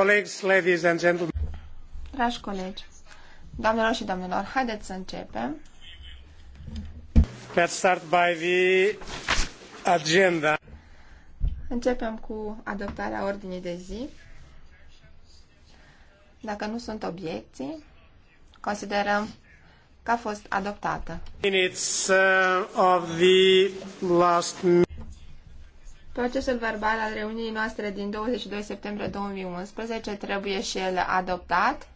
colleagues, ladies and gentlemen. Dragi colegi, doamnelor și domnilor, haideți să începem. Let's start by the agenda. Începem cu adoptarea ordinii de zi. Dacă nu sunt obiecții, considerăm că a fost adoptată. Minutes uh, of the last Procesul verbal al reuniunii noastre din 22 septembrie 2011 trebuie și el adoptat.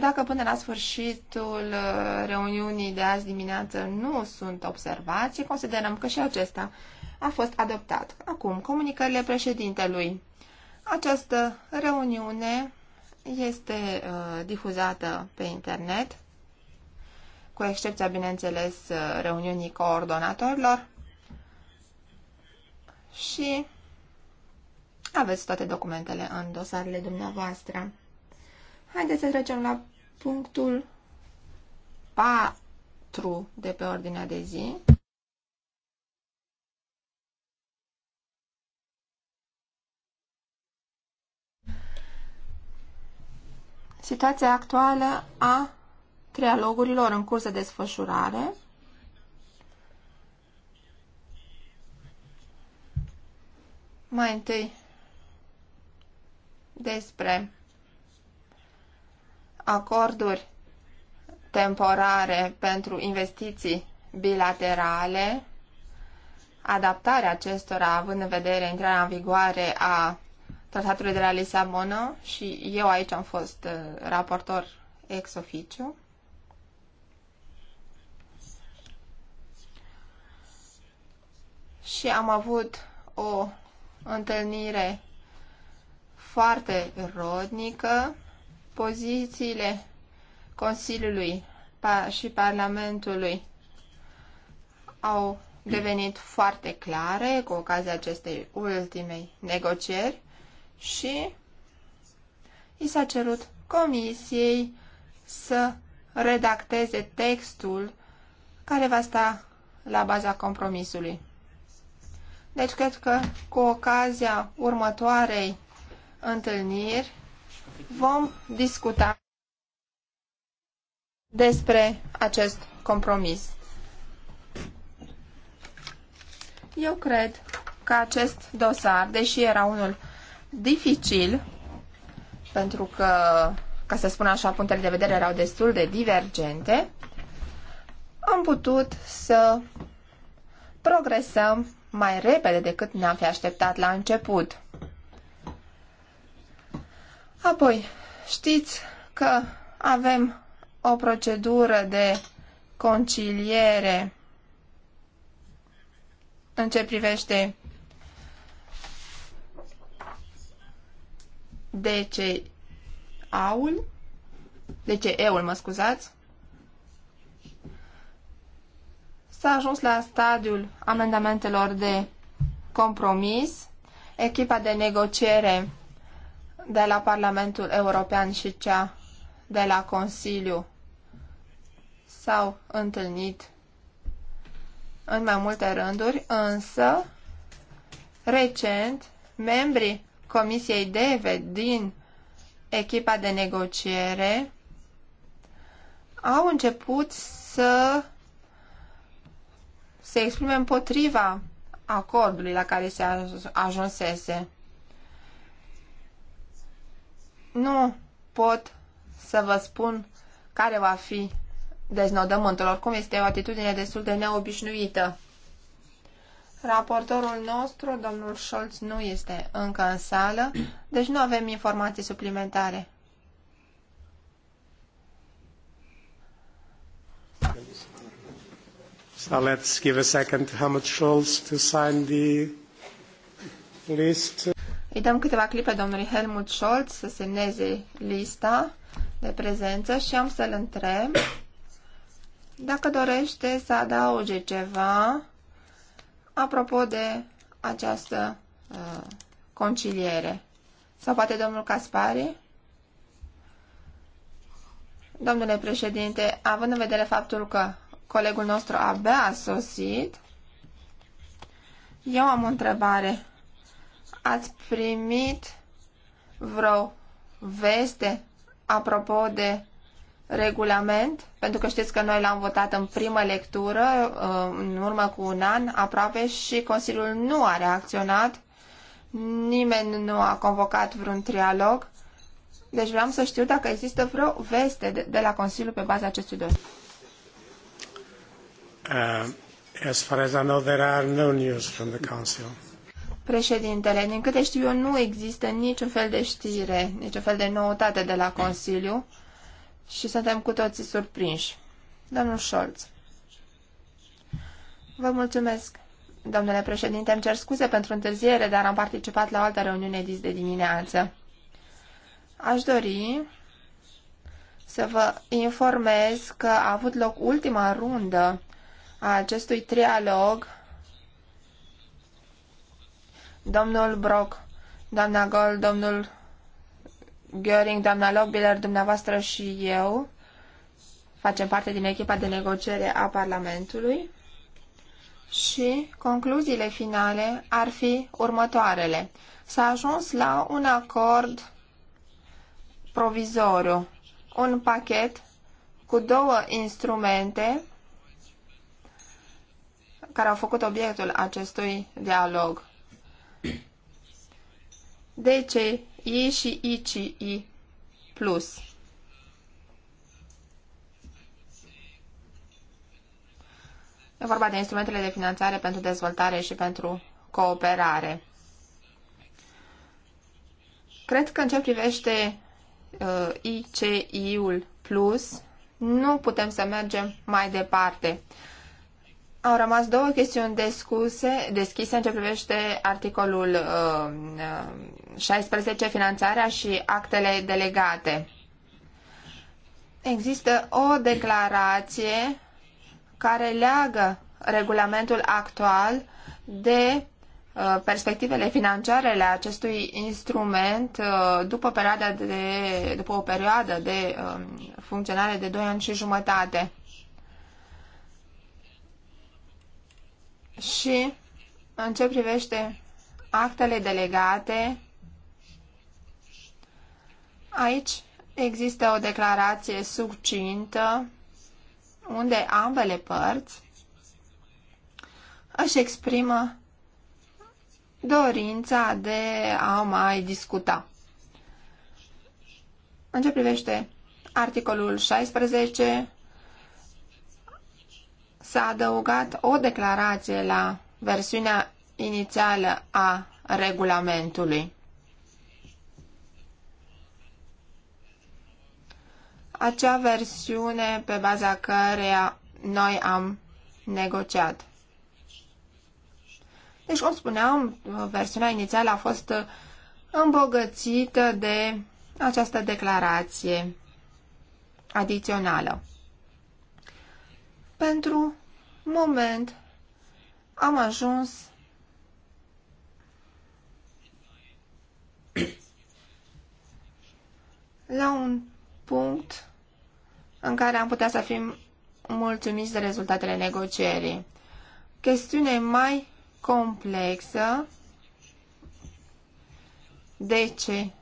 Dacă până la sfârșitul uh, reuniunii de azi dimineață nu sunt observații, considerăm că și acesta a fost adoptat. Acum, comunicările președintelui. Această reuniune este uh, difuzată pe internet, cu excepția, bineînțeles, uh, reuniunii coordonatorilor și aveți toate documentele în dosarele dumneavoastră. Haideți să trecem la punctul 4 de pe ordinea de zi. Situația actuală a trialogurilor în curs de desfășurare Mai întâi despre acorduri temporare pentru investiții bilaterale, adaptarea acestora având în vedere intrarea în vigoare a tratatului de la Lisabona și eu aici am fost uh, raportor ex officiu. Și am avut o întâlnire foarte rodnică. Pozițiile Consiliului și Parlamentului au devenit foarte clare cu ocazia acestei ultimei negocieri și i s-a cerut comisiei să redacteze textul care va sta la baza compromisului. Deci cred că cu ocazia următoarei întâlniri vom discuta despre acest compromis. Eu cred că acest dosar, deși era unul dificil, pentru că, ca să spun așa, punctele de vedere erau destul de divergente, am putut să progresăm mai repede decât ne-am fi așteptat la început. Apoi, știți că avem o procedură de conciliere în ce privește DCA-ul, DCE-ul, mă scuzați, S-a ajuns la stadiul amendamentelor de compromis. Echipa de negociere de la Parlamentul European și cea de la Consiliu s-au întâlnit în mai multe rânduri, însă recent membrii Comisiei DEVE din echipa de negociere au început să se exprime împotriva acordului la care se ajunsese. Nu pot să vă spun care va fi deznodământul. Oricum este o atitudine destul de neobișnuită. Raportorul nostru, domnul Scholz, nu este încă în sală, deci nu avem informații suplimentare. So let's give a second Helmut Scholz to sign the list. Îi dăm câteva clipe domnului Helmut Scholz să semneze lista de prezență și am să-l întreb dacă dorește să adauge ceva apropo de această uh, conciliere. Sau poate domnul Caspari? Domnule președinte, având în vedere faptul că Colegul nostru abia a sosit. Eu am o întrebare. Ați primit vreo veste apropo de regulament? Pentru că știți că noi l-am votat în primă lectură, uh, în urmă cu un an aproape, și Consiliul nu a reacționat. Nimeni nu a convocat vreun trialog. Deci vreau să știu dacă există vreo veste de, la Consiliu pe baza acestui dosar. Uh, as far as I know, there are no news from the Council. Președintele, din câte știu eu, nu există niciun fel de știre, niciun fel de noutate de la Consiliu și suntem cu toții surprinși. Domnul Scholz. Vă mulțumesc. Domnule președinte, îmi cer scuze pentru întârziere, dar am participat la o altă reuniune dis de dimineață. Aș dori să vă informez că a avut loc ultima rundă a acestui trialog, domnul Brock, doamna Gol, domnul Göring, doamna Lockbiller, dumneavoastră și eu facem parte din echipa de negociere a Parlamentului și concluziile finale ar fi următoarele. S-a ajuns la un acord provizoriu, un pachet cu două instrumente care au făcut obiectul acestui dialog. I și ICI plus. E vorba de instrumentele de finanțare pentru dezvoltare și pentru cooperare. Cred că în ce privește uh, ICI-ul plus, nu putem să mergem mai departe. Au rămas două chestiuni descuse, deschise în ce privește articolul uh, 16, finanțarea și actele delegate. Există o declarație care leagă regulamentul actual de uh, perspectivele financiare ale acestui instrument uh, după, perioada de, după o perioadă de uh, funcționare de 2 ani și jumătate. Și în ce privește actele delegate, aici există o declarație succintă unde ambele părți își exprimă dorința de a mai discuta. În ce privește articolul 16, s-a adăugat o declarație la versiunea inițială a regulamentului. Acea versiune pe baza căreia noi am negociat. Deci, cum spuneam, versiunea inițială a fost îmbogățită de această declarație adițională. Pentru moment am ajuns la un punct în care am putea să fim mulțumiți de rezultatele negocierii. Chestiune mai complexă DCI.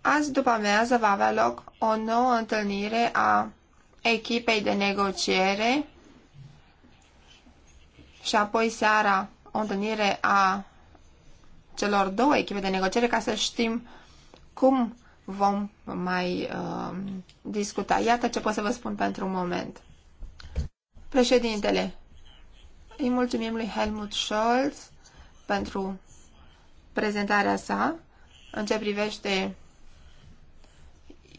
Azi după amiază va avea loc o nouă întâlnire a echipei de negociere și apoi seara o întâlnire a celor două echipe de negociere ca să știm cum vom mai uh, discuta. Iată ce pot să vă spun pentru un moment. Președintele, îi mulțumim lui Helmut Scholz pentru prezentarea sa în ce privește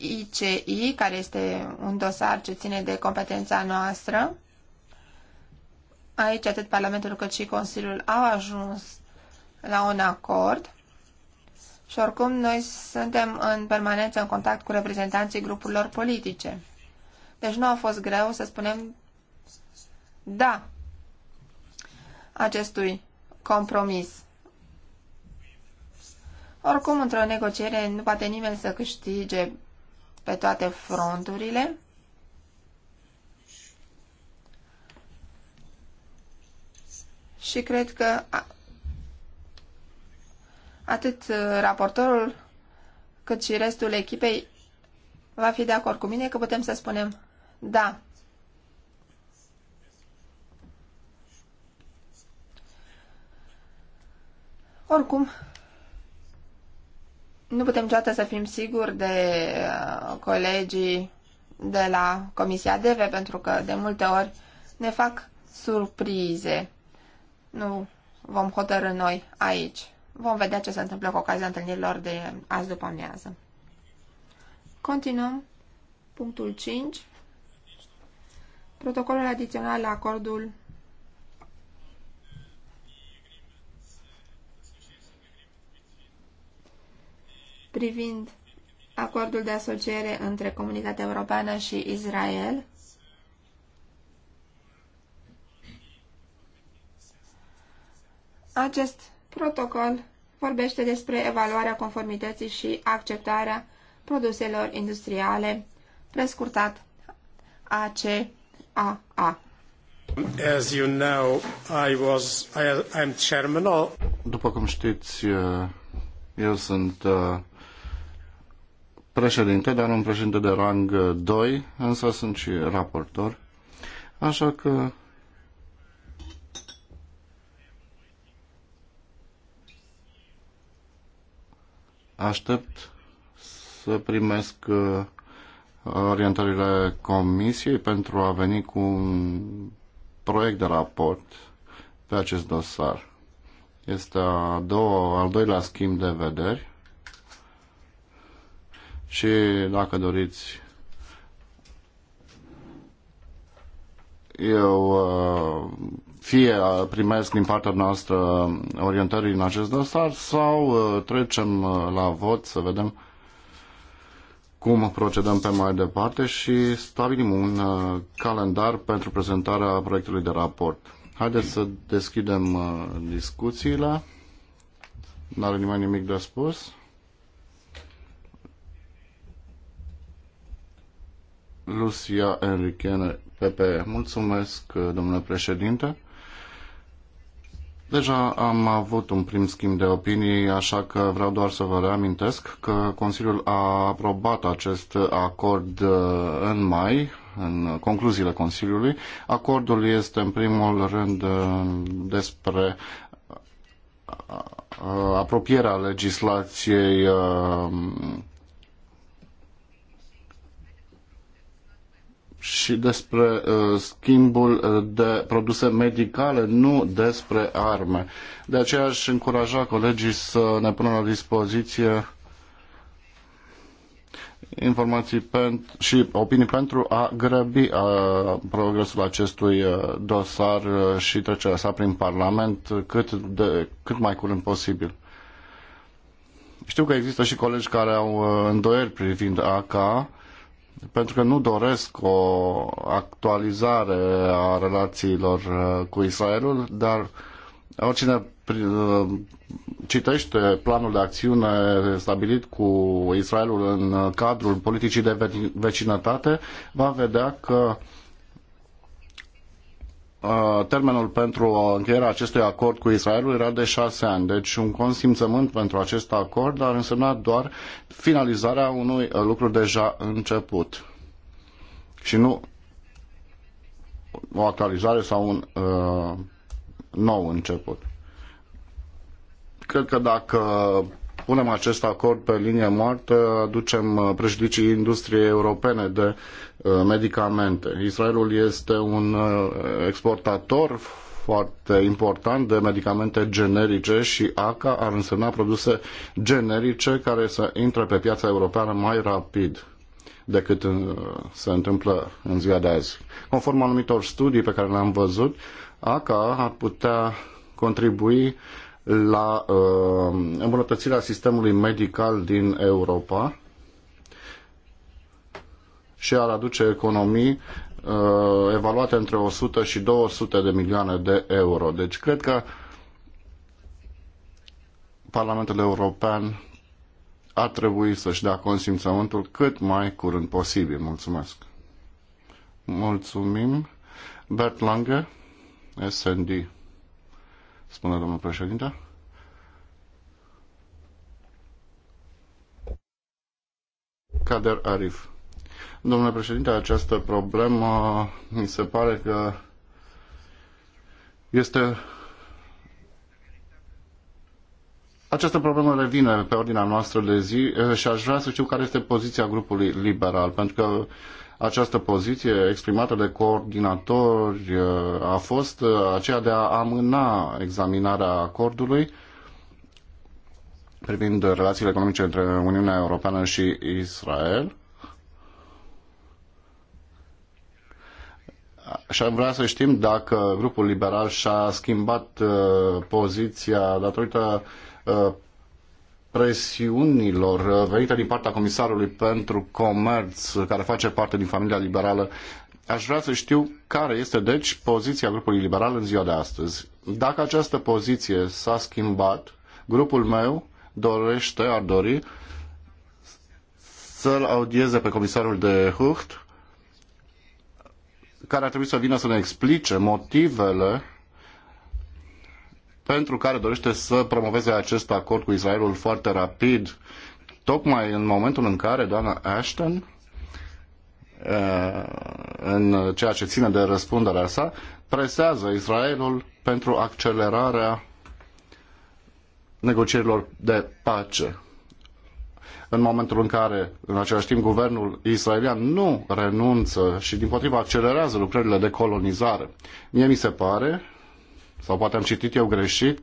ICI, care este un dosar ce ține de competența noastră. Aici atât Parlamentul cât și Consiliul au ajuns la un acord și oricum noi suntem în permanență în contact cu reprezentanții grupurilor politice. Deci nu a fost greu să spunem da acestui compromis. Oricum, într-o negociere nu poate nimeni să câștige pe toate fronturile. Și cred că atât uh, raportorul cât și restul echipei va fi de acord cu mine că putem să spunem da. Oricum, nu putem niciodată să fim siguri de uh, colegii de la Comisia DEVE, pentru că de multe ori ne fac surprize. Nu vom hotărâ noi aici. Vom vedea ce se întâmplă cu ocazia întâlnirilor de azi după amiază. Continuăm. Punctul 5. Protocolul adițional la acordul privind acordul de asociere între Comunitatea Europeană și Israel. Acest protocol vorbește despre evaluarea conformității și acceptarea produselor industriale, prescurtat ACAA. As you know, I was, I, I'm chairman of... După cum știți, eu sunt uh, președinte, dar un președinte de rang 2, uh, însă sunt și raportor. Așa că aștept să primesc uh, orientările comisiei pentru a veni cu un proiect de raport pe acest dosar. Este a doua, al doilea schimb de vederi și dacă doriți eu uh, fie primesc din partea noastră orientări în acest dosar sau uh, trecem uh, la vot să vedem cum procedăm pe mai departe și stabilim un calendar pentru prezentarea proiectului de raport. Haideți să deschidem discuțiile. N-are nimeni nimic de spus. Lucia Enrichene, Pepe. Mulțumesc, domnule președinte. Deja am avut un prim schimb de opinii, așa că vreau doar să vă reamintesc că Consiliul a aprobat acest acord uh, în mai, în concluziile Consiliului. Acordul este în primul rând uh, despre uh, apropierea legislației și despre uh, schimbul uh, de produse medicale, nu despre arme. De aceea aș încuraja colegii să ne pună la dispoziție informații pentru, și opinii pentru a grăbi uh, progresul acestui uh, dosar și trecerea sa prin Parlament cât, de, cât mai curând posibil. Știu că există și colegi care au îndoieri privind ACA, pentru că nu doresc o actualizare a relațiilor uh, cu Israelul, dar oricine uh, citește planul de acțiune stabilit cu Israelul în uh, cadrul politicii de vecinătate va vedea că uh, termenul pentru încheierea acestui acord cu Israelul era de șase ani, deci un consimțământ pentru acest acord ar însemna doar finalizarea unui uh, lucru deja început și nu o actualizare sau un uh, nou început. Cred că dacă punem acest acord pe linie moartă, aducem uh, prejudicii industriei europene de uh, medicamente. Israelul este un uh, exportator foarte important de medicamente generice și ACA ar însemna produse generice care să intre pe piața europeană mai rapid decât se întâmplă în ziua de azi. Conform anumitor studii pe care le-am văzut, ACA ar putea contribui la uh, îmbunătățirea sistemului medical din Europa și ar aduce economii uh, evaluate între 100 și 200 de milioane de euro. Deci cred că Parlamentul European ar trebui să-și dea consimțământul cât mai curând posibil. Mulțumesc! Mulțumim! Bert Lange, SND spune domnul președinte. Kader Arif. Domnule președinte, această problemă mi se pare că este această problemă revine pe ordinea noastră de zi eh, și aș vrea să știu care este poziția grupului liberal, pentru că această poziție exprimată de coordinatori uh, a fost uh, aceea de a amâna examinarea acordului privind relațiile economice între Uniunea Europeană și Israel. Și am vrea să știm dacă grupul liberal și-a schimbat uh, poziția datorită presiunilor venite din partea Comisarului pentru Comerț, care face parte din familia liberală, aș vrea să știu care este, deci, poziția grupului liberal în ziua de astăzi. Dacă această poziție s-a schimbat, grupul meu dorește, ar dori, să-l audieze pe comisarul de Hucht, care ar trebui să vină să ne explice motivele pentru care dorește să promoveze acest acord cu Israelul foarte rapid, tocmai în momentul în care doamna Ashton, uh, în ceea ce ține de răspunderea sa, presează Israelul pentru accelerarea negocierilor de pace. În momentul în care, în același timp, guvernul israelian nu renunță și, din potriva, accelerează lucrările de colonizare. Mie mi se pare sau poate am citit eu greșit,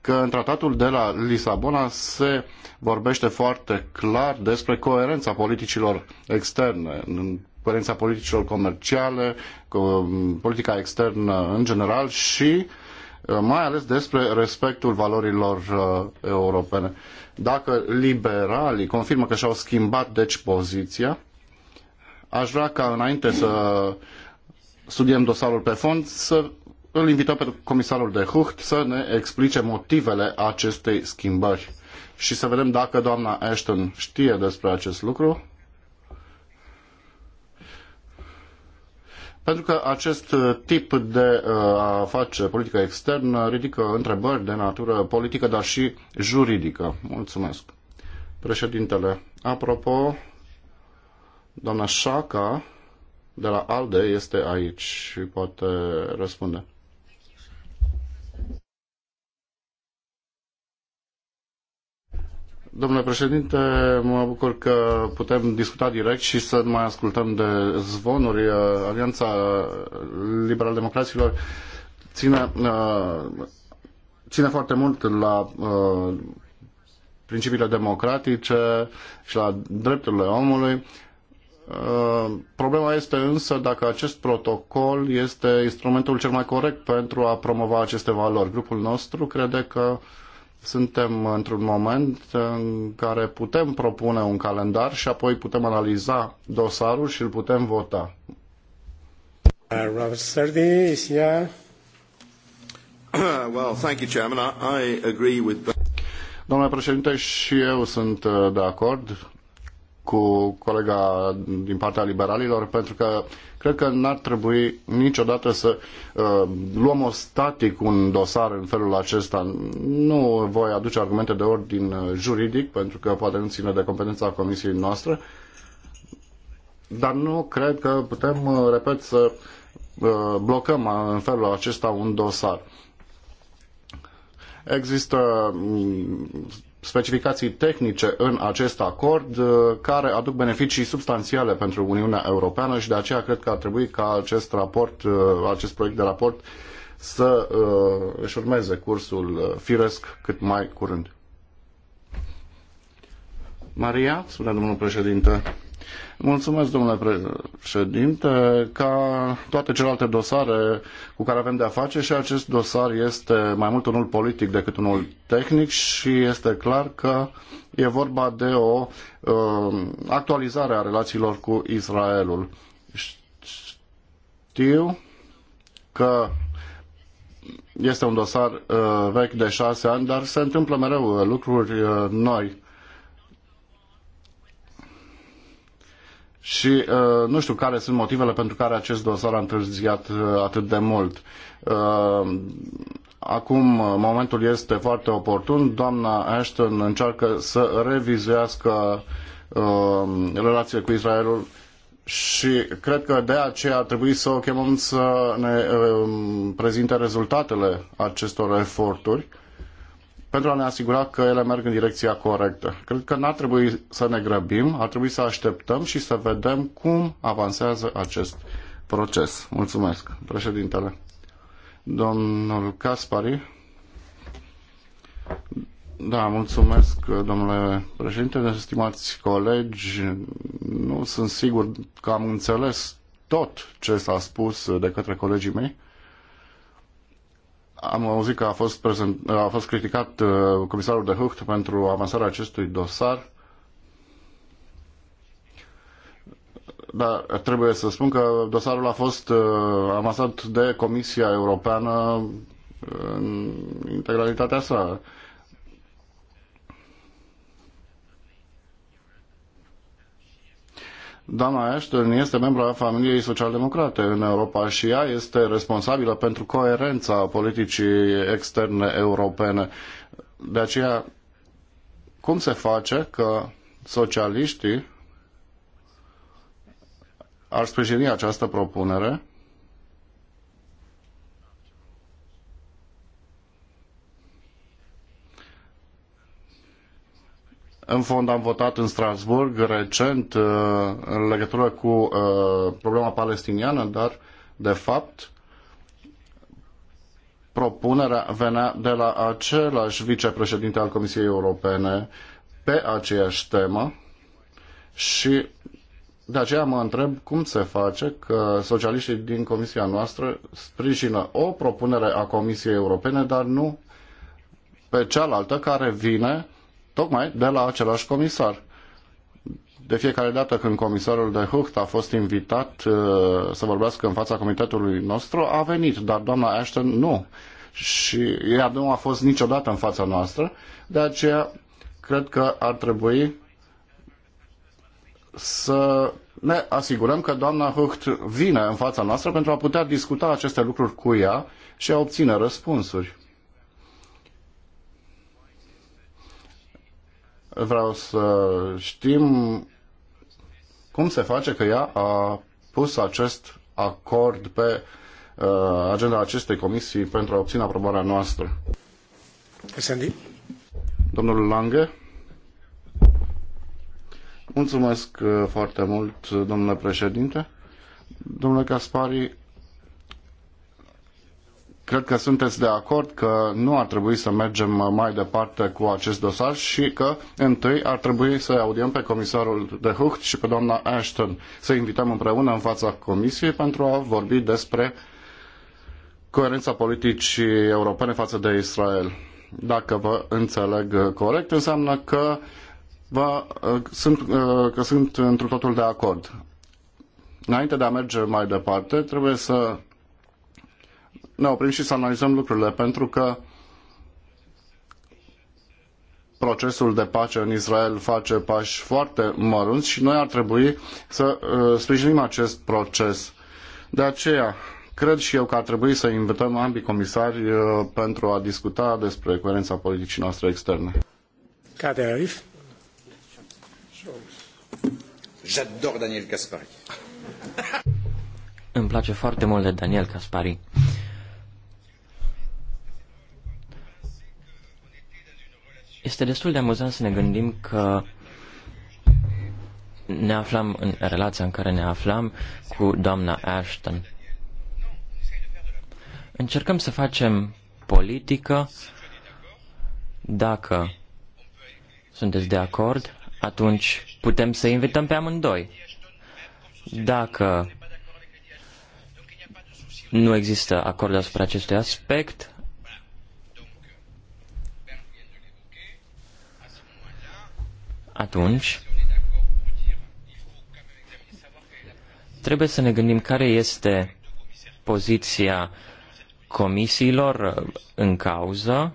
că în tratatul de la Lisabona se vorbește foarte clar despre coerența politicilor externe, coerența politicilor comerciale, politica externă în general și uh, mai ales despre respectul valorilor uh, europene. Dacă liberalii confirmă că și-au schimbat deci poziția, aș vrea ca înainte să uh, studiem dosarul pe fond să îl invităm pe comisarul de Hucht să ne explice motivele acestei schimbări și să vedem dacă doamna Ashton știe despre acest lucru. Pentru că acest tip de uh, a face politică externă ridică întrebări de natură politică, dar și juridică. Mulțumesc. Președintele, apropo, doamna Șaca de la ALDE este aici și poate răspunde. Domnule președinte, mă bucur că putem discuta direct și să nu mai ascultăm de zvonuri. Alianța Liberal-Democraților ține, uh, ține foarte mult la uh, principiile democratice și la drepturile omului. Uh, problema este însă dacă acest protocol este instrumentul cel mai corect pentru a promova aceste valori. Grupul nostru crede că suntem într-un moment în care putem propune un calendar și apoi putem analiza dosarul și îl putem vota. Uh, Robert Sturdy is well, thank you, Chairman. I agree with... Domnule președinte, și eu sunt uh, de acord cu colega din partea liberalilor, pentru că cred că n-ar trebui niciodată să uh, luăm o static un dosar în felul acesta. Nu voi aduce argumente de ordin uh, juridic, pentru că poate nu ține de competența comisiei noastre, dar nu cred că putem, uh, repet, să uh, blocăm uh, în felul acesta un dosar. Există mm, specificații tehnice în acest acord uh, care aduc beneficii substanțiale pentru Uniunea Europeană și de aceea cred că ar trebui ca acest raport, uh, acest proiect de raport să uh, își urmeze cursul firesc cât mai curând. Maria, spune domnul președinte. Mulțumesc, domnule președinte. Ca toate celelalte dosare cu care avem de-a face și acest dosar este mai mult unul politic decât unul tehnic și este clar că e vorba de o uh, actualizare a relațiilor cu Israelul. Știu că este un dosar uh, vechi de șase ani, dar se întâmplă mereu uh, lucruri uh, noi și uh, nu știu care sunt motivele pentru care acest dosar a întârziat uh, atât de mult. Uh, acum uh, momentul este foarte oportun. Doamna Ashton încearcă să revizuiască uh, relațiile cu Israelul și cred că de aceea ar trebui să o chemăm să ne uh, prezinte rezultatele acestor eforturi. Uh, pentru a ne asigura că ele merg în direcția corectă. Cred că n-ar trebui să ne grăbim, ar trebui să așteptăm și să vedem cum avansează acest proces. Mulțumesc, președintele. Domnul Caspari. Da, mulțumesc, domnule președinte, stimați colegi. Nu sunt sigur că am înțeles tot ce s-a spus de către colegii mei am auzit că a fost, prezent, a fost criticat uh, comisarul de Hucht pentru avansarea acestui dosar. Dar trebuie să spun că dosarul a fost uh, avansat de Comisia Europeană în integralitatea sa. Doamna Ashton este a familiei social-democrate în Europa și ea este responsabilă pentru coerența politicii externe europene. De aceea, cum se face că socialiștii ar sprijini această propunere În fond am votat în Strasbourg recent uh, în legătură cu uh, problema palestiniană, dar de fapt propunerea venea de la același vicepreședinte al Comisiei Europene pe aceeași temă și de aceea mă întreb cum se face că socialiștii din comisia noastră sprijină o propunere a Comisiei Europene, dar nu pe cealaltă care vine tocmai de la același comisar. De fiecare dată când comisarul de Hucht a fost invitat uh, să vorbească în fața comitetului nostru, a venit, dar doamna Ashton nu. Și ea nu a fost niciodată în fața noastră, de aceea cred că ar trebui să ne asigurăm că doamna Hucht vine în fața noastră pentru a putea discuta aceste lucruri cu ea și a obține răspunsuri. Vreau să știm cum se face că ea a pus acest acord pe uh, agenda acestei comisii pentru a obține aprobarea noastră. Sandy. Domnul Lange. Mulțumesc uh, foarte mult, domnule președinte. Domnule Caspari, Cred că sunteți de acord că nu ar trebui să mergem mai departe cu acest dosar și că întâi ar trebui să audiem pe comisarul de Hucht și pe doamna Ashton, să invităm împreună în fața comisiei pentru a vorbi despre coerența politicii europene față de Israel. Dacă vă înțeleg corect, înseamnă că, vă, sunt, că sunt într totul de acord. Înainte de a merge mai departe, trebuie să ne oprim și să analizăm lucrurile, pentru că procesul de pace în Israel face pași foarte mărunți și noi ar trebui să uh, sprijinim acest proces. De aceea, cred și eu că ar trebui să invităm ambii comisari uh, pentru a discuta despre coerența politicii noastre externe. Kader J'adore Daniel Caspari. Îmi place foarte mult de Daniel Caspari. Este destul de amuzant să ne gândim că ne aflam în relația în care ne aflam cu doamna Ashton. Încercăm să facem politică. Dacă sunteți de acord, atunci putem să invităm pe amândoi. Dacă nu există acord asupra acestui aspect, atunci trebuie să ne gândim care este poziția comisiilor uh, în cauză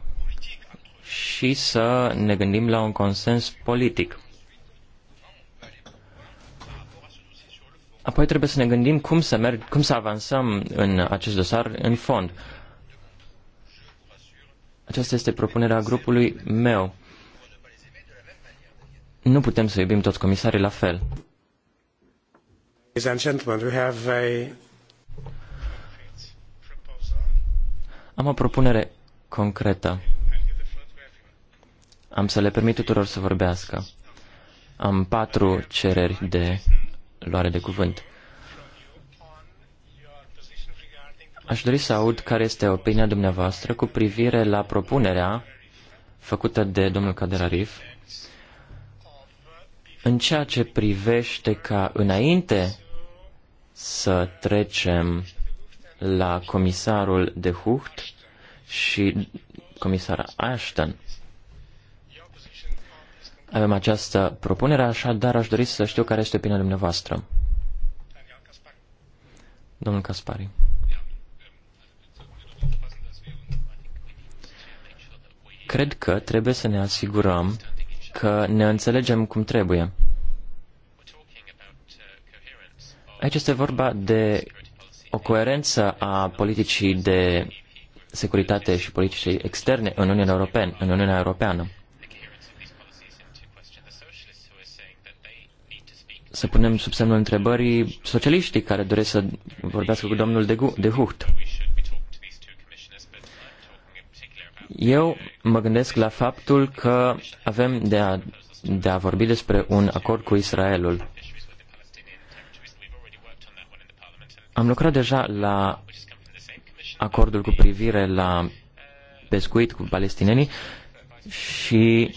și să ne gândim la un consens politic. Apoi trebuie să ne gândim cum să, merg, cum să avansăm în acest dosar în fond. Aceasta este propunerea grupului meu. Nu putem să iubim toți comisarii la fel. Am o propunere concretă. Am să le permit tuturor să vorbească. Am patru cereri de luare de cuvânt. Aș dori să aud care este opinia dumneavoastră cu privire la propunerea făcută de domnul Kaderarif în ceea ce privește ca înainte să trecem la comisarul de Hucht și comisara Ashton, avem această propunere, așadar aș dori să știu care este opinia dumneavoastră. Domnul Caspari. Cred că trebuie să ne asigurăm că ne înțelegem cum trebuie. Aici este vorba de o coerență a politicii de securitate și politicii externe în Uniunea, Europeană. în Uniunea Europeană. Să punem sub semnul întrebării socialiștii care doresc să vorbească cu domnul de, Gu- de Hucht. Eu mă gândesc la faptul că avem de a, de a vorbi despre un acord cu Israelul. Am lucrat deja la acordul cu privire la pescuit cu palestinenii și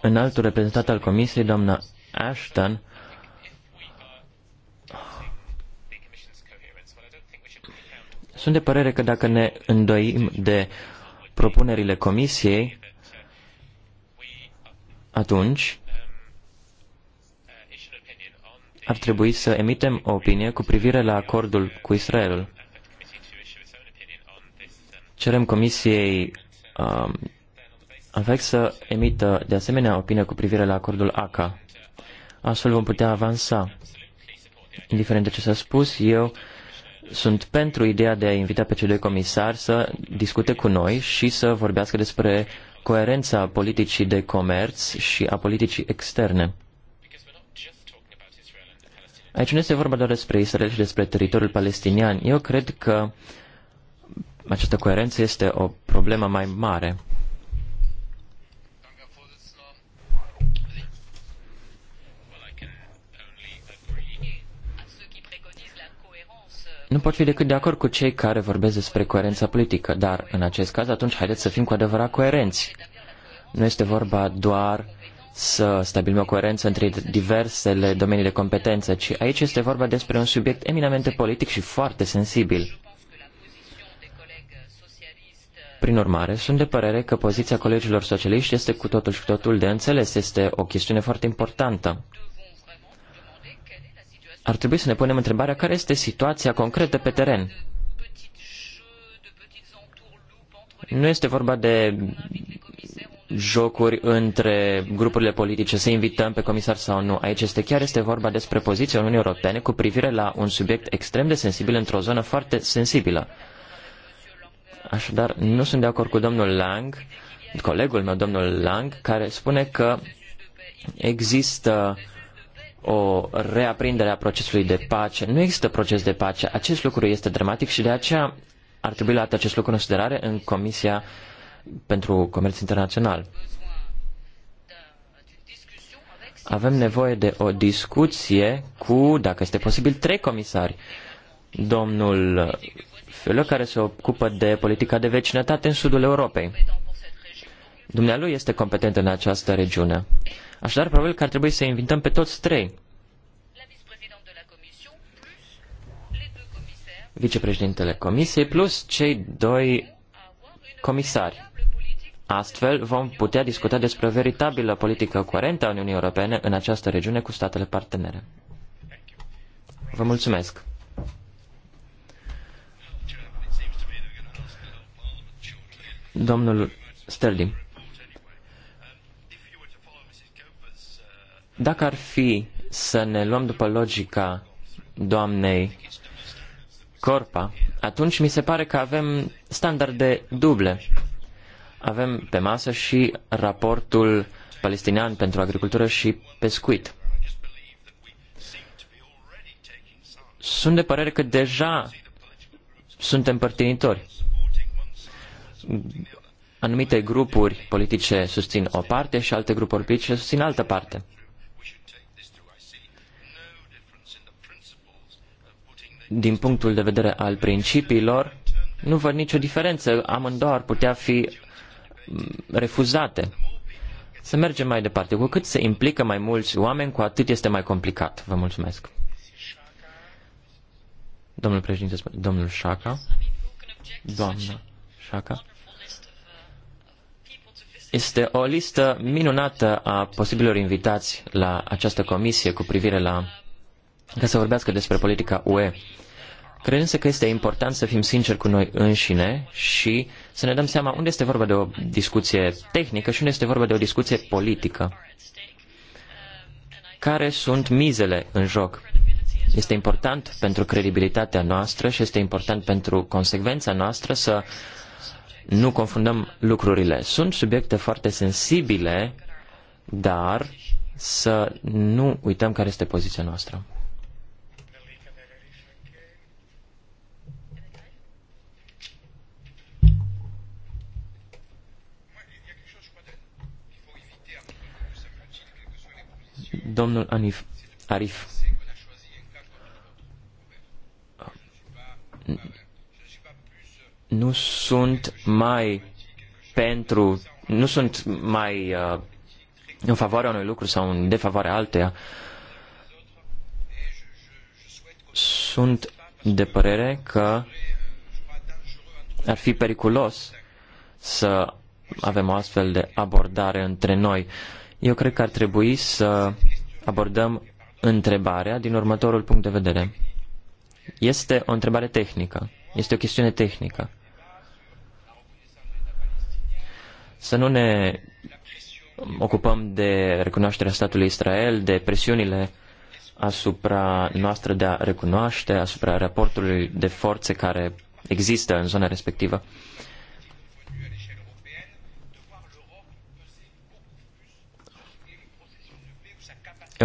în altul reprezentat al Comisiei, doamna Ashton, Sunt de părere că dacă ne îndoim de propunerile comisiei, atunci ar trebui să emitem o opinie cu privire la acordul cu Israelul. Cerem comisiei um, să emită de asemenea opinie cu privire la acordul ACA. Astfel vom putea avansa. Indiferent de ce s-a spus, eu sunt pentru ideea de a invita pe cei doi comisari să discute cu noi și să vorbească despre coerența politicii de comerț și a politicii externe. Aici nu este vorba doar despre Israel și despre teritoriul palestinian. Eu cred că această coerență este o problemă mai mare. Nu pot fi decât de acord cu cei care vorbesc despre coerența politică, dar în acest caz atunci haideți să fim cu adevărat coerenți. Nu este vorba doar să stabilim o coerență între diversele domenii de competență, ci aici este vorba despre un subiect eminamente politic și foarte sensibil. Prin urmare, sunt de părere că poziția colegilor socialiști este cu totul și cu totul de înțeles, este o chestiune foarte importantă ar trebui să ne punem întrebarea care este situația concretă pe teren. Nu este vorba de jocuri între grupurile politice, să invităm pe comisar sau nu. Aici este chiar este vorba despre poziția Uniunii Europene cu privire la un subiect extrem de sensibil într-o zonă foarte sensibilă. Așadar, nu sunt de acord cu domnul Lang, colegul meu, domnul Lang, care spune că există uh, o reaprindere a procesului de pace. Nu există proces de pace. Acest lucru este dramatic și de aceea ar trebui luat acest lucru în considerare în Comisia pentru Comerț Internațional. Avem nevoie de o discuție cu, dacă este posibil, trei comisari. Domnul Fiulă, care se ocupă de politica de vecinătate în sudul Europei Dumnealui este competent în această regiune. Așadar, probabil că ar trebui să invităm pe toți trei. Vicepreședintele Comisiei plus cei doi comisari. Astfel, vom putea discuta despre o veritabilă politică coerentă a Uniunii Europene în această regiune cu statele partenere. Vă mulțumesc! Domnul Sterling. Dacă ar fi să ne luăm după logica doamnei Corpa, atunci mi se pare că avem standarde duble. Avem pe masă și raportul palestinian pentru agricultură și pescuit. Sunt de părere că deja suntem părtinitori. Anumite grupuri politice susțin o parte și alte grupuri politice susțin altă parte. din punctul de vedere al principiilor, nu văd nicio diferență. Amândouă ar putea fi mm, refuzate. Să mergem mai departe. Cu cât se implică mai mulți oameni, cu atât este mai complicat. Vă mulțumesc. Domnul președinte, domnul Șaca. Doamna Șaca. Este o listă minunată a posibilor invitați la această comisie cu privire la ca să vorbească despre politica UE. Cred însă că este important să fim sinceri cu noi înșine și să ne dăm seama unde este vorba de o discuție tehnică și unde este vorba de o discuție politică. Care sunt mizele în joc? Este important pentru credibilitatea noastră și este important pentru consecvența noastră să nu confundăm lucrurile. Sunt subiecte foarte sensibile, dar să nu uităm care este poziția noastră. Domnul Anif, Arif. Nu sunt mai pentru, nu sunt mai uh, în favoarea unui lucru sau în defavoarea alteia. Sunt de părere că ar fi periculos să avem o astfel de abordare între noi. Uh, eu cred că ar trebui să abordăm întrebarea din următorul punct de vedere. Este o întrebare tehnică, este o chestiune tehnică. Să nu ne ocupăm de recunoașterea statului Israel, de presiunile asupra noastră de a recunoaște, asupra raportului de forțe care există în zona respectivă. Uh,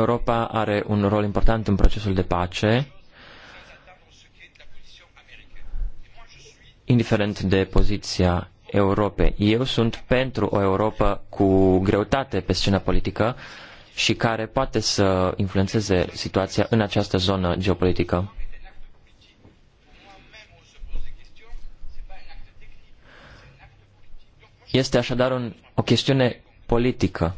Europa are un rol important în procesul de pace, indiferent de poziția Europei. Eu sunt pentru o Europa cu greutate pe scena politică și care poate să influențeze situația în această zonă geopolitică. Este așadar un, o chestiune politică.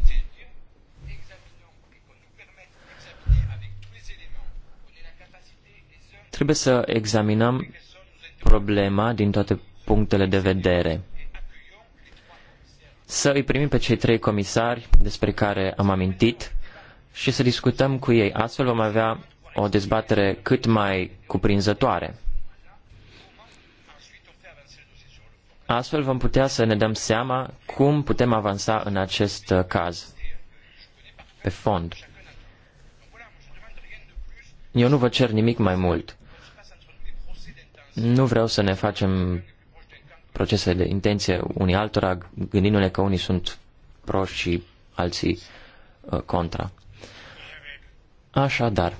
Trebuie să examinăm problema din toate punctele de vedere. Să îi primim pe cei trei comisari despre care am amintit și să discutăm cu ei. Astfel vom avea o dezbatere cât mai cuprinzătoare. Astfel vom putea să ne dăm seama cum putem avansa în acest caz, pe fond. Eu nu vă cer nimic mai mult. Nu vreau să ne facem procese de intenție unii altora, gândindu-ne că unii sunt proști și alții uh, contra. Așadar,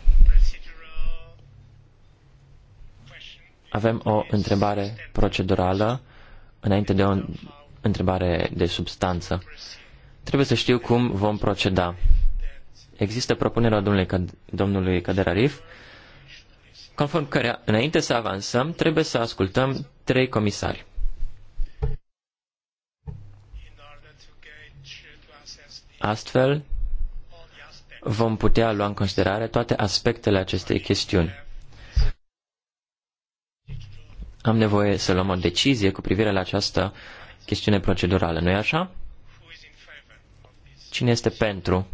avem o întrebare procedurală înainte de o întrebare de substanță. Trebuie să știu cum vom proceda. Există propunerea domnului, Cad- domnului Caderarif conform cărea, înainte să avansăm, trebuie să ascultăm trei comisari. Astfel, vom putea lua în considerare toate aspectele acestei chestiuni. Am nevoie să luăm o decizie cu privire la această chestiune procedurală, nu-i așa? Cine este pentru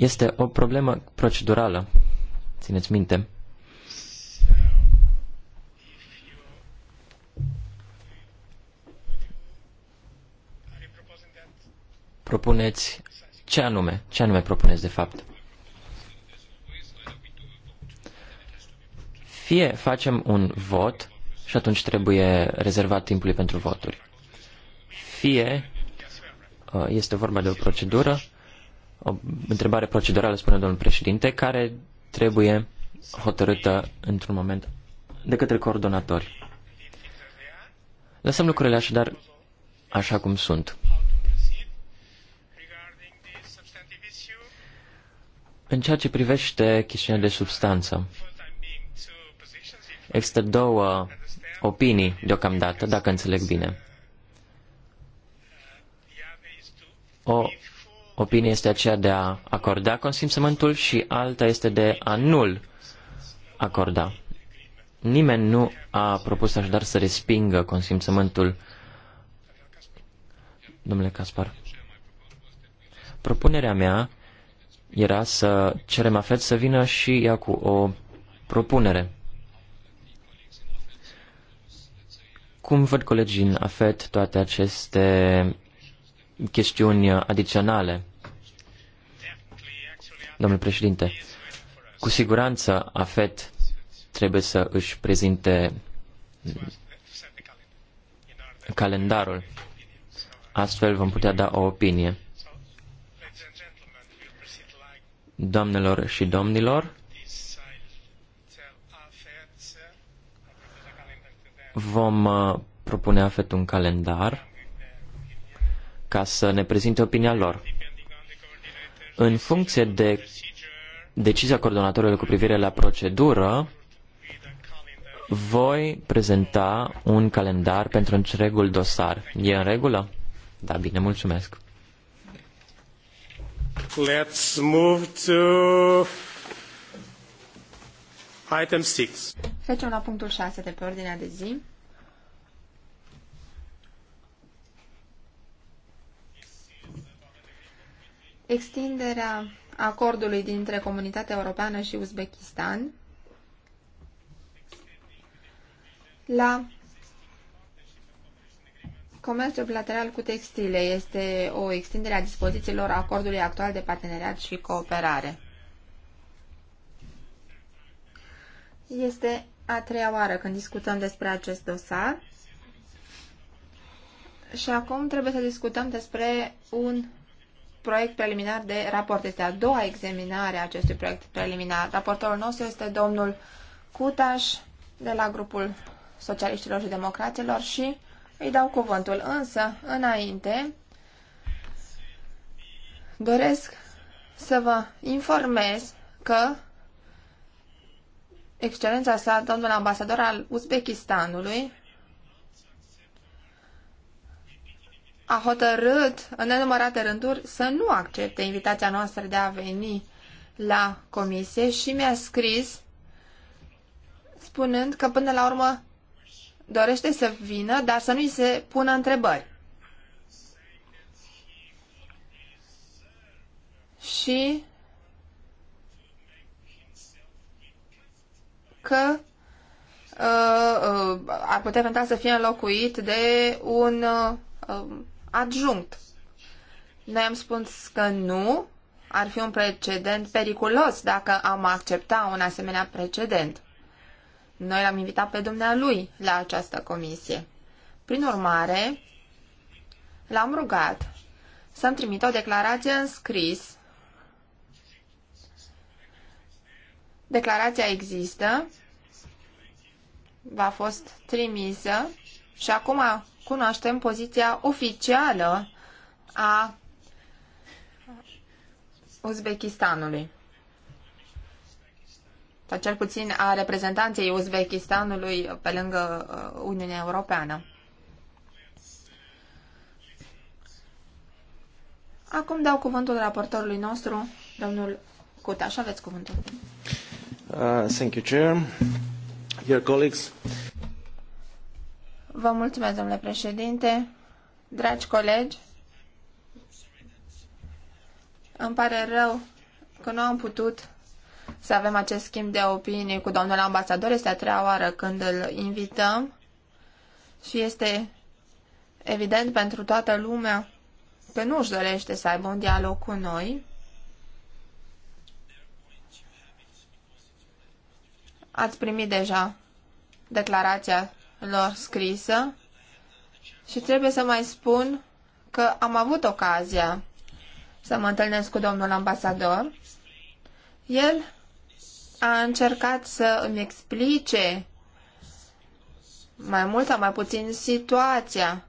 Este o problemă procedurală. Țineți minte. Propuneți ce anume? Ce anume propuneți de fapt? Fie facem un vot și atunci trebuie rezervat timpului pentru voturi. Fie uh, este vorba de o procedură o întrebare procedurală, spune domnul președinte, care trebuie hotărâtă într-un moment de către coordonatori. Lăsăm lucrurile așadar așa cum sunt. În ceea ce privește chestiunea de substanță, există două opinii deocamdată, dacă înțeleg bine. O opinie este aceea de a acorda consimțământul și alta este de a nu-l acorda. Nimeni nu a propus așadar să respingă consimțământul. Domnule Caspar, propunerea mea era să cerem afet să vină și ea cu o propunere. Cum văd colegii în afet toate aceste chestiuni adiționale? Domnule președinte, cu siguranță AFET trebuie să își prezinte calendarul. Astfel vom putea da o opinie. Doamnelor și domnilor, vom uh, propune AFET un calendar ca să ne prezinte opinia lor. În funcție de decizia coordonatorului cu privire la procedură, voi prezenta un calendar pentru întregul dosar. E în regulă? Da, bine, mulțumesc. Let's move to item 6. Trecem la punctul 6 de pe ordinea de zi. extinderea acordului dintre Comunitatea Europeană și Uzbekistan la comerțul bilateral cu textile. Este o extindere a dispozițiilor acordului actual de parteneriat și cooperare. Este a treia oară când discutăm despre acest dosar. Și acum trebuie să discutăm despre un proiect preliminar de raport. Este a doua examinare a acestui proiect preliminar. Raportorul nostru este domnul Cutaș de la grupul socialiștilor și democraților și îi dau cuvântul. Însă, înainte, doresc să vă informez că Excelența sa, domnul ambasador al Uzbekistanului, a hotărât în nenumărate rânduri să nu accepte invitația noastră de a veni la comisie și mi-a scris spunând că până la urmă dorește să vină, dar să nu-i se pună întrebări. Și că uh, uh, ar putea eventual să fie înlocuit de un uh, um, adjunct. Noi am spus că nu, ar fi un precedent periculos dacă am accepta un asemenea precedent. Noi l-am invitat pe dumnealui la această comisie. Prin urmare, l-am rugat să-mi trimită o declarație în scris. Declarația există, v-a fost trimisă și acum cunoaștem poziția oficială a Uzbekistanului. Sau cel puțin a reprezentanței Uzbekistanului pe lângă uh, Uniunea Europeană. Acum dau cuvântul raportorului nostru, domnul Cuta. Așa aveți cuvântul. Uh, thank you, Chair. Dear colleagues, uh, Vă mulțumesc, domnule președinte. Dragi colegi, îmi pare rău că nu am putut să avem acest schimb de opinii cu domnul ambasador. Este a treia oară când îl invităm și este evident pentru toată lumea că nu își dorește să aibă un dialog cu noi. Ați primit deja declarația lor scrisă și trebuie să mai spun că am avut ocazia să mă întâlnesc cu domnul ambasador. El a încercat să îmi explice mai mult sau mai puțin situația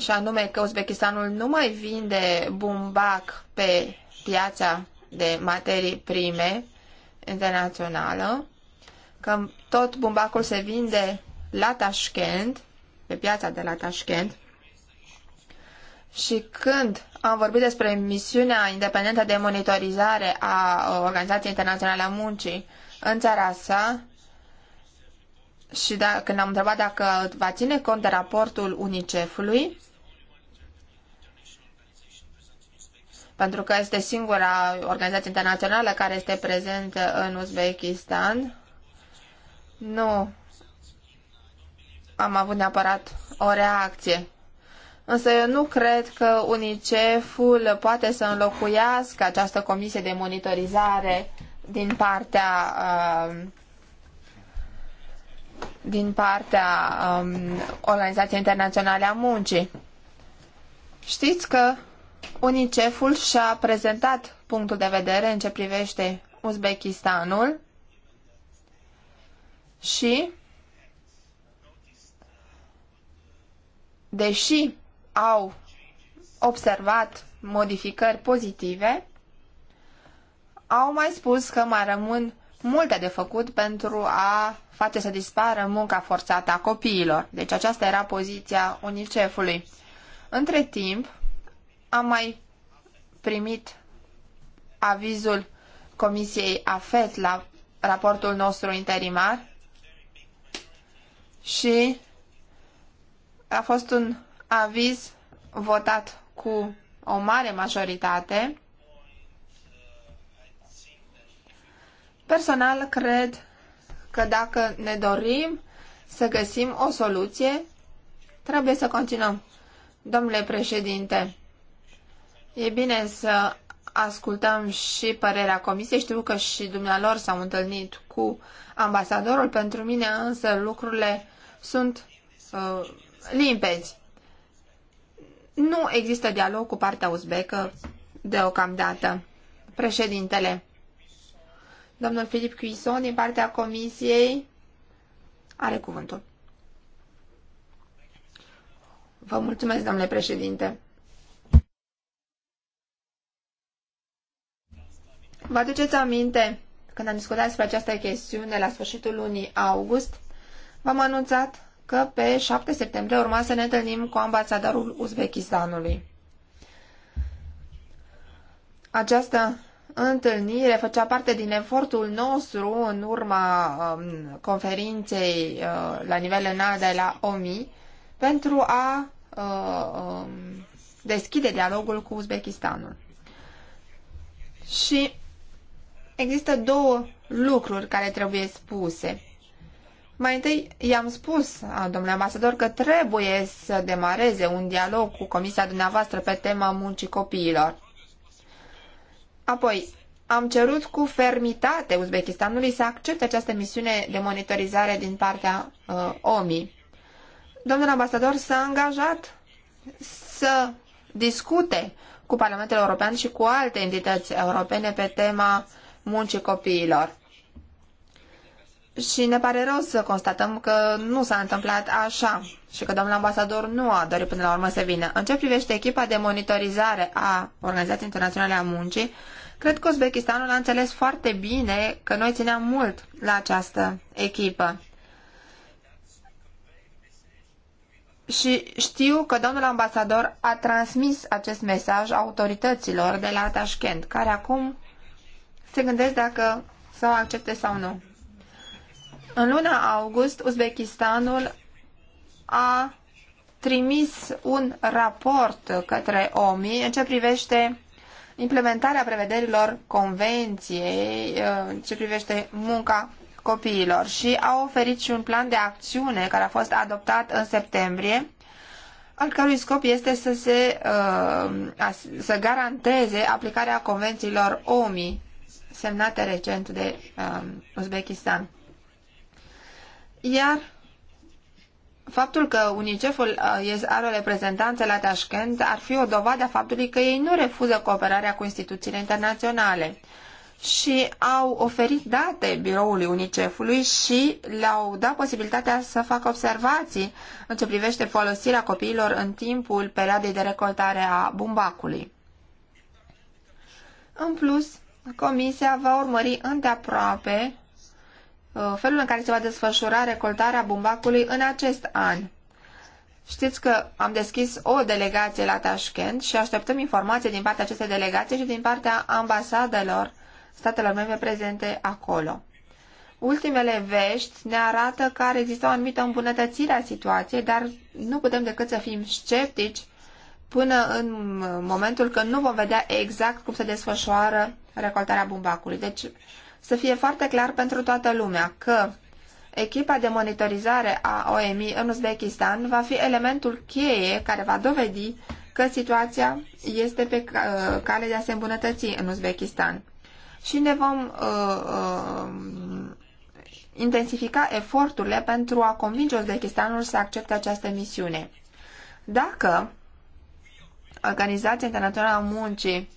și anume că Uzbekistanul nu mai vinde bumbac pe piața de materii prime internațională, că tot bumbacul se vinde la Tashkent, pe piața de la Tashkent, și când am vorbit despre misiunea independentă de monitorizare a uh, Organizației Internaționale a Muncii în țara sa, și da, când am întrebat dacă va ține cont de raportul UNICEF-ului, pentru că este singura organizație internațională care este prezentă în Uzbekistan, nu am avut neapărat o reacție. Însă eu nu cred că UNICEF-ul poate să înlocuiască această comisie de monitorizare din partea um, din partea um, Organizației Internaționale a Muncii. Știți că UNICEF-ul și-a prezentat punctul de vedere în ce privește Uzbekistanul și deși au observat modificări pozitive, au mai spus că mai rămân multe de făcut pentru a face să dispară munca forțată a copiilor. Deci aceasta era poziția UNICEF-ului. Între timp, am mai primit avizul Comisiei AFET la raportul nostru interimar și a fost un aviz votat cu o mare majoritate. Personal, cred că dacă ne dorim să găsim o soluție, trebuie să continuăm. Domnule președinte, e bine să ascultăm și părerea comisiei. Știu că și dumnealor s-au întâlnit cu ambasadorul. Pentru mine însă lucrurile sunt uh, limpezi. Nu există dialog cu partea uzbecă deocamdată. Președintele, domnul Filip Cuison, din partea comisiei, are cuvântul. Vă mulțumesc, domnule președinte. Vă aduceți aminte când am discutat despre această chestiune la sfârșitul lunii august, V-am anunțat că pe 7 septembrie urma să ne întâlnim cu ambasadorul Uzbekistanului. Această întâlnire făcea parte din efortul nostru în urma um, conferinței uh, la nivel înalt de la OMI pentru a uh, um, deschide dialogul cu Uzbekistanul. Și există două lucruri care trebuie spuse. Mai întâi i-am spus, domnule ambasador, că trebuie să demareze un dialog cu comisia dumneavoastră pe tema muncii copiilor. Apoi, am cerut cu fermitate Uzbekistanului să accepte această misiune de monitorizare din partea uh, OMI. Domnul ambasador s-a angajat să discute cu Parlamentul European și cu alte entități europene pe tema muncii copiilor. Și ne pare rău să constatăm că nu s-a întâmplat așa și că domnul ambasador nu a dorit până la urmă să vină. În ce privește echipa de monitorizare a Organizației Internaționale a Muncii, cred că Uzbekistanul a înțeles foarte bine că noi țineam mult la această echipă. Și știu că domnul ambasador a transmis acest mesaj autorităților de la Tashkent, care acum se gândesc dacă să o accepte sau nu. În luna august, Uzbekistanul a trimis un raport către OMI în ce privește implementarea prevederilor convenției, uh, în ce privește munca copiilor și a oferit și un plan de acțiune care a fost adoptat în septembrie, al cărui scop este să se uh, să garanteze aplicarea convențiilor OMI semnate recent de uh, Uzbekistan. Iar faptul că UNICEF-ul uh, are o reprezentanță la Tashkent ar fi o dovadă a faptului că ei nu refuză cooperarea cu instituțiile internaționale și au oferit date biroului UNICEF-ului și le-au dat posibilitatea să facă observații în ce privește folosirea copiilor în timpul perioadei de recoltare a bumbacului. În plus, Comisia va urmări îndeaproape Uh, felul în care se va desfășura recoltarea bumbacului în acest an. Știți că am deschis o delegație la Tashkent și așteptăm informații din partea acestei delegații și din partea ambasadelor statelor membre prezente acolo. Ultimele vești ne arată că ar exista o anumită îmbunătățire a situației, dar nu putem decât să fim sceptici până în momentul când nu vom vedea exact cum se desfășoară recoltarea bumbacului. Deci să fie foarte clar pentru toată lumea că echipa de monitorizare a OMI în Uzbekistan va fi elementul cheie care va dovedi că situația este pe uh, cale de a se îmbunătăți în Uzbekistan. Și ne vom uh, uh, intensifica eforturile pentru a convinge Uzbekistanul să accepte această misiune. Dacă Organizația Internațională a Muncii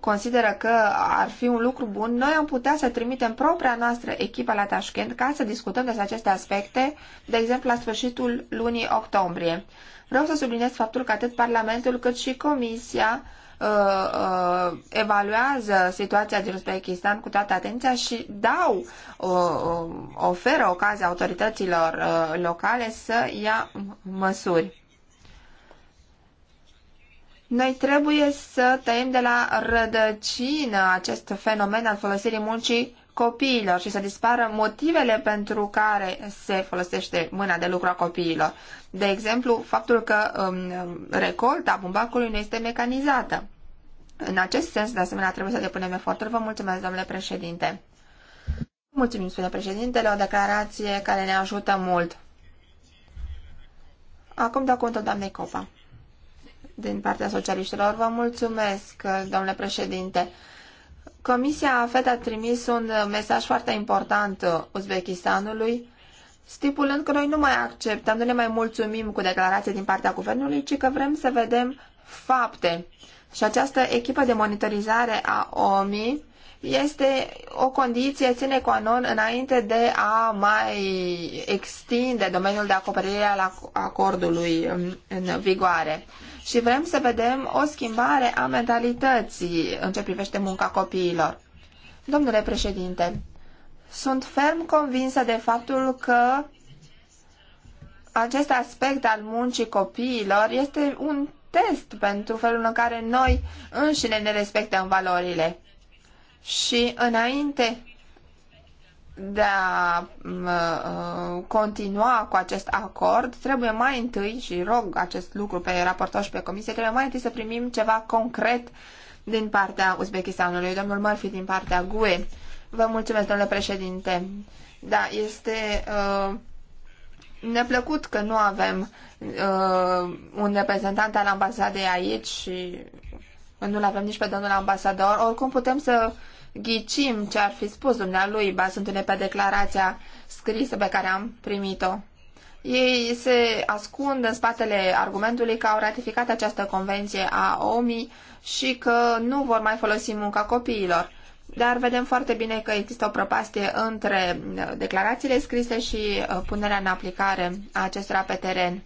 consideră că ar fi un lucru bun, noi am putea să trimitem propria noastră echipă la Tashkent ca să discutăm despre aceste aspecte, de exemplu la sfârșitul lunii octombrie. Vreau să subliniez faptul că atât Parlamentul cât și Comisia uh, uh, evaluează situația din Uzbekistan cu toată atenția și dau, uh, uh oferă ocazia autorităților uh, locale să ia măsuri. Noi trebuie să tăiem de la rădăcină acest fenomen al folosirii muncii copiilor și să dispară motivele pentru care se folosește mâna de lucru a copiilor. De exemplu, faptul că um, recolta bumbacului nu este mecanizată. În acest sens, de asemenea, trebuie să depunem eforturi. Vă mulțumesc, domnule președinte. Mulțumim, spune președintele, o declarație care ne ajută mult. Acum dau contul doamnei Copa din partea socialiștilor. Vă mulțumesc, domnule președinte. Comisia AFET a trimis un mesaj foarte important Uzbekistanului, stipulând că noi nu mai acceptăm, nu ne mai mulțumim cu declarații din partea guvernului, ci că vrem să vedem fapte. Și această echipă de monitorizare a OMI este o condiție ține cu anon înainte de a mai extinde domeniul de acoperire al acordului în vigoare și vrem să vedem o schimbare a mentalității în ce privește munca copiilor. Domnule președinte, sunt ferm convinsă de faptul că acest aspect al muncii copiilor este un test pentru felul în care noi înșine ne respectăm valorile. Și înainte de a uh, uh, continua cu acest acord, trebuie mai întâi, și rog acest lucru pe raportor și pe comisie, trebuie mai întâi să primim ceva concret din partea Uzbekistanului. Domnul Murphy din partea GUE. Vă mulțumesc, domnule președinte. Da, este uh, neplăcut că nu avem uh, un reprezentant al ambasadei aici și nu-l avem nici pe domnul ambasador. Oricum putem să uh, ghicim ce ar fi spus dumnealui, bazându-ne pe declarația scrisă pe care am primit-o. Ei se ascund în spatele argumentului că au ratificat această convenție a OMI și că nu vor mai folosi munca copiilor. Dar vedem foarte bine că există o prăpastie între uh, declarațiile scrise și uh, punerea în aplicare a acestora pe teren.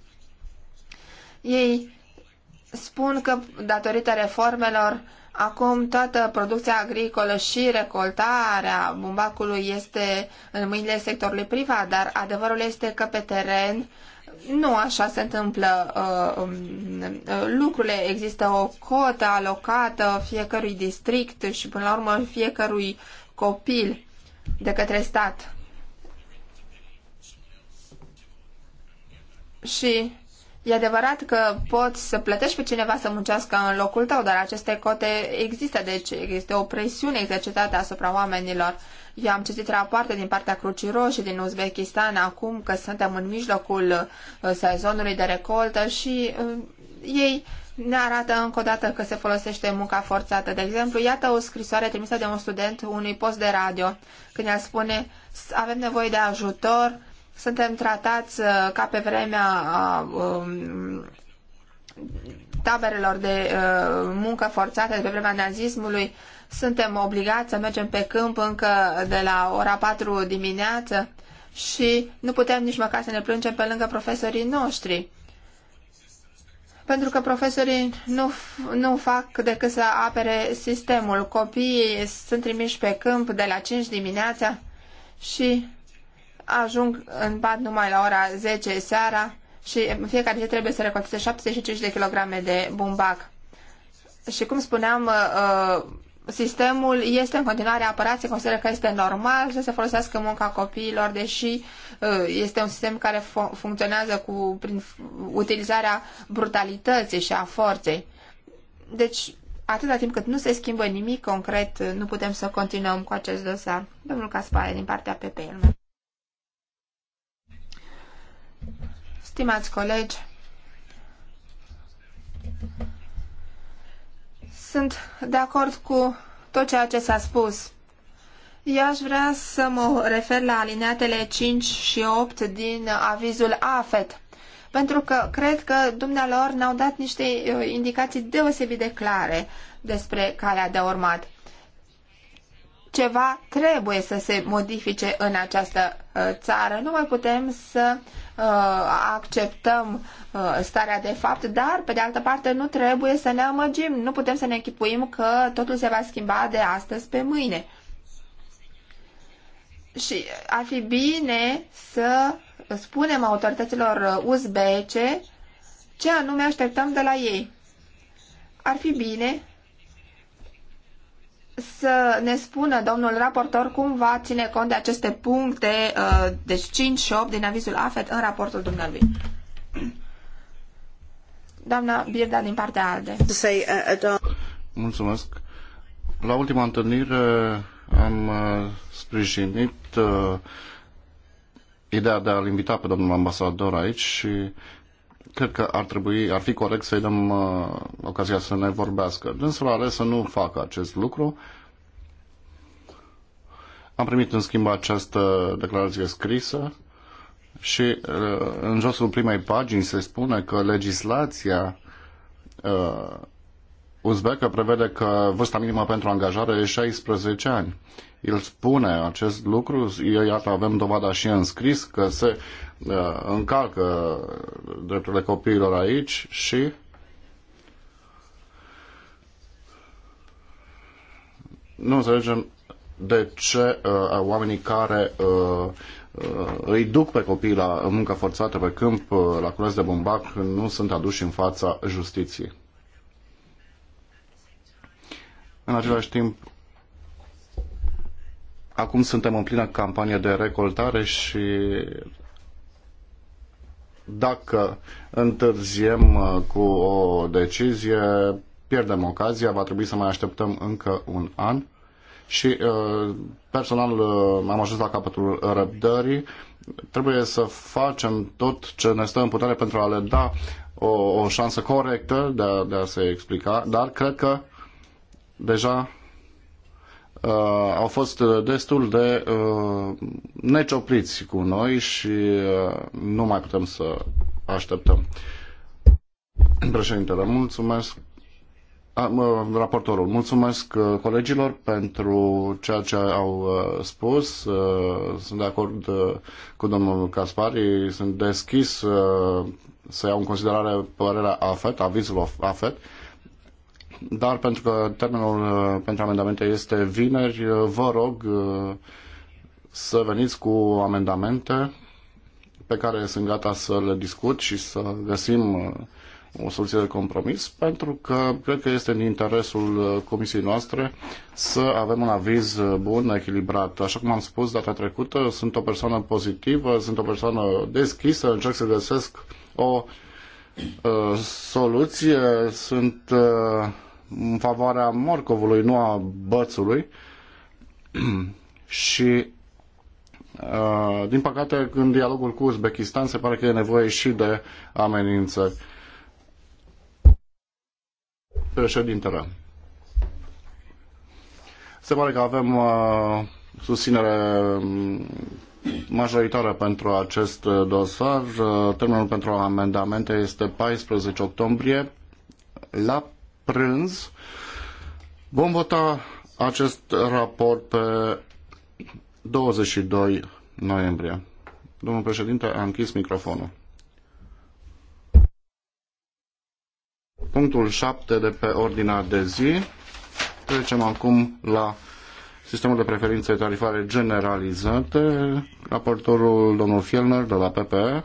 Ei spun că, datorită reformelor, Acum toată producția agricolă și recoltarea bumbacului este în mâinile sectorului privat, dar adevărul este că pe teren nu așa se întâmplă uh, um, uh lucrurile. Există o cotă alocată fiecărui district și până la urmă fiecărui copil de către stat. Și E adevărat că poți să plătești pe cineva să muncească în locul tău, dar aceste cote există, deci este o presiune exercitată asupra oamenilor. Eu am citit rapoarte din partea Crucii Roșii din Uzbekistan acum că suntem în mijlocul uh, sezonului de recoltă și uh, ei ne arată încă o dată că se folosește munca forțată. De exemplu, iată o scrisoare trimisă de un student unui post de radio, când el spune avem nevoie de ajutor, suntem tratați uh, ca pe vremea um, taberelor de uh, muncă forțată de pe vremea nazismului, suntem obligați să mergem pe câmp încă de la ora 4 dimineață și nu putem nici măcar să ne plângem pe lângă profesorii noștri. Pentru că profesorii nu, nu fac decât să apere sistemul. Copiii sunt trimiși pe câmp de la 5 dimineața și ajung în pat numai la ora 10 seara și în fiecare zi trebuie să recolteze 75 de kilograme de bumbac. Și cum spuneam, uh, sistemul este în continuare apărat, se consideră că este normal să se folosească munca copiilor, deși uh, este un sistem care funcționează cu, prin utilizarea brutalității și a forței. Deci, atâta timp cât nu se schimbă nimic concret, nu putem să continuăm cu acest dosar. Domnul Caspare, din partea PPL. Stimați colegi, sunt de acord cu tot ceea ce s-a spus. Eu aș vrea să mă refer la alineatele 5 și 8 din avizul AFET, pentru că cred că dumnealor ne-au dat niște uh, indicații deosebit de clare despre calea de urmat ceva trebuie să se modifice în această uh, țară. Nu mai putem să uh, acceptăm uh, starea de fapt, dar, pe de altă parte, nu trebuie să ne amăgim. Nu putem să ne echipuim că totul se va schimba de astăzi pe mâine. Și ar fi bine să spunem autorităților uzbece ce anume așteptăm de la ei. Ar fi bine să ne spună domnul raportor cum va ține cont de aceste puncte, uh, deci 5 și 8 din avizul AFET în raportul dumnealui. Doamna Birda din partea ALDE. Uh, uh, Mulțumesc. La ultima întâlnire am sprijinit ideea de a-l invita pe domnul ambasador aici și cred că ar trebui, ar fi corect să-i dăm uh, ocazia să ne vorbească. Dânsul are să nu facă acest lucru. Am primit în schimb această declarație scrisă și uh, în josul primei pagini se spune că legislația uh, uzbecă prevede că vârsta minimă pentru angajare e 16 ani îl spune acest lucru. Iată, avem dovada și în scris că se uh, încalcă drepturile copiilor aici și nu înțelegem de ce uh, oamenii care uh, uh, îi duc pe copii la muncă forțată pe câmp, uh, la cules de bumbac, nu sunt aduși în fața justiției. În același timp, Acum suntem în plină campanie de recoltare și dacă întârziem uh, cu o decizie, pierdem ocazia, va trebui să mai așteptăm încă un an. Și uh, personal uh, am ajuns la capătul răbdării. Trebuie să facem tot ce ne stă în putere pentru a le da o, o șansă corectă de a, de a se explica, dar cred că deja uh, au fost uh, destul de uh, neciopliți cu noi și uh, nu mai putem să așteptăm. Președintele, mulțumesc. raportorul, mulțumesc uh, colegilor pentru ceea ce au uh, spus. Sunt de acord cu domnul Caspari, sunt deschis să iau în considerare părerea AFET, avizul AFET dar pentru că termenul uh, pentru amendamente este vineri, uh, vă rog uh, să veniți cu amendamente pe care sunt gata să le discut și să găsim o soluție de compromis, pentru că cred că este în interesul comisiei noastre să avem un aviz bun, echilibrat. Așa cum am spus data trecută, sunt o persoană pozitivă, sunt o persoană deschisă, încerc să găsesc o uh, soluție, sunt uh, în favoarea morcovului, nu a bățului. și uh, din păcate, în dialogul cu Uzbekistan se pare că e nevoie și de amenințări. Președintele. Se pare că avem uh, susținere um, majoritară pentru acest uh, dosar. Uh, termenul pentru amendamente este 14 octombrie la prânz vom vota acest raport pe 22 noiembrie. Domnul președinte, a închis microfonul. Punctul 7 de pe ordinea de zi. Trecem acum la sistemul de preferințe tarifare generalizate. Raportorul domnul Fielner de la PPE.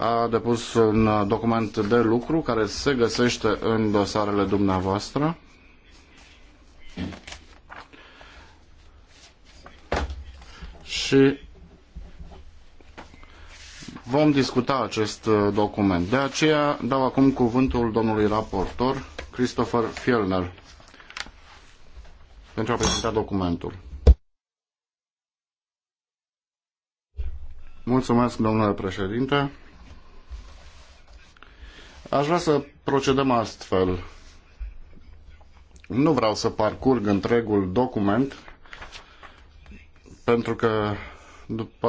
a depus un document de lucru care se găsește în dosarele dumneavoastră. Și vom discuta acest document. De aceea dau acum cuvântul domnului raportor Christopher Fielner pentru a prezenta documentul. Mulțumesc, domnule președinte. Aș vrea să procedăm astfel. Nu vreau să parcurg întregul document, pentru că, după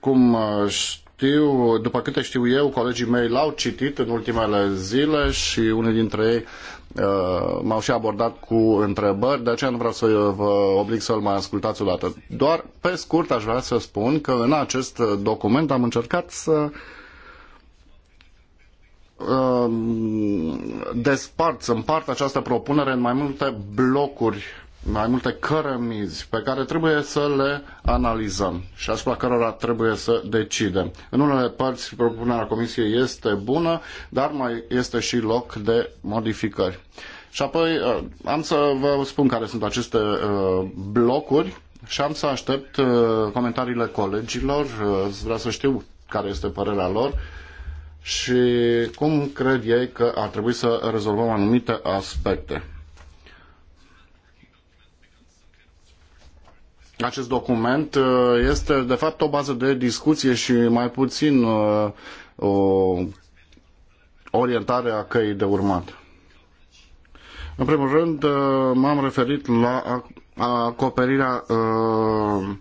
cum știu, după câte știu eu, colegii mei l-au citit în ultimele zile și unii dintre ei uh, m-au și abordat cu întrebări, de aceea nu vreau să vă oblig să-l mai ascultați o dată. Doar pe scurt aș vrea să spun că în acest document am încercat să uh, Um, despart, să împart această propunere în mai multe blocuri, mai multe cărămizi pe care trebuie să le analizăm și asupra cărora trebuie să decidem. În unele părți propunerea Comisiei este bună, dar mai este și loc de modificări. Și apoi uh, am să vă spun care sunt aceste uh, blocuri și am să aștept uh, comentariile colegilor, vreau să știu care este părerea lor și cum cred ei că ar trebui să rezolvăm anumite aspecte. Acest document uh, este de fapt o bază de discuție și mai puțin uh, o orientare a căii de urmat. În primul rând, uh, m-am referit la acoperirea uh,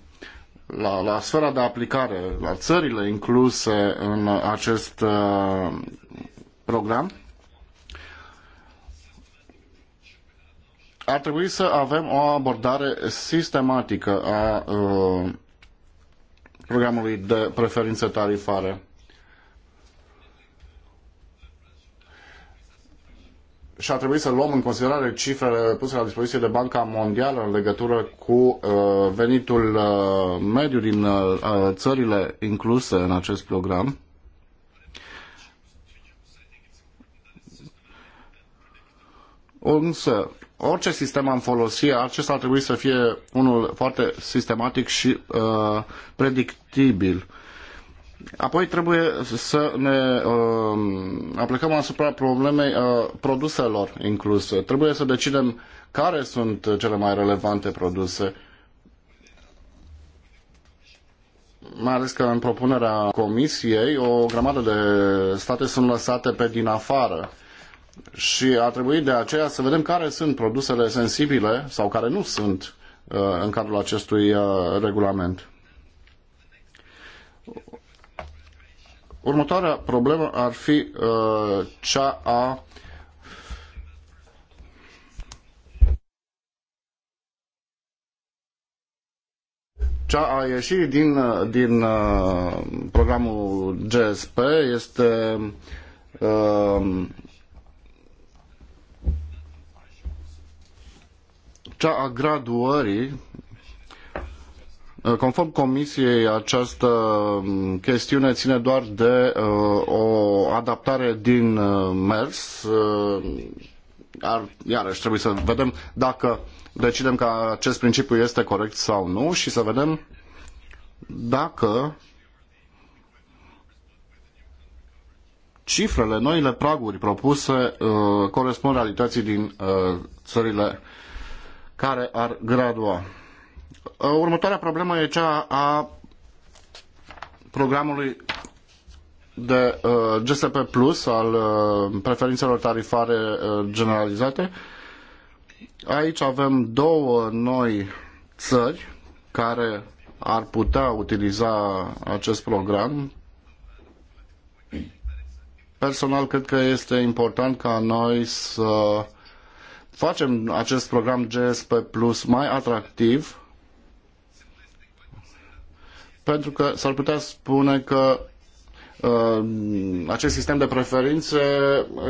la, la sfera de aplicare, la țările incluse în acest uh, program, ar trebui să avem o abordare sistematică a uh, programului de preferințe tarifare. și a trebuit să luăm în considerare cifrele puse la dispoziție de Banca Mondială în legătură cu uh, venitul uh, mediu din uh, țările incluse în acest program. Însă, orice sistem am folosi, acesta ar trebui să fie unul foarte sistematic și uh, predictibil. Apoi trebuie să ne uh, aplicăm asupra problemei uh, produselor incluse. Trebuie să decidem care sunt cele mai relevante produse. Mai ales că în propunerea Comisiei o grămadă de state sunt lăsate pe din afară și ar trebui de aceea să vedem care sunt produsele sensibile sau care nu sunt uh, în cadrul acestui uh, regulament. Următoarea problemă ar fi uh, cea a cea a ieși din, uh, din uh, programul GSP este uh, cea a graduării Uh, conform Comisiei, această um, chestiune ține doar de uh, o adaptare din uh, mers. Ar, iarăși trebuie să vedem dacă decidem că acest principiu este corect sau nu și să vedem dacă cifrele, noile praguri propuse corespund realității din țările care ar gradua. Ă, următoarea problemă e cea a programului de ă, GSP Plus al ă, preferințelor tarifare generalizate. Aici avem două noi țări care ar putea utiliza acest program. Personal, cred că este important ca noi să facem acest program GSP Plus mai atractiv pentru că s-ar putea spune că uh, acest sistem de preferințe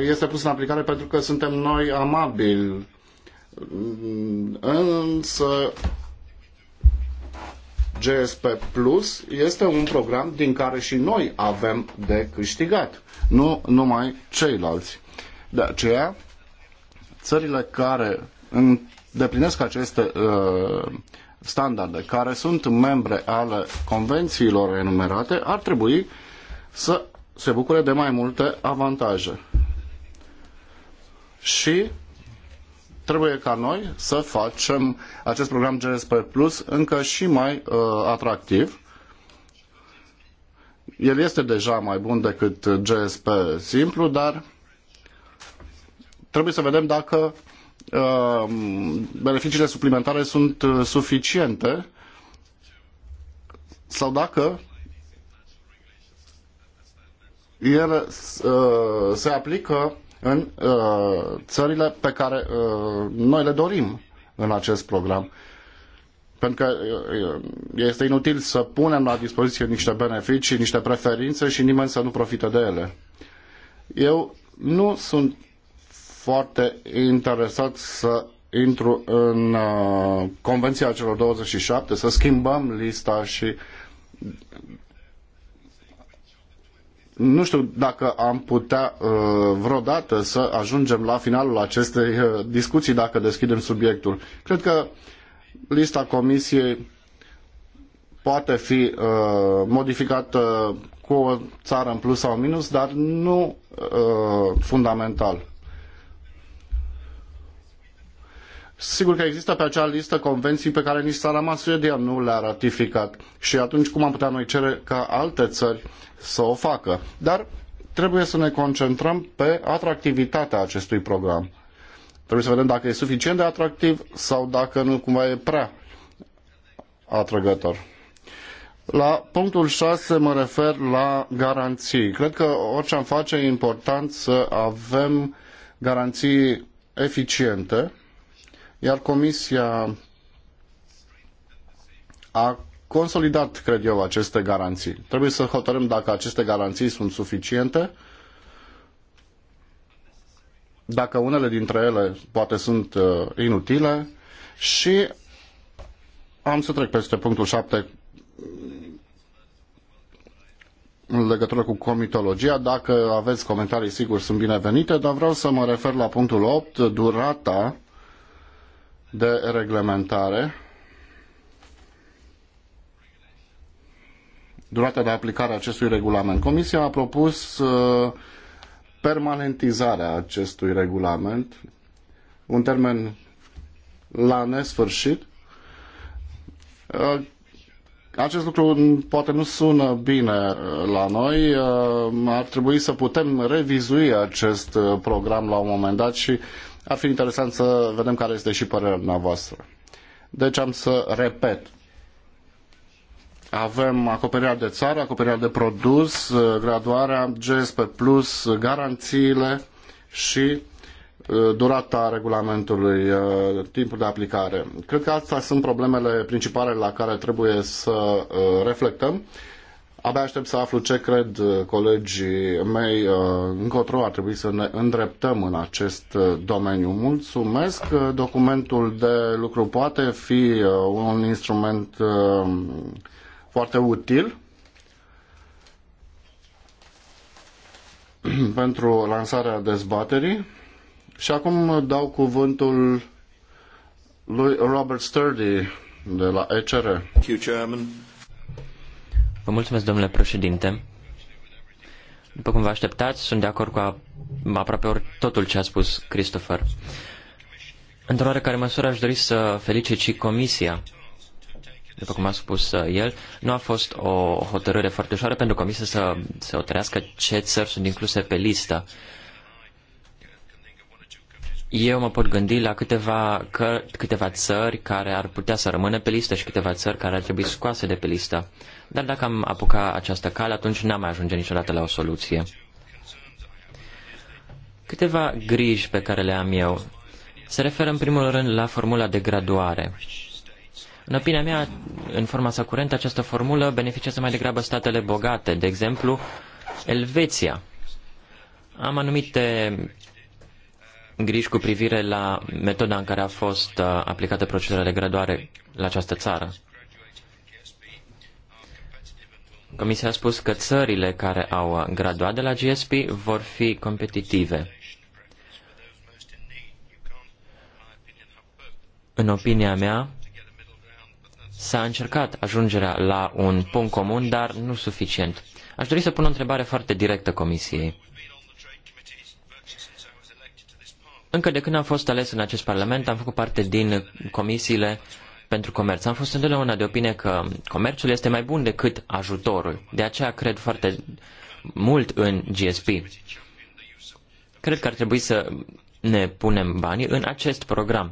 este pus în aplicare pentru că suntem noi amabili. Însă GSP Plus este un program din care și noi avem de câștigat, nu numai ceilalți. De aceea, țările care îndeplinesc aceste uh, standarde care sunt membre ale convențiilor enumerate ar trebui să se bucure de mai multe avantaje. Și trebuie ca noi să facem acest program GSP Plus încă și mai uh, atractiv. El este deja mai bun decât GSP simplu, dar trebuie să vedem dacă Um, beneficiile suplimentare sunt uh, suficiente sau dacă ele uh, se aplică în uh, țările pe care noi le dorim în acest program. Pentru că este inutil să punem la dispoziție niște beneficii, niște preferințe și nimeni să nu profite de ele. Eu nu sunt foarte interesat să intru în uh, convenția celor 27, să schimbăm lista și nu știu dacă am putea uh, vreodată să ajungem la finalul acestei uh, discuții dacă deschidem subiectul. Cred că lista comisiei poate fi uh, modificată cu o țară în plus sau în minus, dar nu uh, fundamental. Sigur că există pe acea listă convenții pe care nici țara mea Suedia nu le-a ratificat și atunci cum am putea noi cere ca alte țări să o facă? Dar trebuie să ne concentrăm pe atractivitatea acestui program. Trebuie să vedem dacă e suficient de atractiv sau dacă nu cumva e prea atrăgător. La punctul 6 mă refer la garanții. Cred că orice am face e important să avem garanții eficiente iar Comisia a consolidat, cred eu, aceste garanții. Trebuie să hotărâm dacă aceste garanții sunt suficiente, dacă unele dintre ele poate sunt uh, inutile și am să trec peste punctul 7 în legătură cu comitologia. Dacă aveți comentarii, sigur, sunt binevenite, dar vreau să mă refer la punctul 8, durata de reglementare. Durata de aplicare a acestui regulament. Comisia a propus uh, permanentizarea acestui regulament, un termen la nesfârșit. Uh, acest lucru poate nu sună bine uh, la noi. Ar trebui să putem revizui acest program la un moment dat și ar fi interesant să vedem care este și părerea dumneavoastră. Deci am să repet. Avem acoperirea de țară, acoperirea de produs, graduarea, GSP+, garanțiile și uh, durata regulamentului, uh, timpul de aplicare. Cred că astea sunt problemele principale la care trebuie să uh, reflectăm Abia aștept să aflu ce cred uh, colegii mei uh, încotro ar trebui să ne îndreptăm în acest uh, domeniu. Mulțumesc! Documentul de lucru poate fi un instrument foarte util pentru lansarea dezbaterii. Și acum dau cuvântul lui Robert Sturdy de la ECR. Thank you, Vă mulțumesc, domnule președinte. După cum vă așteptați, sunt de acord cu aproape ori totul ce a spus Christopher. Într-o oarecare măsură aș dori să felicit și Comisia. După cum a spus uh, el, nu a fost o hotărâre foarte ușoară pentru comisia să se hotărească ce țări sunt incluse pe listă. Eu mă pot gândi la câteva, că, câteva țări care ar putea să rămână pe listă și câteva țări care ar trebui scoase de pe listă. Dar dacă am apuca această cale, atunci n-am mai ajunge niciodată la o soluție. Câteva griji pe care le am eu se referă în primul rând la formula de graduare. În opinia mea, în forma sa curentă, această formulă beneficiază mai degrabă statele bogate, de exemplu, Elveția. Am anumite griji cu privire la metoda în care a fost uh, aplicată procedura de graduare la această țară. Comisia a spus că țările care au graduat de la GSP vor fi competitive. În opinia mea, s-a încercat ajungerea la un punct comun, dar nu suficient. Aș dori să pun o întrebare foarte directă Comisiei. Încă de când am fost ales în acest Parlament, am făcut parte din comisiile pentru comerț. Am fost întotdeauna de opinie că comerțul este mai bun decât ajutorul. De aceea cred foarte mult în GSP. Cred că ar trebui să ne punem banii în acest program.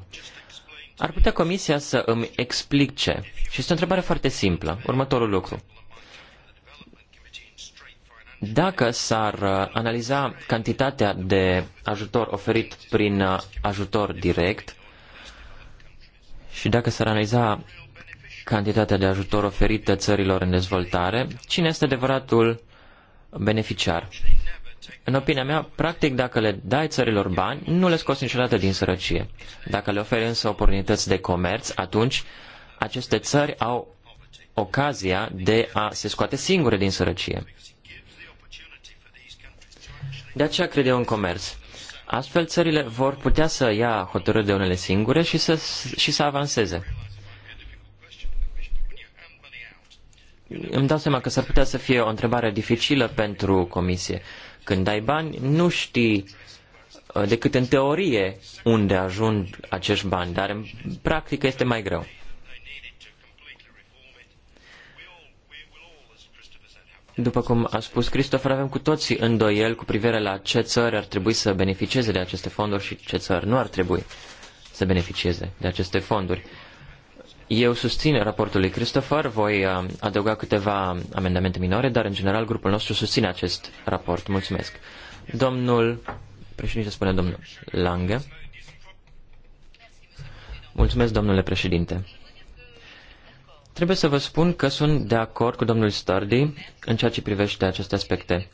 Ar putea comisia să îmi explice? Și este o întrebare foarte simplă. Următorul lucru. Dacă s-ar uh, analiza cantitatea de ajutor oferit prin uh, ajutor direct, și dacă s-ar analiza cantitatea de ajutor oferită țărilor în dezvoltare, cine este adevăratul beneficiar? În opinia mea, practic, dacă le dai țărilor bani, nu le scoți niciodată din sărăcie. Dacă le oferi însă oportunități de comerț, atunci aceste țări au ocazia de a se scoate singure din sărăcie. De aceea cred eu în comerț. Astfel, țările vor putea să ia hotărâri de unele singure și să, și să avanseze. Îmi dau seama că s-ar putea să fie o întrebare dificilă pentru comisie. Când ai bani, nu știi uh, decât în teorie unde ajung acești bani, dar în practică este mai greu. După cum a spus Cristofor, avem cu toții îndoiel cu privire la ce țări ar trebui să beneficieze de aceste fonduri și ce țări nu ar trebui să beneficieze de aceste fonduri. Eu susțin raportul lui Christopher, voi uh, adăuga câteva amendamente minore, dar în general grupul nostru susține acest raport. Mulțumesc. Domnul, președinte spune domnul Lange. Mulțumesc, domnule președinte. Trebuie să vă spun că sunt de acord cu domnul Sturdy în ceea ce privește aceste aspecte.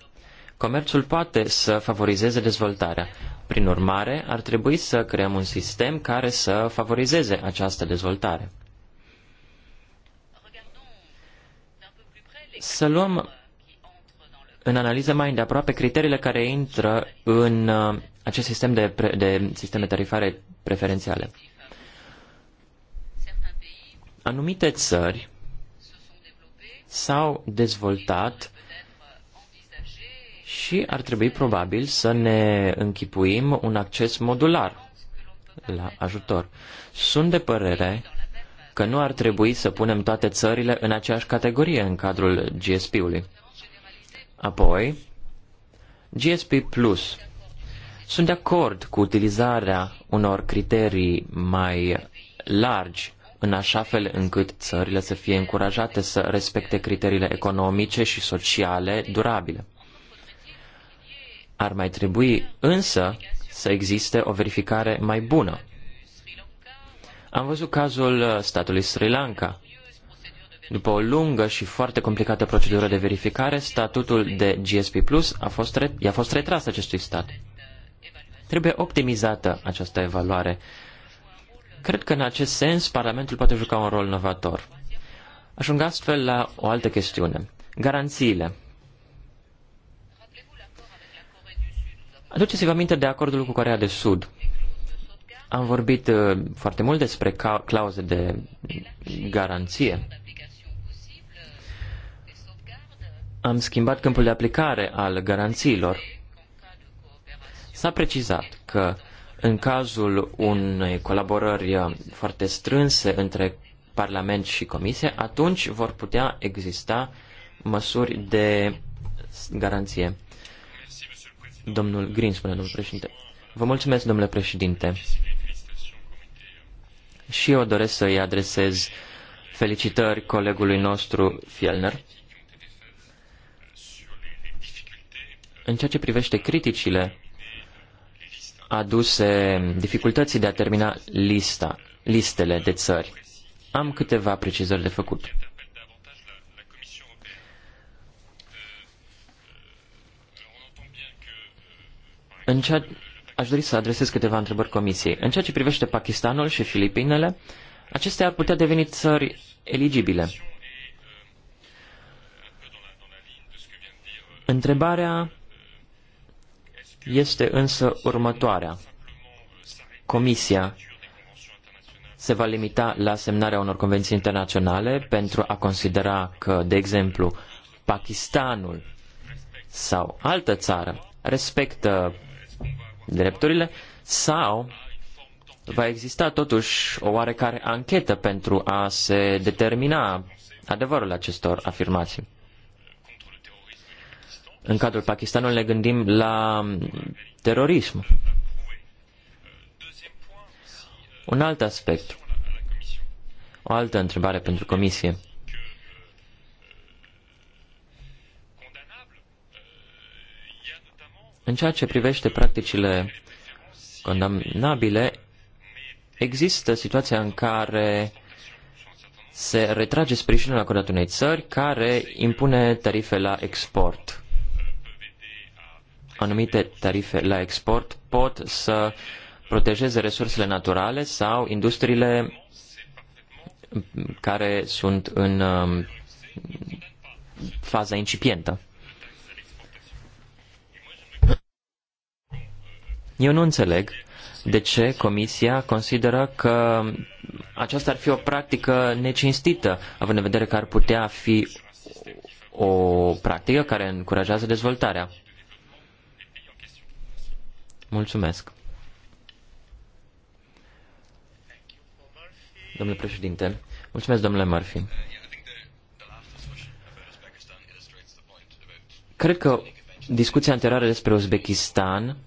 Comerțul poate să favorizeze dezvoltarea. Prin urmare, ar trebui să creăm un sistem care să favorizeze această dezvoltare. Să luăm în analiză mai îndeaproape criteriile care intră în uh, acest sistem de, pre, de sisteme tarifare preferențiale. Anumite țări s-au dezvoltat și ar trebui probabil să ne închipuim un acces modular la ajutor. Sunt de părere că nu ar trebui să punem toate țările în aceeași categorie în cadrul GSP-ului. Apoi, GSP Plus. Sunt de acord cu utilizarea unor criterii mai largi în așa fel încât țările să fie încurajate să respecte criteriile economice și sociale durabile. Ar mai trebui însă să existe o verificare mai bună. Am văzut cazul statului Sri Lanka. După o lungă și foarte complicată procedură de verificare, statutul de GSP Plus a fost, i-a fost retras acestui stat. Trebuie optimizată această evaluare Cred că în acest sens Parlamentul poate juca un rol novator. Ajung astfel la o altă chestiune. Garanțiile. Aduceți-vă aminte de acordul cu Corea de Sud. Am vorbit uh, foarte mult despre clauze de garanție. Am schimbat câmpul de aplicare al garanțiilor. S-a precizat că în cazul unei colaborări foarte strânse între Parlament și Comisie, atunci vor putea exista măsuri de garanție. Domnul Green spune, domnul președinte. Vă mulțumesc, domnule președinte. Și eu doresc să-i adresez felicitări colegului nostru Fielner. În ceea ce privește criticile aduse dificultății de a termina lista, listele de țări. Am câteva precizări de făcut. În cea... aș dori să adresez câteva întrebări comisiei. În ceea ce privește Pakistanul și Filipinele, acestea ar putea deveni țări eligibile. Întrebarea este însă următoarea. Comisia se va limita la semnarea unor convenții internaționale pentru a considera că, de exemplu, Pakistanul sau altă țară respectă drepturile sau va exista totuși o oarecare anchetă pentru a se determina adevărul acestor afirmații în cadrul Pakistanului ne gândim la terorism. Un alt aspect, o altă întrebare pentru Comisie. În ceea ce privește practicile condamnabile, există situația în care se retrage sprijinul acordat unei țări care impune tarife la export anumite tarife la export pot să protejeze resursele naturale sau industriile care sunt în um, faza incipientă. Eu nu înțeleg de ce Comisia consideră că aceasta ar fi o practică necinstită, având în vedere că ar putea fi o practică care încurajează dezvoltarea. Mulțumesc. Domnule președinte, mulțumesc, domnule Murphy. Cred că discuția anterioară despre Uzbekistan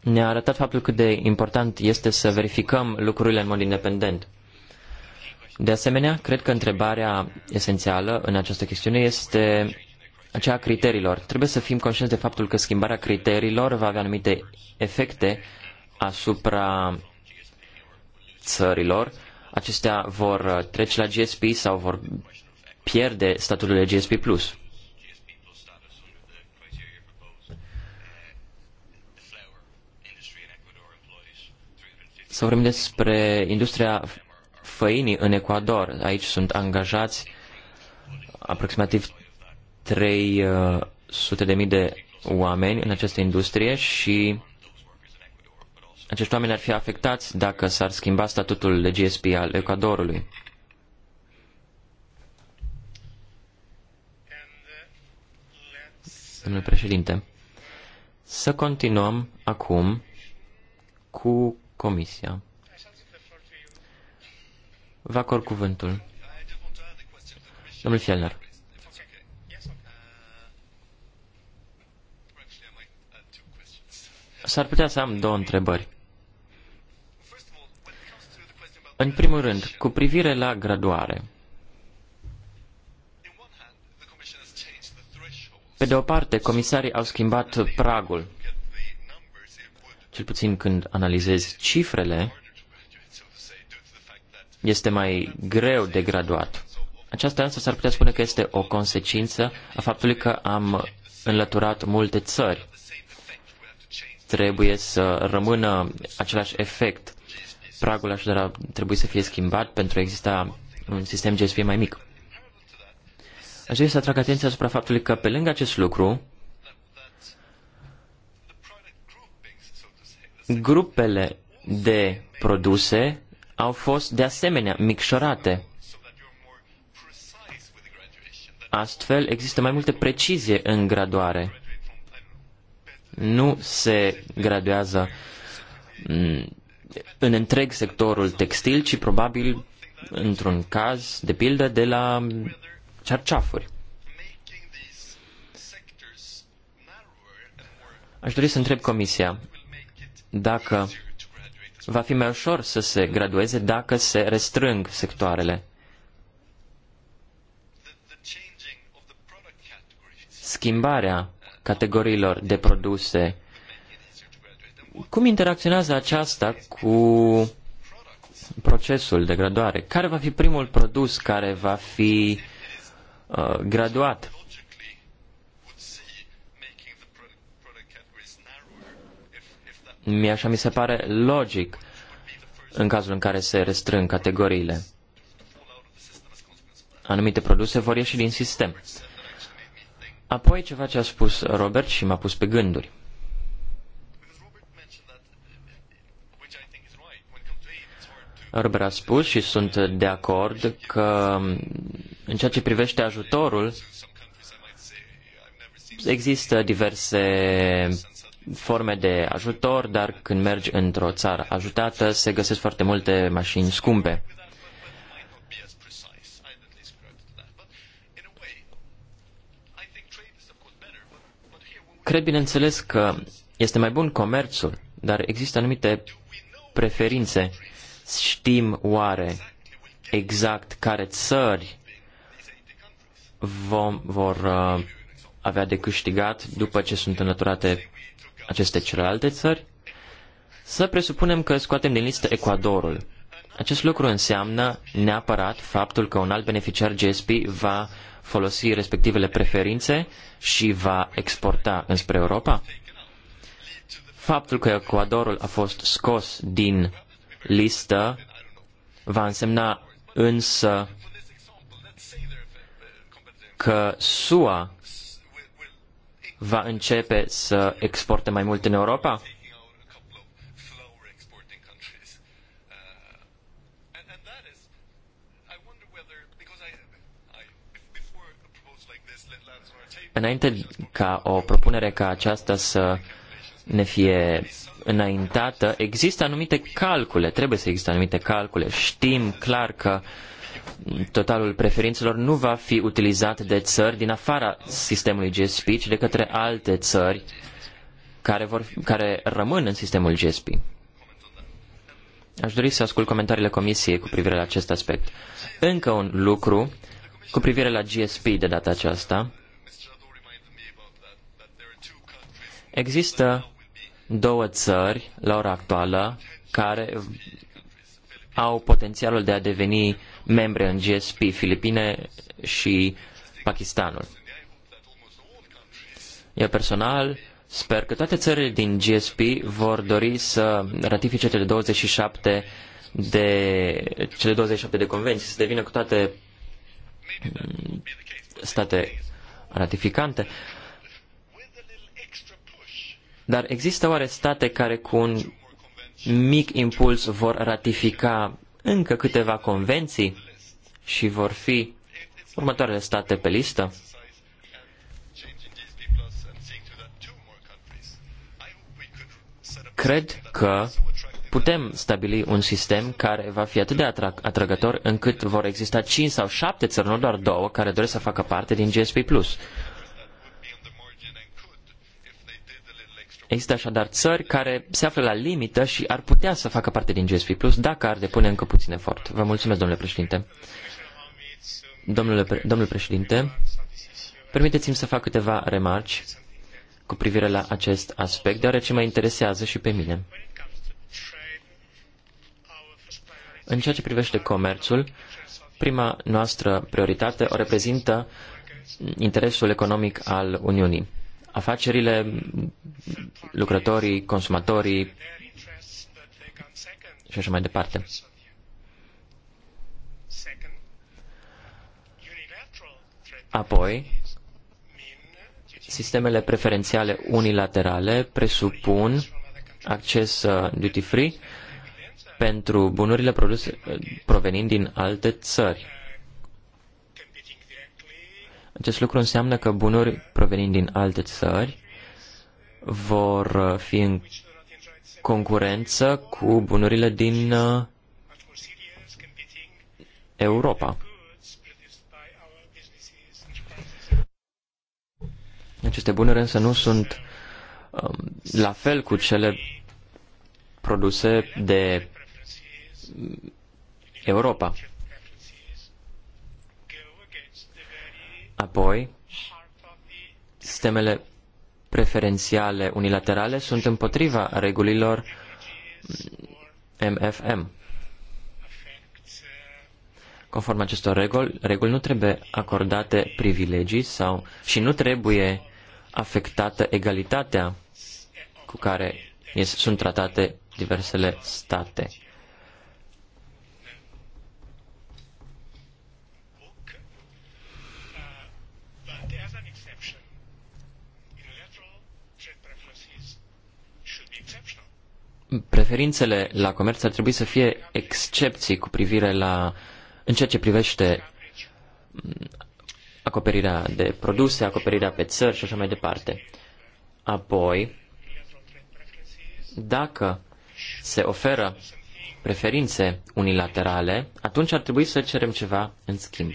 ne-a arătat faptul cât de important este să verificăm lucrurile în mod independent. De asemenea, cred că întrebarea esențială în această chestiune este aceea criteriilor. Trebuie să fim conștienți de faptul că schimbarea criteriilor va avea anumite efecte asupra țărilor. Acestea vor trece la GSP sau vor pierde statutul de GSP+. Să vorbim despre industria făinii în Ecuador. Aici sunt angajați aproximativ 300.000 de oameni în această industrie și acești oameni ar fi afectați dacă s-ar schimba statutul de GSP al Ecuadorului. Domnule președinte, să continuăm acum cu comisia. Vă acord cuvântul. Domnul Fielner. S-ar putea să am două întrebări. În primul rând, cu privire la graduare. Pe de o parte, comisarii au schimbat pragul. Cel puțin când analizezi cifrele, este mai greu de graduat. Aceasta însă s-ar putea spune că este o consecință a faptului că am înlăturat multe țări trebuie să rămână același efect. Pragul așadar ar trebui să fie schimbat pentru a exista un sistem GSP mai mic. Aș vrea să atrag atenția asupra faptului că pe lângă acest lucru, grupele de produse au fost de asemenea micșorate. Astfel, există mai multe precizie în graduare nu se graduează mm, în întreg sectorul textil, ci probabil într-un caz, de pildă, de la cerceafuri. Aș dori să întreb Comisia dacă va fi mai ușor să se gradueze dacă se restrâng sectoarele. Schimbarea categoriilor de produse. Cum interacționează aceasta cu procesul de graduare? Care va fi primul produs care va fi uh, graduat? mi așa mi se pare logic în cazul în care se restrâng categoriile. Anumite produse vor ieși din sistem. Apoi ceva ce a spus Robert și m-a pus pe gânduri. Robert a spus și sunt de acord că în ceea ce privește ajutorul există diverse forme de ajutor, dar când mergi într-o țară ajutată se găsesc foarte multe mașini scumpe. Cred, bineînțeles, că este mai bun comerțul, dar există anumite preferințe. Știm oare exact care țări vom, vor uh, avea de câștigat după ce sunt înlăturate aceste celelalte țări? Să presupunem că scoatem din listă Ecuadorul. Acest lucru înseamnă neapărat faptul că un alt beneficiar GSP va folosi respectivele preferințe și va exporta înspre Europa? Faptul că Ecuadorul a fost scos din listă va însemna însă că SUA va începe să exporte mai mult în Europa? Înainte ca o propunere ca aceasta să ne fie înaintată, există anumite calcule, trebuie să existe anumite calcule. Știm clar că totalul preferințelor nu va fi utilizat de țări din afara sistemului GSP, ci de către alte țări care, vor, care rămân în sistemul GSP. Aș dori să ascult comentariile Comisiei cu privire la acest aspect. Încă un lucru cu privire la GSP de data aceasta. Există două țări la ora actuală care au potențialul de a deveni membre în GSP, Filipine și Pakistanul. Eu personal sper că toate țările din GSP vor dori să ratifice cele 27 de cele 27 de convenții, să devină cu toate state ratificante. Uh, dar există oare state care cu un mic impuls vor ratifica încă câteva convenții și vor fi următoarele state pe listă? Cred că putem stabili un sistem care va fi atât de atrag- atrăgător încât vor exista 5 sau 7 țări, nu doar două, care doresc să facă parte din GSP+. Există așadar țări care se află la limită și ar putea să facă parte din GSP Plus dacă ar depune încă puțin efort. Vă mulțumesc, domnule președinte. Domnule, pre domnule președinte, permiteți-mi să fac câteva remarci cu privire la acest aspect, deoarece mă interesează și pe mine. În ceea ce privește comerțul, prima noastră prioritate o reprezintă interesul economic al Uniunii afacerile, lucrătorii, consumatorii și așa mai departe. Apoi, sistemele preferențiale unilaterale presupun acces uh, duty-free pentru bunurile produse, uh, provenind din alte țări. Acest lucru înseamnă că bunuri provenind din alte țări vor uh, fi în concurență cu bunurile din uh, Europa. Aceste bunuri însă nu sunt um, la fel cu cele produse de Europa. Apoi, sistemele preferențiale unilaterale sunt împotriva regulilor MFM. Conform acestor reguli, reguli nu trebuie acordate privilegii sau și nu trebuie afectată egalitatea cu care sunt tratate diversele state. preferințele la comerț ar trebui să fie excepții cu privire la, în ceea ce privește mm, acoperirea de produse, acoperirea pe țări și așa mai departe. Apoi, dacă se oferă preferințe unilaterale, atunci ar trebui să cerem ceva în schimb.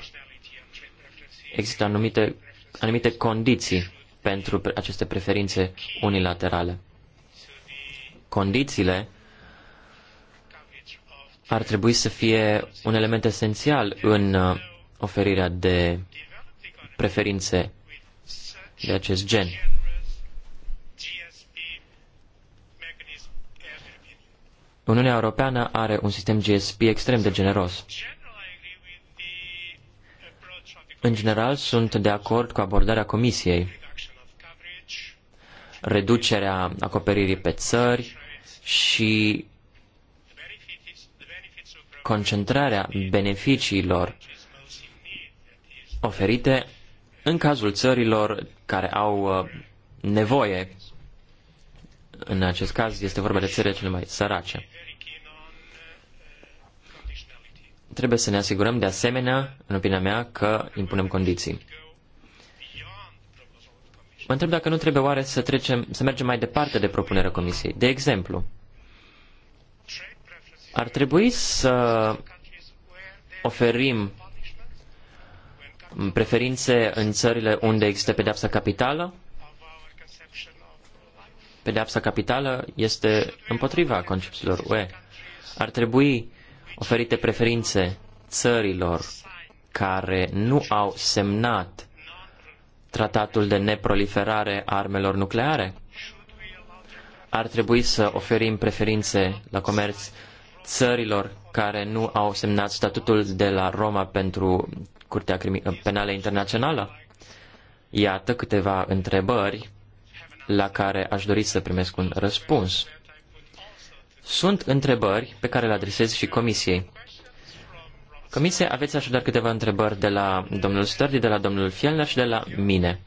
Există anumite, anumite condiții pentru aceste preferințe unilaterale condițiile ar trebui să fie un element esențial în uh, oferirea de preferințe de acest gen. Uniunea Europeană are un sistem GSP extrem de generos. În general, sunt de acord cu abordarea Comisiei. Reducerea acoperirii pe țări, și concentrarea beneficiilor oferite în cazul țărilor care au uh, nevoie. În acest caz este vorba de țările cele mai sărace. Trebuie să ne asigurăm de asemenea, în opinia mea, că impunem condiții. Mă întreb dacă nu trebuie oare să, trecem, să mergem mai departe de propunerea Comisiei. De exemplu, ar trebui să oferim preferințe în țările unde există pedeapsa capitală? Pedeapsa capitală este împotriva concepțiilor UE. Ar trebui oferite preferințe țărilor care nu au semnat tratatul de neproliferare a armelor nucleare? Ar trebui să oferim preferințe la comerț țărilor care nu au semnat statutul de la Roma pentru Curtea Penală Internațională? Iată câteva întrebări la care aș dori să primesc un răspuns. Sunt întrebări pe care le adresez și Comisiei. Comisie, aveți așadar câteva întrebări de la domnul Sturdy, de la domnul Fielner și de la mine.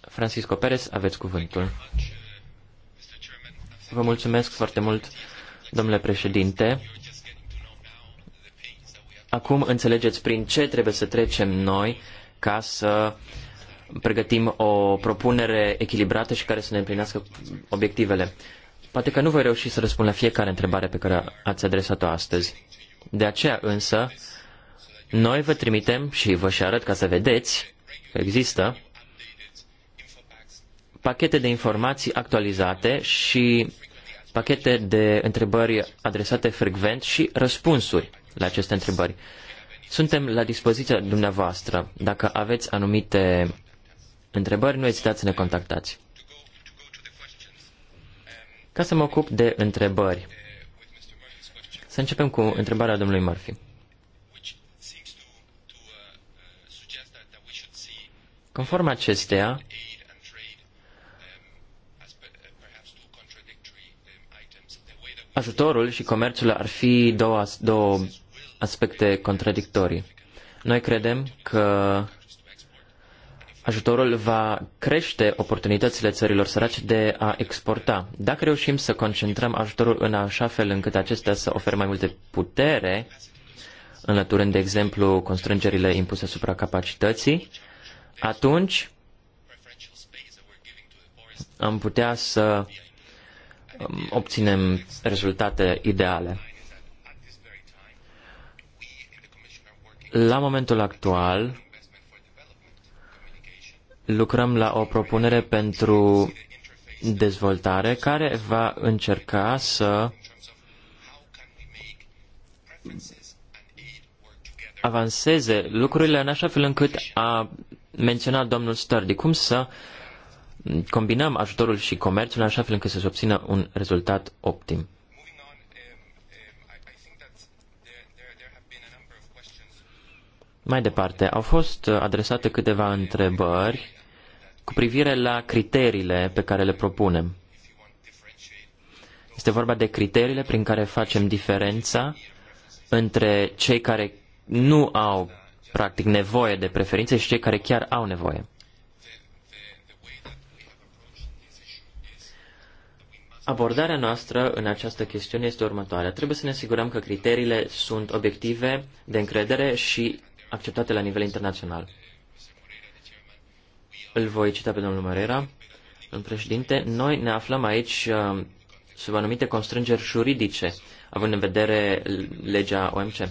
Francisco Perez, aveți cuvântul. Vă mulțumesc foarte mult, domnule președinte. Acum înțelegeți prin ce trebuie să trecem noi ca să pregătim o propunere echilibrată și care să ne împlinească obiectivele. Poate că nu voi reuși să răspund la fiecare întrebare pe care ați adresat-o astăzi. De aceea însă, noi vă trimitem și vă și arăt ca să vedeți că există pachete de informații actualizate și pachete de întrebări adresate frecvent și răspunsuri la aceste întrebări. Suntem la dispoziția dumneavoastră. Dacă aveți anumite întrebări, nu ezitați să ne contactați. Ca să mă ocup de întrebări, să începem cu întrebarea domnului Murphy. Conform acesteia, ajutorul și comerțul ar fi două, două aspecte contradictorii. Noi credem că ajutorul va crește oportunitățile țărilor sărace de a exporta. Dacă reușim să concentrăm ajutorul în așa fel încât acestea să ofere mai multe putere, înlăturând, de exemplu, constrângerile impuse asupra capacității, atunci am putea să um, obținem rezultate ideale. La momentul actual, lucrăm la o propunere pentru dezvoltare care va încerca să avanseze lucrurile în așa fel încât a menționat domnul Sturdy, cum să combinăm ajutorul și comerțul în așa fel încât să se obțină un rezultat optim. Mai departe, au fost adresate câteva întrebări cu privire la criteriile pe care le propunem. Este vorba de criteriile prin care facem diferența între cei care nu au practic nevoie de preferințe și cei care chiar au nevoie. Abordarea noastră în această chestiune este următoarea. Trebuie să ne asigurăm că criteriile sunt obiective, de încredere și acceptate la nivel internațional. Îl voi cita pe domnul Morera. În președinte, noi ne aflăm aici uh, sub anumite constrângeri juridice, având în vedere legea OMC.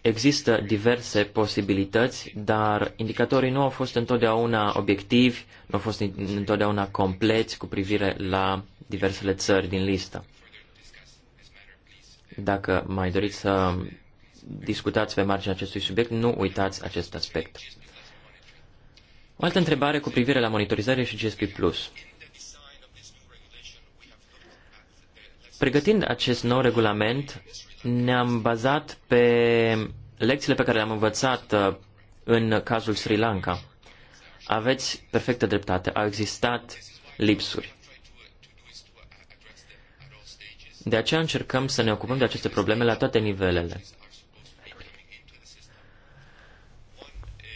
Există diverse posibilități, dar indicatorii nu au fost întotdeauna obiectivi, nu au fost întotdeauna compleți cu privire la diversele țări din listă. Dacă mai doriți să discutați pe marginea acestui subiect, nu uitați acest aspect. O altă întrebare cu privire la monitorizare și GSP+. Pregătind acest nou regulament, ne-am bazat pe lecțiile pe care le-am învățat uh, în cazul Sri Lanka. Aveți perfectă dreptate, au existat lipsuri. De aceea încercăm să ne ocupăm de aceste probleme la toate nivelele.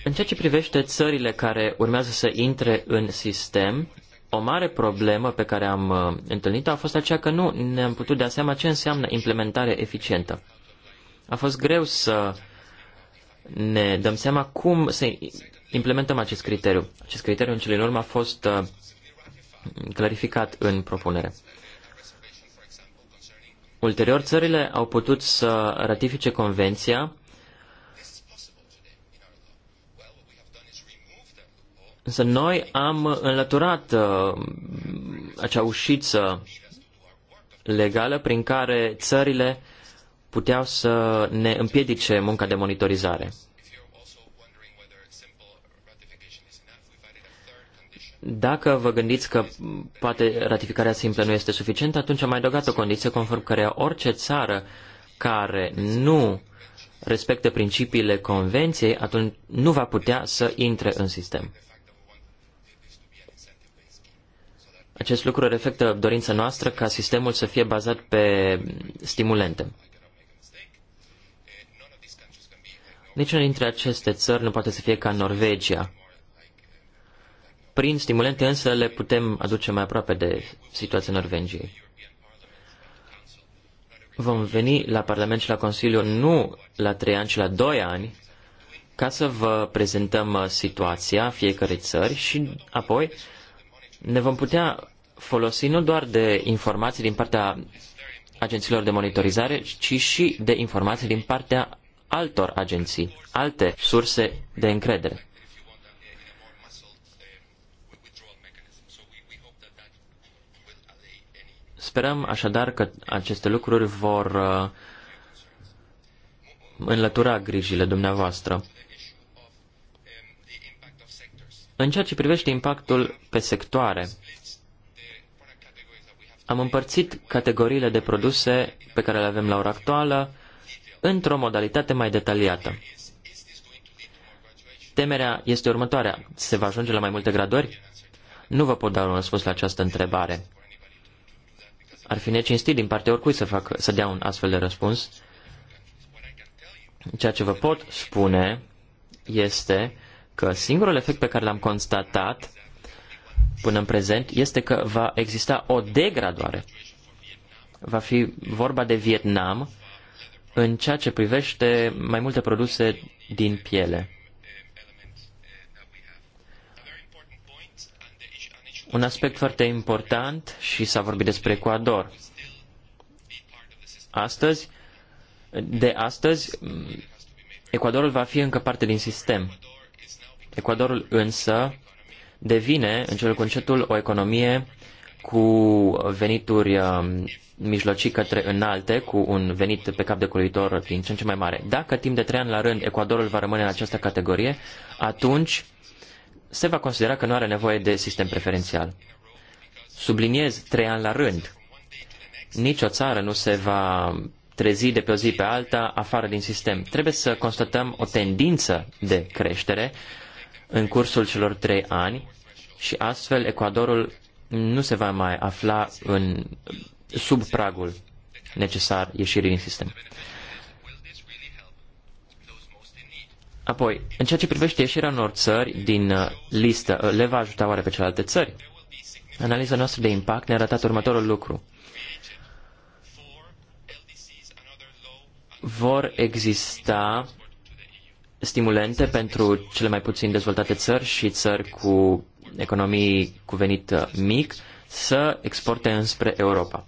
În ceea ce privește țările care urmează să intre în sistem, o mare problemă pe care am uh, întâlnit-o a fost aceea că nu ne-am putut da seama ce înseamnă implementare eficientă. A fost greu să ne dăm seama cum să implementăm acest criteriu. Acest criteriu în cele din urmă a fost uh, clarificat în propunere. Ulterior, țările au putut să ratifice convenția Însă noi am înlăturat uh, acea ușiță legală prin care țările puteau să ne împiedice munca de monitorizare. Dacă vă gândiți că poate ratificarea simplă nu este suficientă, atunci am mai adăugat o condiție conform căreia orice țară care nu respectă principiile convenției, atunci nu va putea să intre în sistem. Acest lucru reflectă dorința noastră ca sistemul să fie bazat pe stimulente. Niciuna dintre aceste țări nu poate să fie ca Norvegia, prin stimulente însă le putem aduce mai aproape de situația Norvegiei. Vom veni la Parlament și la Consiliu nu la trei ani, ci la doi ani, ca să vă prezentăm uh, situația fiecărei țări și apoi ne vom putea folosi nu doar de informații din partea agențiilor de monitorizare, ci și de informații din partea altor agenții, alte surse de încredere. Sperăm așadar că aceste lucruri vor uh, înlătura grijile dumneavoastră. În ceea ce privește impactul pe sectoare, am împărțit categoriile de produse pe care le avem la ora actuală într-o modalitate mai detaliată. Temerea este următoarea. Se va ajunge la mai multe graduări? Nu vă pot da un răspuns la această întrebare ar fi necinstit din partea oricui să, fac, să dea un astfel de răspuns. Ceea ce vă pot spune este că singurul efect pe care l-am constatat până în prezent este că va exista o degradare. Va fi vorba de Vietnam în ceea ce privește mai multe produse din piele. Un aspect foarte important și s-a vorbit despre Ecuador. Astăzi, de astăzi, Ecuadorul va fi încă parte din sistem. Ecuadorul însă devine, în cel concetul, o economie cu venituri um, mijlocii către înalte, cu un venit pe cap de culuitor din ce în ce mai mare. Dacă timp de trei ani la rând Ecuadorul va rămâne în această categorie, atunci se va considera că nu are nevoie de sistem preferențial. Subliniez trei ani la rând. Nici o țară nu se va trezi de pe o zi pe alta afară din sistem. Trebuie să constatăm o tendință de creștere în cursul celor trei ani și astfel Ecuadorul nu se va mai afla în, sub pragul necesar ieșirii din sistem. Apoi, în ceea ce privește ieșirea unor țări din uh, listă, uh, le va ajuta oare pe celelalte țări? Analiza noastră de impact ne-a arătat următorul lucru. Vor exista stimulente pentru cele mai puțin dezvoltate țări și țări cu economii cu venit uh, mic să exporte înspre Europa.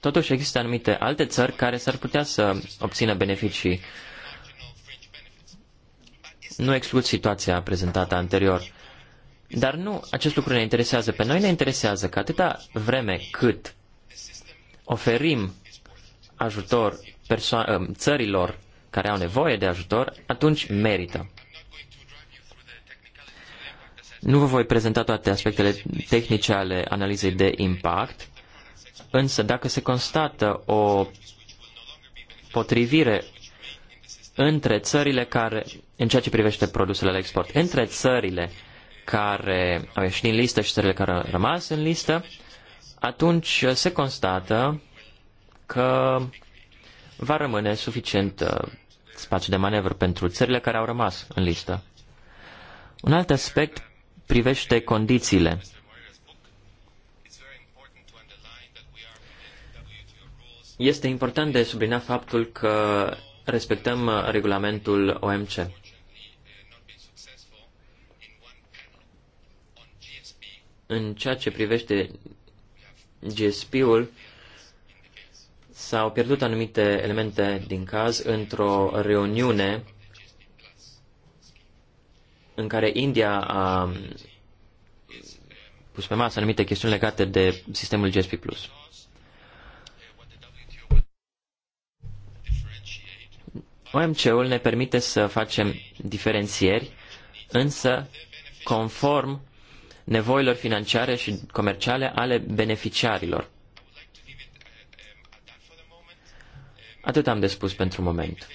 Totuși există anumite alte țări care s-ar putea să obțină beneficii uh, nu exclud situația prezentată anterior. Dar nu, acest lucru ne interesează. Pe noi ne interesează că atâta vreme cât oferim ajutor ă, țărilor care au nevoie de ajutor, atunci merită. Nu vă voi prezenta toate aspectele tehnice ale analizei de impact, însă dacă se constată o potrivire între țările care, în ceea ce privește produsele la export, între țările care au ieșit din listă și țările care au rămas în listă, atunci se constată că va rămâne suficient uh, spațiu de manevră pentru țările care au rămas în listă. Un alt aspect privește condițiile. Este important de subliniat faptul că respectăm uh, regulamentul OMC. În ceea ce privește GSP-ul, s-au pierdut anumite elemente din caz într-o reuniune în care India a um, pus pe masă anumite chestiuni legate de sistemul GSP+. OMC-ul ne permite să facem diferențieri, însă conform nevoilor financiare și comerciale ale beneficiarilor. Atât am de spus pentru moment.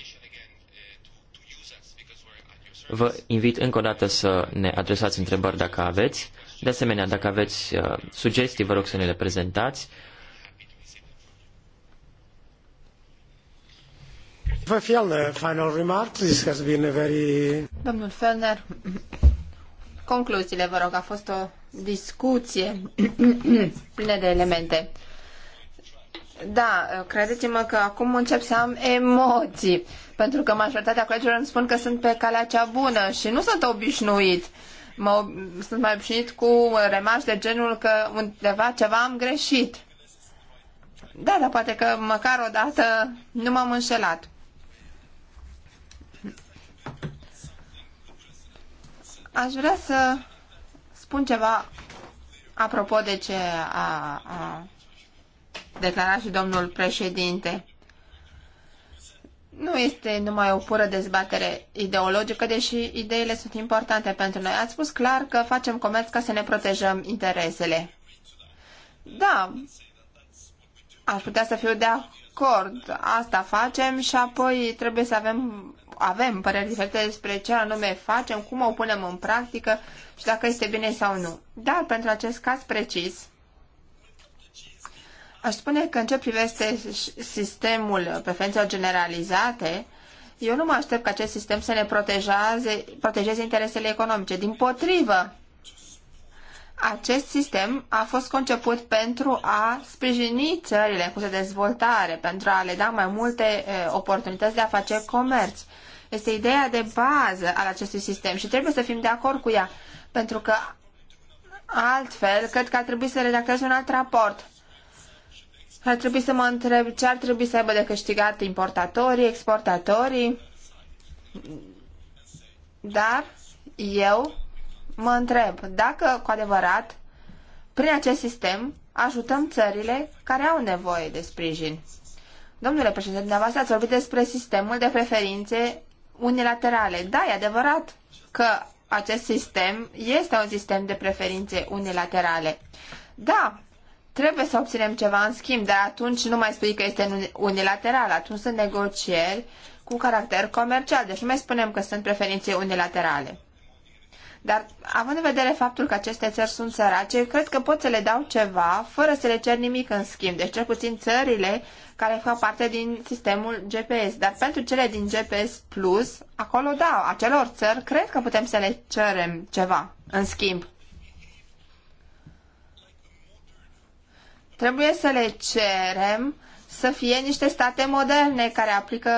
Vă invit încă o dată să ne adresați întrebări dacă aveți. De asemenea, dacă aveți uh, sugestii, vă rog să ne le prezentați. Fjellner, final remark. This has been a very... Domnul Fellner, concluziile, vă rog, a fost o discuție plină de elemente. Da, credeți-mă că acum încep să am emoții, pentru că majoritatea colegilor îmi spun că sunt pe calea cea bună și nu sunt obișnuit. Mă, sunt mai obișnuit cu remarci de genul că undeva ceva am greșit. Da, dar poate că măcar o dată nu m-am înșelat. Aș vrea să spun ceva apropo de ce a, a declarat și domnul președinte. Nu este numai o pură dezbatere ideologică, deși ideile sunt importante pentru noi. Ați spus clar că facem comerț ca să ne protejăm interesele. Da, aș putea să fiu de acord. Asta facem și apoi trebuie să avem avem păreri diferite despre ce anume facem, cum o punem în practică și dacă este bine sau nu. Dar pentru acest caz precis, aș spune că în ce privește sistemul preferințelor generalizate, eu nu mă aștept ca acest sistem să ne protejeze, protejeze interesele economice. Din potrivă, acest sistem a fost conceput pentru a sprijini țările cu de dezvoltare, pentru a le da mai multe e, eh, oportunități de a face comerț. Este ideea de bază al acestui sistem și trebuie să fim de acord cu ea, pentru că altfel cred că ar trebui să redactez un alt raport. Ar trebui să mă întreb ce ar trebui să aibă de câștigat importatorii, exportatorii, dar eu mă întreb dacă cu adevărat prin acest sistem ajutăm țările care au nevoie de sprijin. Domnule președinte, dumneavoastră ați vorbit despre sistemul de preferințe unilaterale. Da, e adevărat că acest sistem este un sistem de preferințe unilaterale. Da, trebuie să obținem ceva în schimb, dar atunci nu mai spui că este unilateral, atunci sunt negocieri cu caracter comercial, deci nu mai spunem că sunt preferințe unilaterale. Dar având în vedere faptul că aceste țări sunt sărace, cred că pot să le dau ceva fără să le cer nimic în schimb. Deci cel puțin țările care fac parte din sistemul GPS. Dar pentru cele din GPS Plus, acolo da, acelor țări cred că putem să le cerem ceva în schimb. Trebuie să le cerem să fie niște state moderne care aplică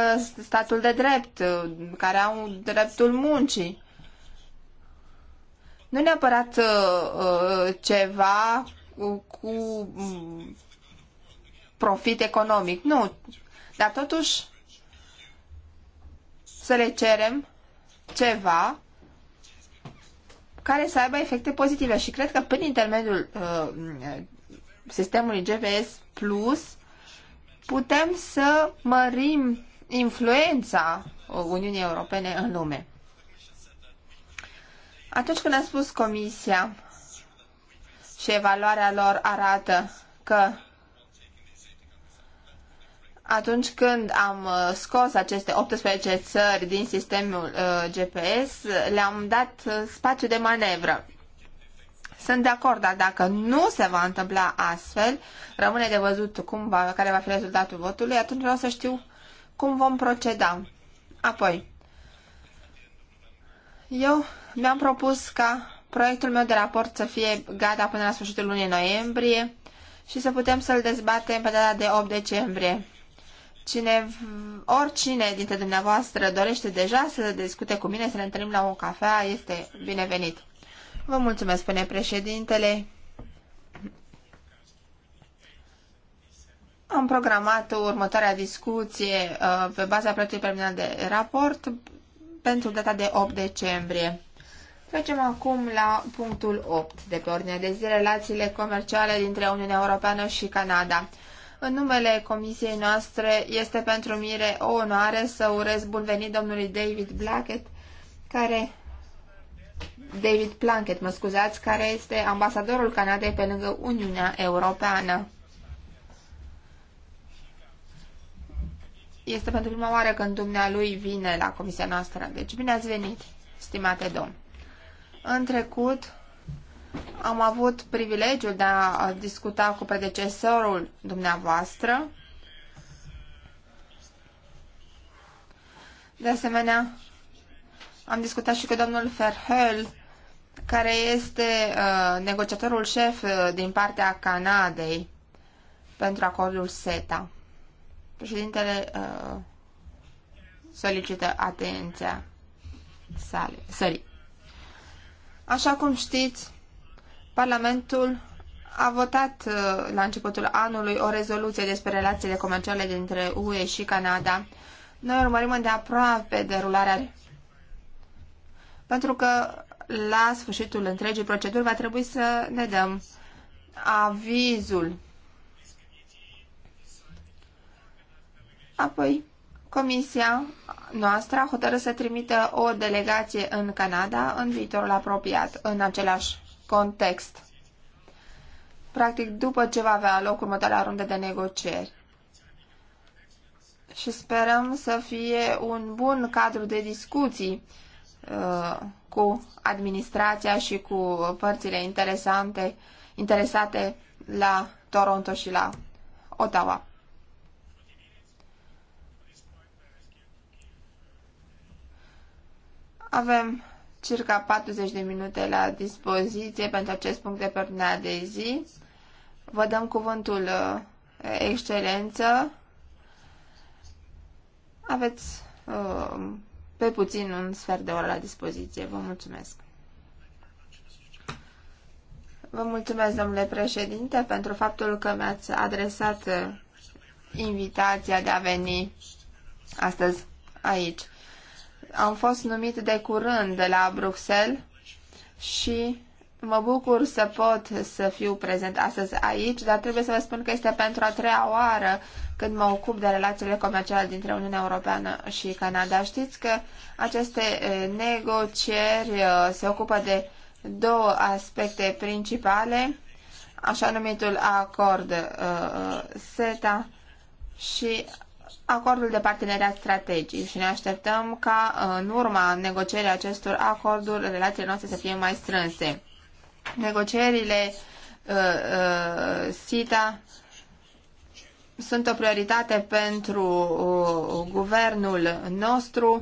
statul de drept, care au dreptul muncii nu neapărat uh, uh, ceva cu, cu mm, profit economic, nu, dar totuși să le cerem ceva care să aibă efecte pozitive și cred că prin intermediul uh, mm, sistemului GPS Plus putem să mărim influența uh, Uniunii Europene în lume. Atunci când a spus comisia și evaluarea lor arată că atunci când am uh, scos aceste 18 țări din sistemul uh, GPS, le-am dat uh, spațiu de manevră. Sunt de acord, dar dacă nu se va întâmpla astfel, rămâne de văzut cum va, care va fi rezultatul votului, atunci vreau să știu cum vom proceda. Apoi, eu mi-am propus ca proiectul meu de raport să fie gata până la sfârșitul lunii noiembrie și să putem să-l dezbatem pe data de 8 decembrie. Cine, oricine dintre dumneavoastră dorește deja să discute cu mine, să ne întâlnim la o cafea, este binevenit. Vă mulțumesc, spune președintele. Am programat următoarea discuție uh, pe baza proiectului preliminar de raport pentru data de 8 decembrie. Trecem acum la punctul 8 de pe ordine de zi, relațiile comerciale dintre Uniunea Europeană și Canada. În numele comisiei noastre este pentru mire o onoare să urez bun venit domnului David Blackett, care David Plunkett, mă scuzați, care este ambasadorul Canadei pe lângă Uniunea Europeană. Este pentru prima oară când dumnealui vine la comisia noastră, deci bine ați venit, stimate domn. În trecut am avut privilegiul de a discuta cu predecesorul dumneavoastră. De asemenea, am discutat și cu domnul Ferhel, care este uh, negociatorul șef uh, din partea Canadei pentru acordul SETA. Președintele uh, solicită atenția sale. Sării. Așa cum știți, Parlamentul a votat uh, la începutul anului o rezoluție despre relațiile comerciale dintre UE și Canada. Noi urmărim îndeaproape derularea pentru că la sfârșitul întregii proceduri va trebui să ne dăm avizul. Apoi, Comisia noastră a hotărât să trimită o delegație în Canada în viitorul apropiat, în același context. Practic, după ce va avea loc următoarea rundă de negocieri. Și sperăm să fie un bun cadru de discuții uh, cu administrația și cu părțile interesante, interesate la Toronto și la Ottawa. Avem circa 40 de minute la dispoziție pentru acest punct de pe de zi. Vă dăm cuvântul uh, excelență. Aveți uh, pe puțin un sfert de oră la dispoziție. Vă mulțumesc. Vă mulțumesc, domnule președinte, pentru faptul că mi-ați adresat uh, invitația de a veni astăzi aici. Am fost numit de curând de la Bruxelles și mă bucur să pot să fiu prezent astăzi aici, dar trebuie să vă spun că este pentru a treia oară când mă ocup de relațiile comerciale dintre Uniunea Europeană și Canada. Știți că aceste negocieri se ocupă de două aspecte principale, așa numitul acord SETA și acordul de parteneriat strategic și ne așteptăm ca uh, în urma negocierii acestor acorduri relațiile noastre să fie mai strânse. Negocierile uh, uh, SITA sunt o prioritate pentru uh, guvernul nostru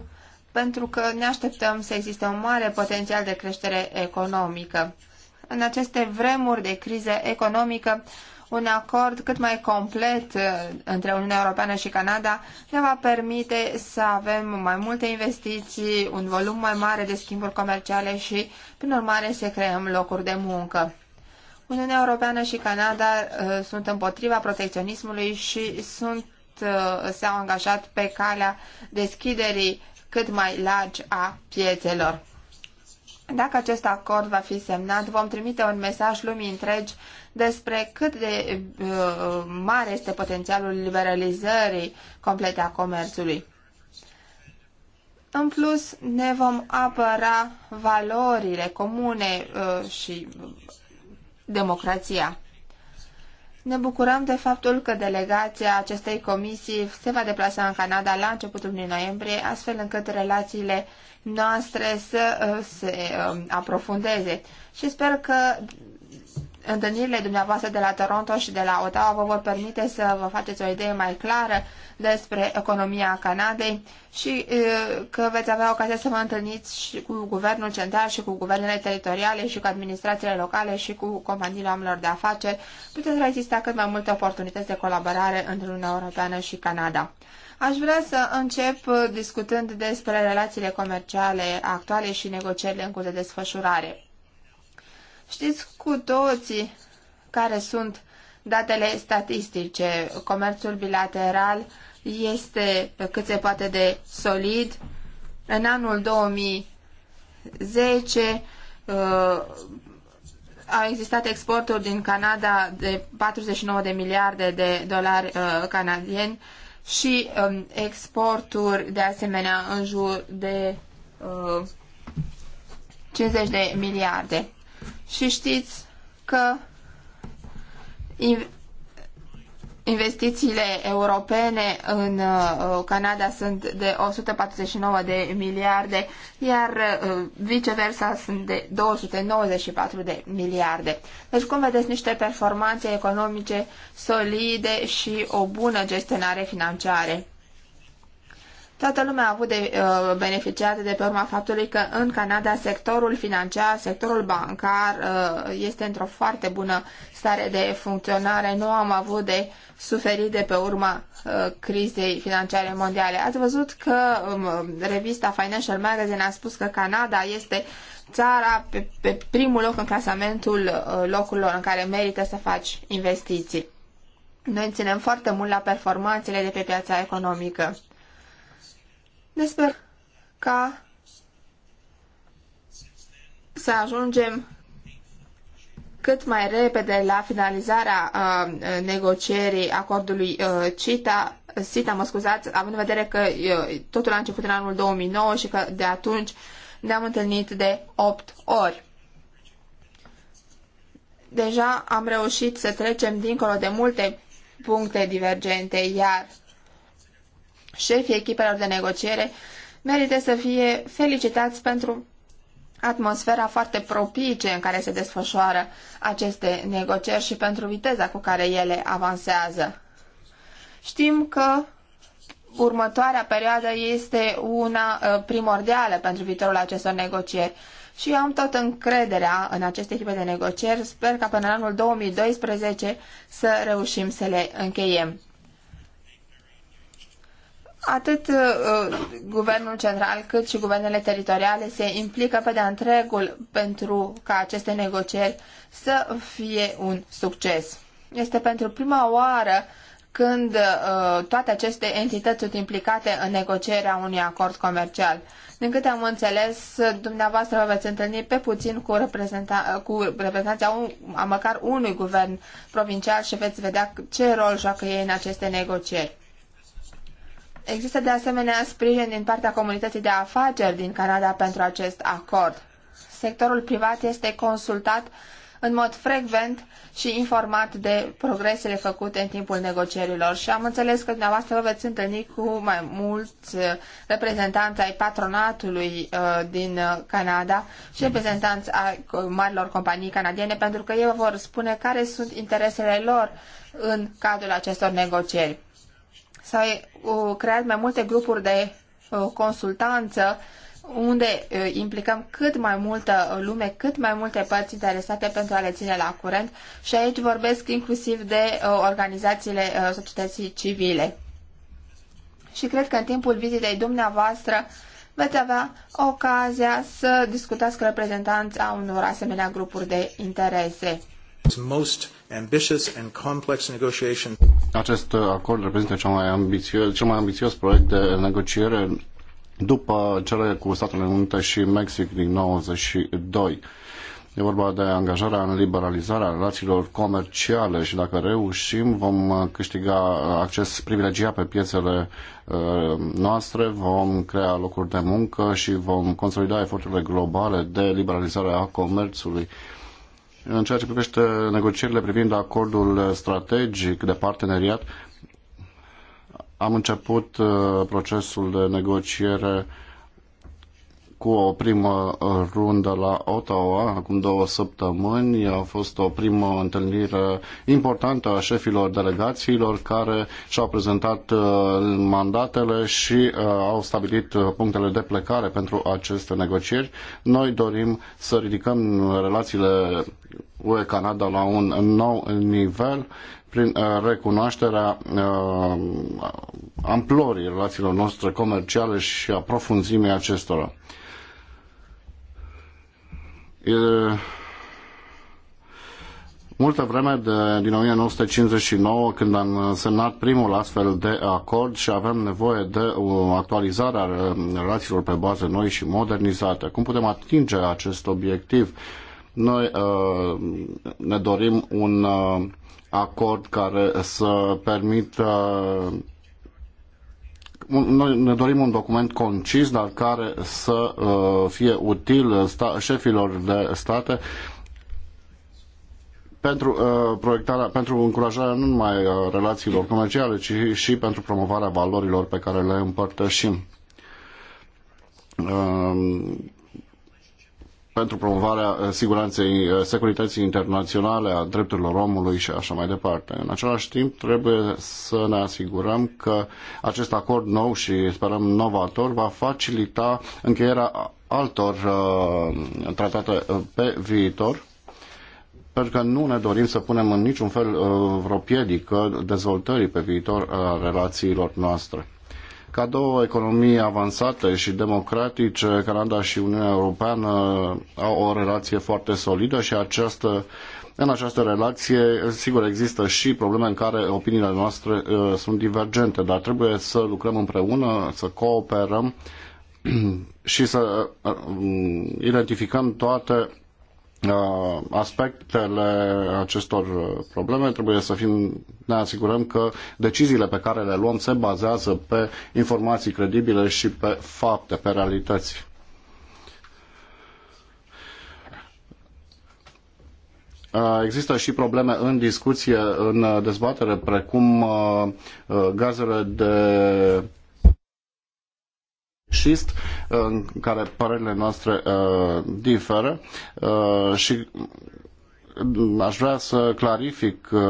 pentru că ne așteptăm să existe un mare potențial de creștere economică. În aceste vremuri de criză economică, un acord cât mai complet uh, între Uniunea Europeană și Canada ne va permite să avem mai multe investiții, un volum mai mare de schimburi comerciale și, prin urmare, să creăm locuri de muncă. Uniunea Europeană și Canada uh, sunt împotriva protecționismului și uh, s-au angajat pe calea deschiderii cât mai largi a piețelor. Dacă acest acord va fi semnat, vom trimite un mesaj lumii întregi despre cât de uh, mare este potențialul liberalizării complete a comerțului. În plus, ne vom apăra valorile comune uh, și democrația. Ne bucurăm de faptul că delegația acestei comisii se va deplasa în Canada la începutul lunii noiembrie, astfel încât relațiile noastre să uh, se uh, aprofundeze. Și sper că întâlnirile dumneavoastră de la Toronto și de la Ottawa vă vor permite să vă faceți o idee mai clară despre economia Canadei și că veți avea ocazia să vă întâlniți și cu guvernul central și cu guvernele teritoriale și cu administrațiile locale și cu companiile oamenilor de afaceri, puteți va exista cât mai multe oportunități de colaborare între Uniunea Europeană și Canada. Aș vrea să încep discutând despre relațiile comerciale actuale și negocierile în curs de desfășurare. Știți cu toții care sunt datele statistice. Comerțul bilateral este cât se poate de solid. În anul 2010 uh, au existat exporturi din Canada de 49 de miliarde de dolari uh, canadieni și um, exporturi de asemenea în jur de uh, 50 de miliarde și știți că investițiile europene în uh, Canada sunt de 149 de miliarde, iar uh, viceversa sunt de 294 de miliarde. Deci, cum vedeți, niște performanțe economice solide și o bună gestionare financiară. Toată lumea a avut de uh, beneficiat de pe urma faptului că în Canada sectorul financiar, sectorul bancar uh, este într-o foarte bună stare de funcționare. Nu am avut de suferit de pe urma uh, crizei financiare mondiale. Ați văzut că um, revista Financial Magazine a spus că Canada este țara pe, pe primul loc în clasamentul uh, locurilor în care merită să faci investiții. Noi ținem foarte mult la performanțele de pe piața economică. Ne ca să ajungem cât mai repede la finalizarea uh, uh, negocierii acordului uh, CITA, CITA, mă scuzați, având în vedere că uh, totul a început în anul 2009 și că de atunci ne-am întâlnit de 8 ori. Deja am reușit să trecem dincolo de multe puncte divergente, iar șefii echipelor de negociere merită să fie felicitați pentru atmosfera foarte propice în care se desfășoară aceste negocieri și pentru viteza cu care ele avansează. Știm că următoarea perioadă este una uh, primordială pentru viitorul acestor negocieri și eu am tot încrederea în aceste echipe de negocieri. Sper ca până în anul 2012 să reușim să le încheiem atât uh, guvernul central cât și guvernele teritoriale se implică pe de-a întregul pentru ca aceste negocieri să fie un succes. Este pentru prima oară când uh, toate aceste entități sunt implicate în negocierea unui acord comercial. Din câte am înțeles, dumneavoastră vă veți întâlni pe puțin cu, reprezenta- cu reprezentanția un, a măcar unui guvern provincial și veți vedea ce rol joacă ei în aceste negocieri. Există de asemenea sprijin din partea comunității de afaceri din Canada pentru acest acord. Sectorul privat este consultat în mod frecvent și informat de progresele făcute în timpul negocierilor și am înțeles că dumneavoastră vă veți întâlni cu mai mulți uh, reprezentanți ai patronatului uh, din uh, Canada și reprezentanți ai marilor companii canadiene pentru că ei vor spune care sunt interesele lor în cadrul acestor negocieri. S-au uh, creat mai multe grupuri de uh, consultanță unde uh, implicăm cât mai multă lume, cât mai multe părți interesate pentru a le ține la curent și aici vorbesc inclusiv de organizațiile societății civile. Și cred că în timpul vizitei dumneavoastră veți avea ocazia să discutați cu ai unor asemenea grupuri de interese. Most ambitious and complex negotiation. Acest acord reprezintă cel mai ambițios, cel mai ambițios proiect de negociere după cele cu Statele Unite și Mexic din 92. E vorba de angajarea în liberalizarea relațiilor comerciale și dacă reușim vom câștiga acces privilegiat pe piețele uh, noastre, vom crea locuri de muncă și vom consolida eforturile globale de liberalizare a comerțului în ceea ce privește negocierile privind acordul strategic de parteneriat, am început uh, procesul de negociere cu o primă uh, rundă la Ottawa, acum două săptămâni. A fost o primă întâlnire importantă a șefilor delegațiilor care și-au prezentat uh, mandatele și uh, au stabilit punctele de plecare pentru aceste negocieri. Noi dorim să ridicăm relațiile UE-Canada la un nou nivel prin recunoașterea amplorii relațiilor noastre comerciale și a profunzimii acestora multă vreme de, din 1959 când am semnat primul astfel de acord și avem nevoie de o actualizare a relațiilor pe baze noi și modernizate. Cum putem atinge acest obiectiv? Noi uh, ne dorim un uh, acord care să permită uh, noi ne dorim un document concis, dar care să uh, fie util sta, șefilor de state pentru uh, proiectarea, pentru încurajarea nu numai a uh, relațiilor comerciale, ci și pentru promovarea valorilor pe care le împărtășim pentru promovarea uh, siguranței, uh, securității internaționale, a drepturilor omului și așa mai departe. În același timp, trebuie să ne asigurăm că acest acord nou și sperăm novator va facilita încheierea altor uh, tratate uh, pe viitor, pentru că nu ne dorim să punem în niciun fel uh, vreo piedică dezvoltării pe viitor a relațiilor noastre. Ca două economii avansate și democratice, Canada și Uniunea Europeană au o relație foarte solidă și această, în această relație, sigur, există și probleme în care opiniile noastre uh, sunt divergente, dar trebuie să lucrăm împreună, să cooperăm și să uh, uh identificăm toate Uh, aspectele acestor probleme, trebuie să fim, ne asigurăm că deciziile pe care le luăm se bazează pe informații credibile și pe fapte, pe realități. Uh, există și probleme în discuție, în dezbatere, precum uh, gazele de șist, în care părerile noastre uh, diferă uh, și aș vrea să clarific uh,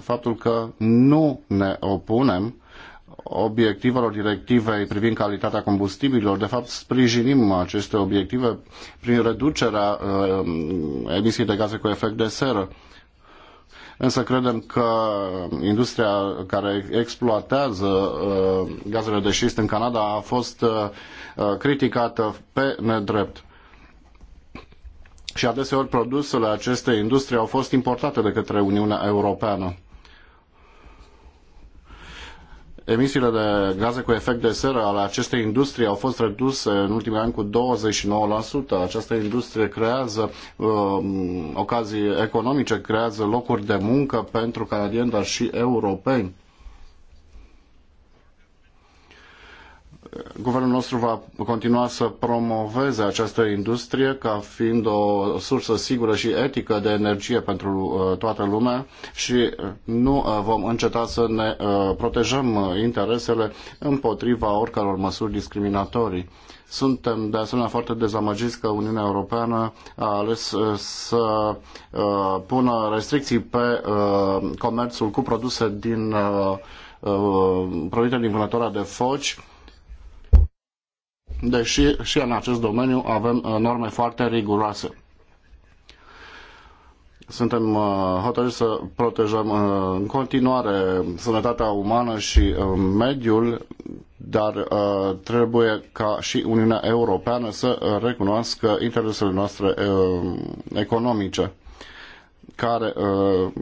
faptul că nu ne opunem obiectivelor directivei privind calitatea combustibililor. De fapt, sprijinim aceste obiective prin reducerea emisiei de gaze cu efect de seră însă credem că industria care exploatează uh, gazele de șist în Canada a fost uh, uh, criticată pe nedrept. Și adeseori produsele acestei industrie au fost importate de către Uniunea Europeană. Emisiile de gaze cu efect de seră ale acestei industrii au fost reduse în ultimii ani cu 29%. Această industrie creează uh, ocazii economice, creează locuri de muncă pentru canadieni, dar și europeni. Guvernul nostru va continua să promoveze această industrie ca fiind o sursă sigură și etică de energie pentru uh, toată lumea și uh, nu uh, vom înceta să ne protejăm interesele împotriva oricăror măsuri discriminatorii. Suntem de asemenea foarte dezamăgiți că Uniunea Europeană a ales să pună restricții pe comerțul cu produse din produse din vânătoarea de foci deși și în acest domeniu avem uh, norme foarte riguroase. Suntem uh, hotărâți să protejăm uh, în continuare sănătatea umană și mediul, dar trebuie ca și Uniunea Europeană să recunoască interesele noastre economice care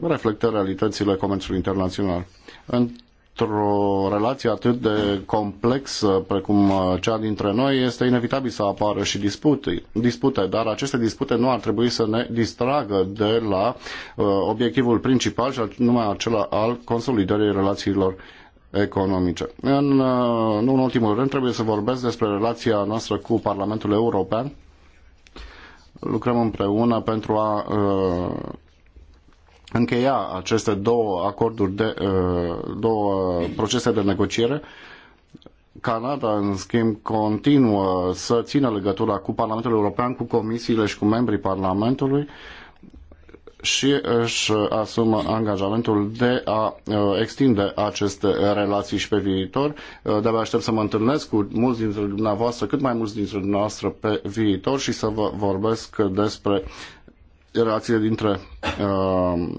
reflectă realitățile comerțului internațional. În într-o relație atât de complexă precum uh, cea dintre noi, este inevitabil să apară și dispute, dispute dar aceste dispute nu ar trebui să ne distragă de la uh, obiectivul principal și numai acela al consolidării relațiilor economice. În, uh, nu în ultimul rând, trebuie să vorbesc despre relația noastră cu Parlamentul European. Lucrăm împreună pentru a uh, încheia aceste două acorduri de uh, două procese de negociere. Canada, în schimb, continuă să țină legătura cu Parlamentul European, cu comisiile și cu membrii Parlamentului și își asumă angajamentul de a uh, extinde aceste relații și pe viitor. Uh, de-abia aștept să mă întâlnesc cu mulți dintre dumneavoastră, cât mai mulți dintre dumneavoastră pe viitor și să vă vorbesc despre relațiile dintre uh,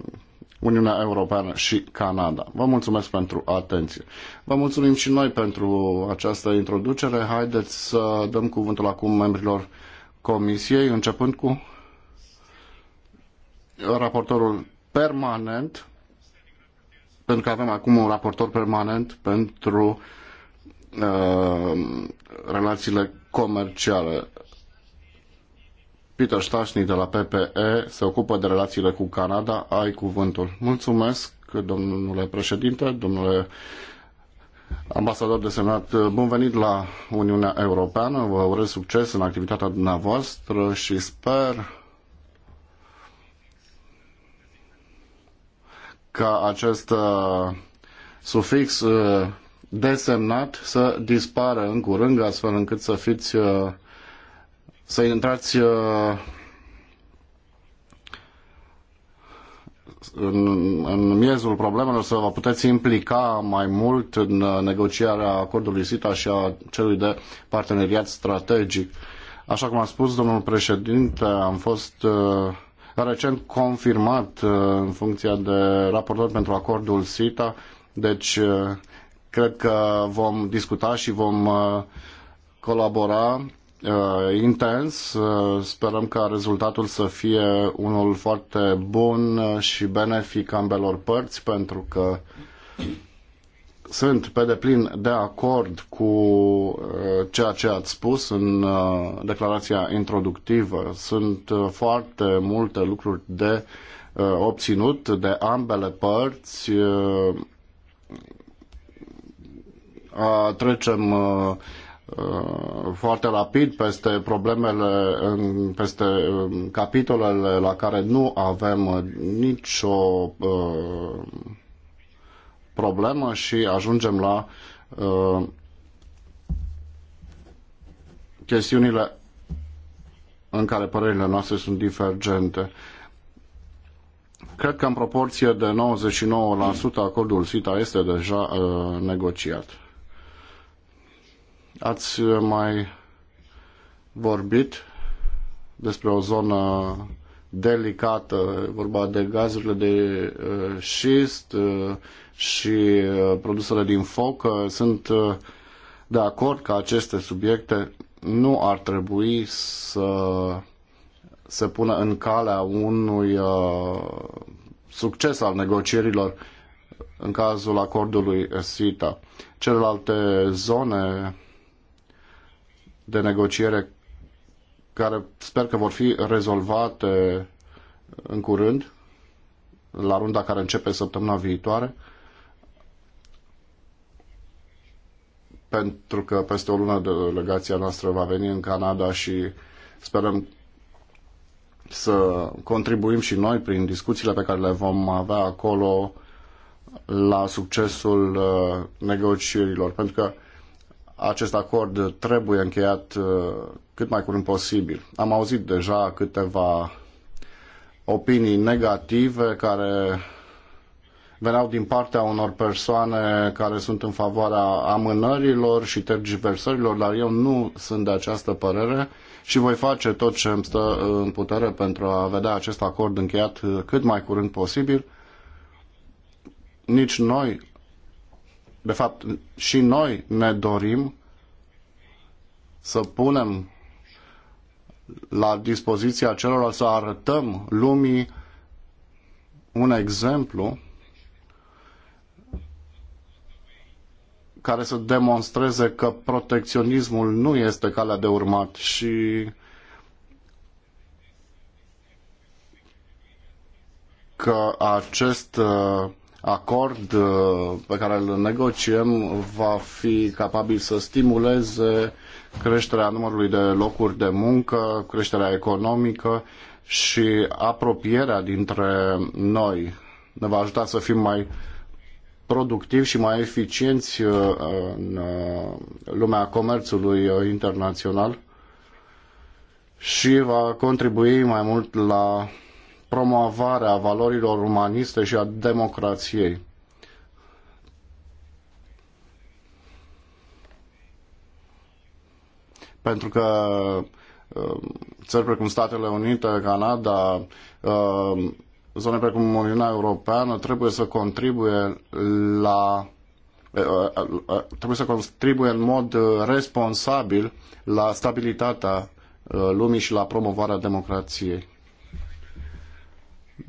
Uniunea Europeană și Canada. Vă mulțumesc pentru atenție. Vă mulțumim și noi pentru această introducere. Haideți să dăm cuvântul acum membrilor Comisiei, începând cu raportorul permanent, pentru că avem acum un raportor permanent pentru uh, relațiile comerciale. Peter Stașni de la PPE se ocupă de relațiile cu Canada. Ai cuvântul. Mulțumesc, domnule președinte, domnule ambasador de semnat. Bun venit la Uniunea Europeană. Vă urez succes în activitatea dumneavoastră și sper ca acest uh, sufix uh, desemnat să dispară în curând, astfel încât să fiți uh, să intrați uh, în, în miezul problemelor, să vă puteți implica mai mult în uh, negocierea acordului SITA și a celui de parteneriat strategic. Așa cum a spus domnul președinte, am fost uh, recent confirmat în funcția de raportor pentru acordul SITA, deci cred că vom discuta și vom colabora uh, intens. Uh, sperăm ca rezultatul să fie unul foarte bun și benefic ambelor părți, pentru că sunt pe deplin de acord cu uh, ceea ce ați spus în uh, declarația introductivă. Sunt uh, foarte multe lucruri de uh, obținut de ambele părți. Uh, a, trecem uh, Uh, foarte rapid peste problemele, peste um, capitolele la care nu avem uh, nicio uh, problemă și ajungem la chestiunile în care părerile noastre sunt divergente. Cred că în proporție de 99% acordul SITA este deja negociat. Ați mai vorbit despre o zonă delicată, vorba de gazurile de uh, șist uh, și uh, produsele din foc. Sunt de acord că aceste subiecte nu ar trebui să se pună în calea unui succes al negocierilor în cazul acordului SITA. Celelalte zone de negociere care sper că vor fi rezolvate în curând, la runda care începe săptămâna viitoare, pentru că peste o lună delegația noastră va veni în Canada și sperăm să contribuim și noi prin discuțiile pe care le vom avea acolo la succesul uh, negocierilor, pentru că acest acord trebuie încheiat uh, cât mai curând posibil. Am auzit deja câteva opinii negative care veneau din partea unor persoane care sunt în favoarea amânărilor și tergiversărilor, dar eu nu sunt de această părere și voi face tot ce îmi stă în putere pentru a vedea acest acord încheiat uh, cât mai curând posibil. Nici noi de fapt, și noi ne dorim să punem la dispoziția celorlalți să arătăm lumii un exemplu care să demonstreze că protecționismul nu este calea de urmat și că acest uh, acord uh, pe care îl negociem va fi capabil să stimuleze creșterea numărului de locuri de muncă, creșterea economică și apropierea dintre noi. Ne va ajuta să fim mai productivi și mai eficienți uh, în uh, lumea comerțului internațional și va contribui mai mult la promovarea valorilor umaniste și a democrației. Pentru că uh, țări precum Statele Unite, Canada, uh, zone precum Uniunea Europeană trebuie să contribuie la uh, trebuie să contribuie în mod responsabil la stabilitatea lumii și la promovarea democrației.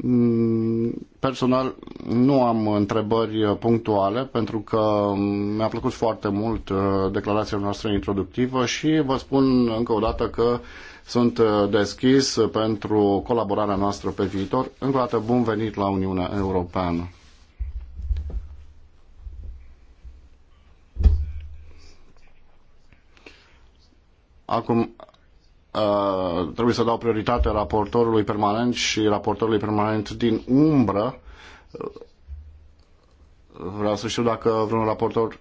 Mm, personal nu am întrebări punctuale pentru că mi-a plăcut foarte mult uh, declarația noastră introductivă și vă spun încă o dată că sunt uh, deschis pentru colaborarea noastră pe viitor. Încă o dată bun venit la Uniunea Europeană. Acum Uh, trebuie să dau prioritate raportorului permanent și raportorului permanent din umbră. Uh, vreau să știu dacă vreun raportor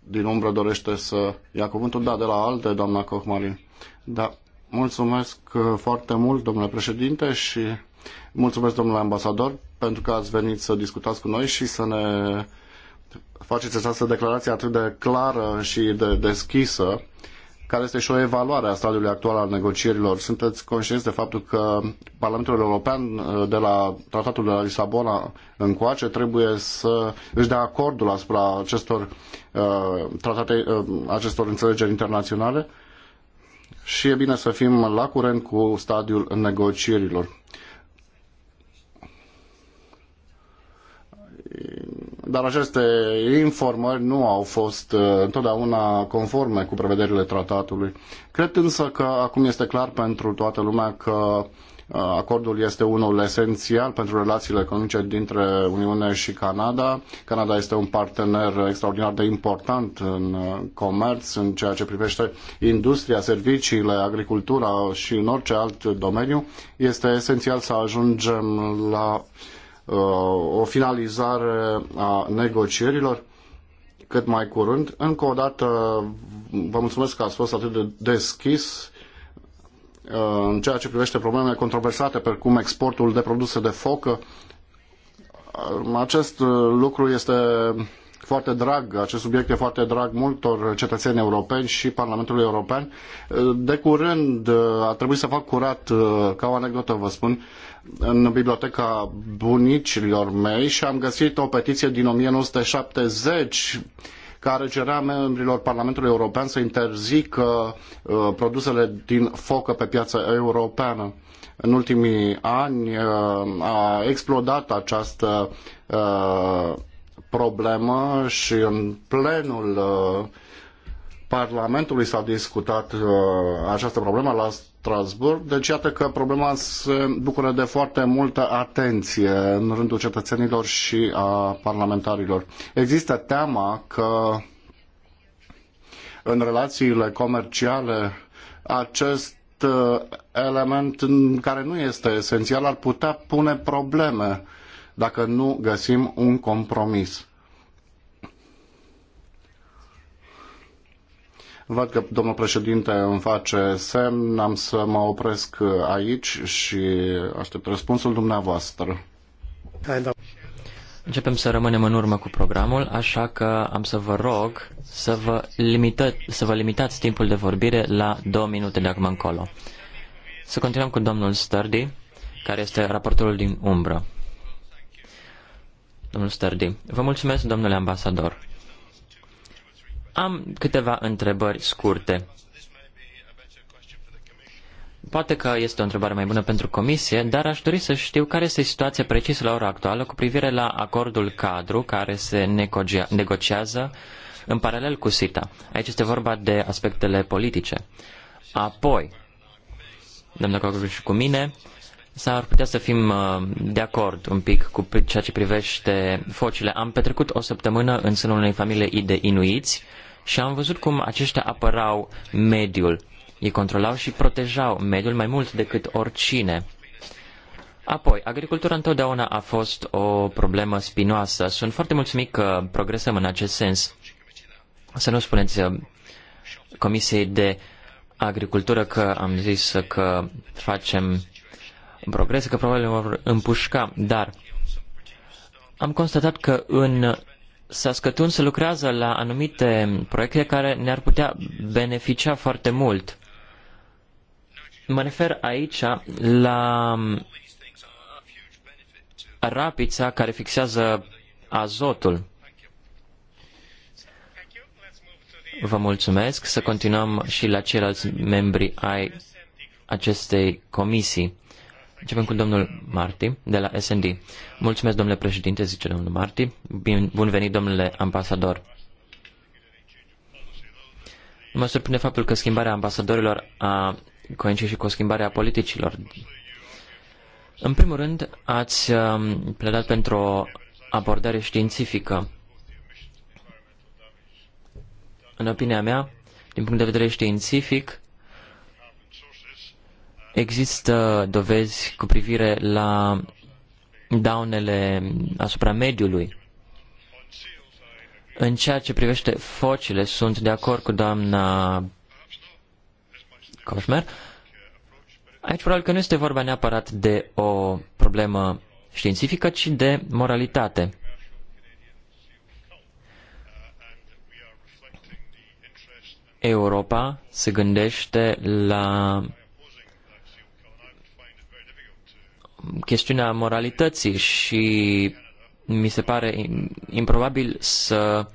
din umbră dorește să ia cuvântul. Da, de la alte, doamna Cochmarin. Da, mulțumesc uh, foarte mult, domnule președinte, și mulțumesc, domnule ambasador, pentru că ați venit să discutați cu noi și să ne faceți această declarație atât de clară și de deschisă care este și o evaluare a stadiului actual al negocierilor. Sunteți conștienți de faptul că Parlamentul European uh, de la Tratatul de la Lisabona încoace trebuie să își dea acordul asupra acestor, uh, tratate, uh, acestor înțelegeri internaționale și e bine să fim la curent cu stadiul negocierilor. dar aceste informări nu au fost uh, întotdeauna conforme cu prevederile tratatului. Cred însă că acum este clar pentru toată lumea că uh, acordul este unul esențial pentru relațiile economice dintre Uniune și Canada. Canada este un partener extraordinar de important în uh, comerț, în ceea ce privește industria, serviciile, agricultura și în orice alt domeniu. Este esențial să ajungem la uh, Uh, o finalizare a negocierilor cât mai curând. Încă o dată vă mulțumesc că ați fost atât de deschis uh, în ceea ce privește problemele controversate, precum exportul de produse de focă. Uh, acest lucru este foarte drag, acest subiect e foarte drag multor cetățeni europeni și Parlamentului European. De curând a trebuit să fac curat, ca o anecdotă vă spun, în biblioteca bunicilor mei și am găsit o petiție din 1970 care cerea membrilor Parlamentului European să interzică uh, produsele din focă pe piața europeană. În ultimii ani uh, a explodat această uh, problemă și în plenul uh, Parlamentului s-a discutat uh, această problemă la Strasbourg. Deci iată că problema se bucură de foarte multă atenție în rândul cetățenilor și a parlamentarilor. Există teama că în relațiile comerciale acest uh, element care nu este esențial ar putea pune probleme dacă nu găsim un compromis. Văd că domnul președinte îmi face semn, am să mă opresc aici și aștept răspunsul dumneavoastră. Începem să rămânem în urmă cu programul, așa că am să vă rog să vă, limită, să vă limitați timpul de vorbire la două minute de acum încolo. Să continuăm cu domnul Sturdy, care este raportorul din umbră. Domnul Sturdy, vă mulțumesc, domnule ambasador. Am câteva întrebări scurte. Poate că este o întrebare mai bună pentru comisie, dar aș dori să știu care este situația precisă la ora actuală cu privire la acordul cadru care se negocia, negociază în paralel cu SITA. Aici este vorba de aspectele politice. Apoi, domnul Cogru și cu mine, s-ar putea să fim uh, de acord un pic cu ceea ce privește focile. Am petrecut o săptămână în sânul unei familii de inuiți și am văzut cum aceștia apărau mediul. Ei controlau și protejau mediul mai mult decât oricine. Apoi, agricultura întotdeauna a fost o problemă spinoasă. Sunt foarte mulțumit că progresăm în acest sens. Să nu spuneți uh, Comisiei de Agricultură că am zis că facem progrese, că probabil vor împușca, dar am constatat că în s-a să lucrează la anumite proiecte care ne-ar putea beneficia foarte mult. Mă refer aici la rapița care fixează azotul. Vă mulțumesc să continuăm și la ceilalți membri ai acestei comisii. Începem cu domnul Marti, de la SND. Mulțumesc, domnule președinte, zice domnul Marti. Bun venit, domnule ambasador. Nu Mă surprinde faptul că schimbarea ambasadorilor a coincis și cu schimbarea politicilor. În primul rând, ați um, pledat pentru o abordare științifică. În opinia mea, din punct de vedere științific, Există dovezi cu privire la daunele asupra mediului. În ceea ce privește focile, sunt de acord cu doamna Koshmer. Aici probabil că nu este vorba neapărat de o problemă științifică, ci de moralitate. Europa se gândește la chestiunea moralității și mi se pare improbabil să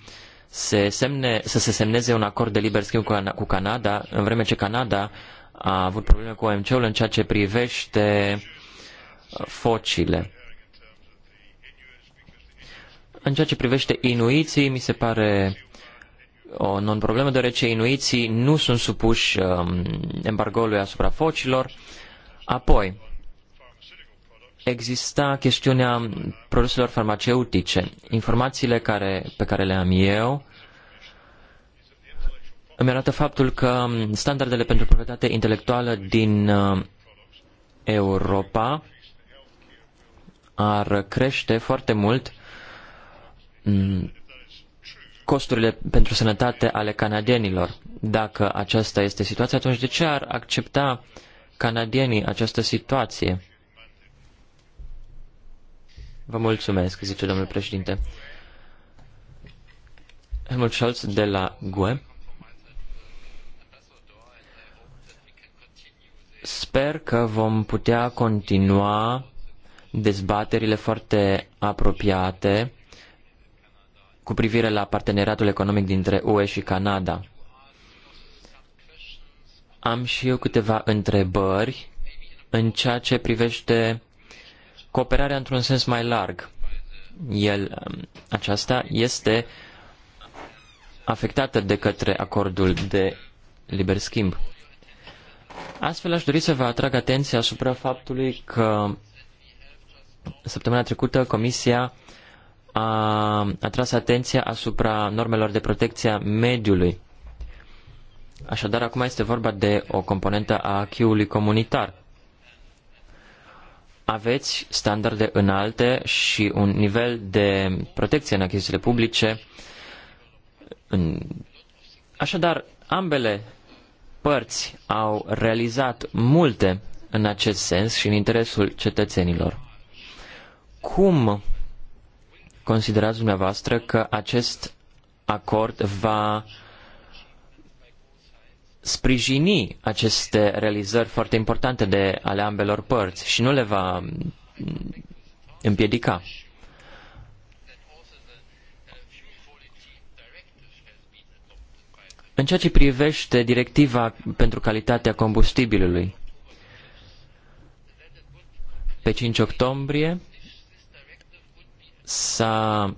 se, semne, să se semneze un acord de liber schimb cu Canada, în vreme ce Canada a avut probleme cu OMC-ul în ceea ce privește uh, focile. În ceea ce privește inuiții, mi se pare uh, o non-problemă, deoarece inuiții nu sunt supuși um, embargoului asupra focilor. Apoi, exista chestiunea produselor farmaceutice. Informațiile care, pe care le am eu îmi arată faptul că standardele pentru proprietate intelectuală din uh, Europa ar crește foarte mult mm, costurile pentru sănătate ale canadienilor. Dacă aceasta este situația, atunci de ce ar accepta canadienii această situație? Vă mulțumesc, zice domnul președinte. Helmut Scholz de la GUE. Sper că vom putea continua dezbaterile foarte apropiate cu privire la parteneriatul economic dintre UE și Canada. Am și eu câteva întrebări în ceea ce privește cooperarea într-un sens mai larg. El, um, aceasta este afectată de către acordul de liber schimb. Astfel aș dori să vă atrag atenția asupra faptului că săptămâna trecută Comisia a atras atenția asupra normelor de protecție a mediului. Așadar, acum este vorba de o componentă a acquis comunitar aveți standarde înalte și un nivel de protecție în achizițiile publice. Așadar, ambele părți au realizat multe în acest sens și în interesul cetățenilor. Cum considerați dumneavoastră că acest acord va sprijini aceste realizări foarte importante de ale ambelor părți și nu le va împiedica. În ceea ce privește directiva pentru calitatea combustibilului, pe 5 octombrie s-a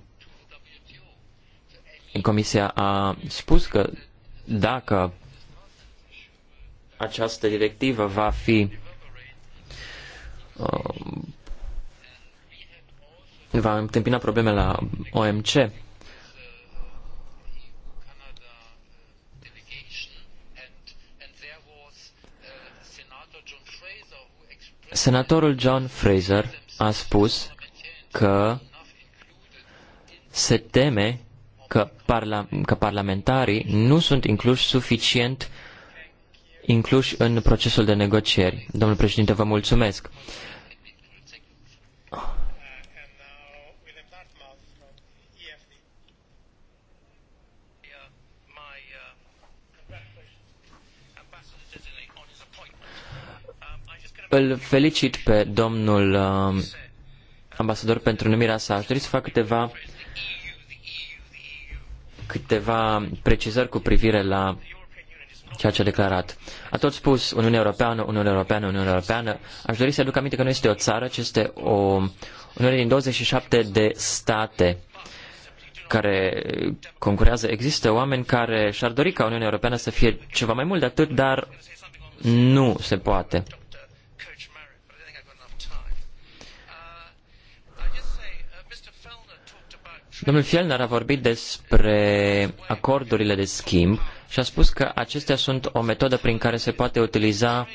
Comisia a spus că dacă această directivă va fi um, va întâmpina probleme la OMC. Senatorul John Fraser a spus că se teme că, parla- că parlamentarii nu sunt incluși suficient incluși în procesul de negocieri. Domnul președinte, vă mulțumesc. Îl felicit pe domnul um, ambasador pentru numirea sa. Aș dori să fac câteva câteva precizări cu privire la ceea ce a declarat. A tot spus Uniunea Europeană, Uniunea Europeană, Uniunea Europeană. Aș dori să aduc aminte că nu este o țară, ci este o Uniune din 27 de state care concurează. Există oameni care și-ar dori ca Uniunea Europeană să fie ceva mai mult de atât, dar nu se poate. Domnul Fielner a vorbit despre acordurile de schimb și a spus că acestea sunt o metodă prin care se poate utiliza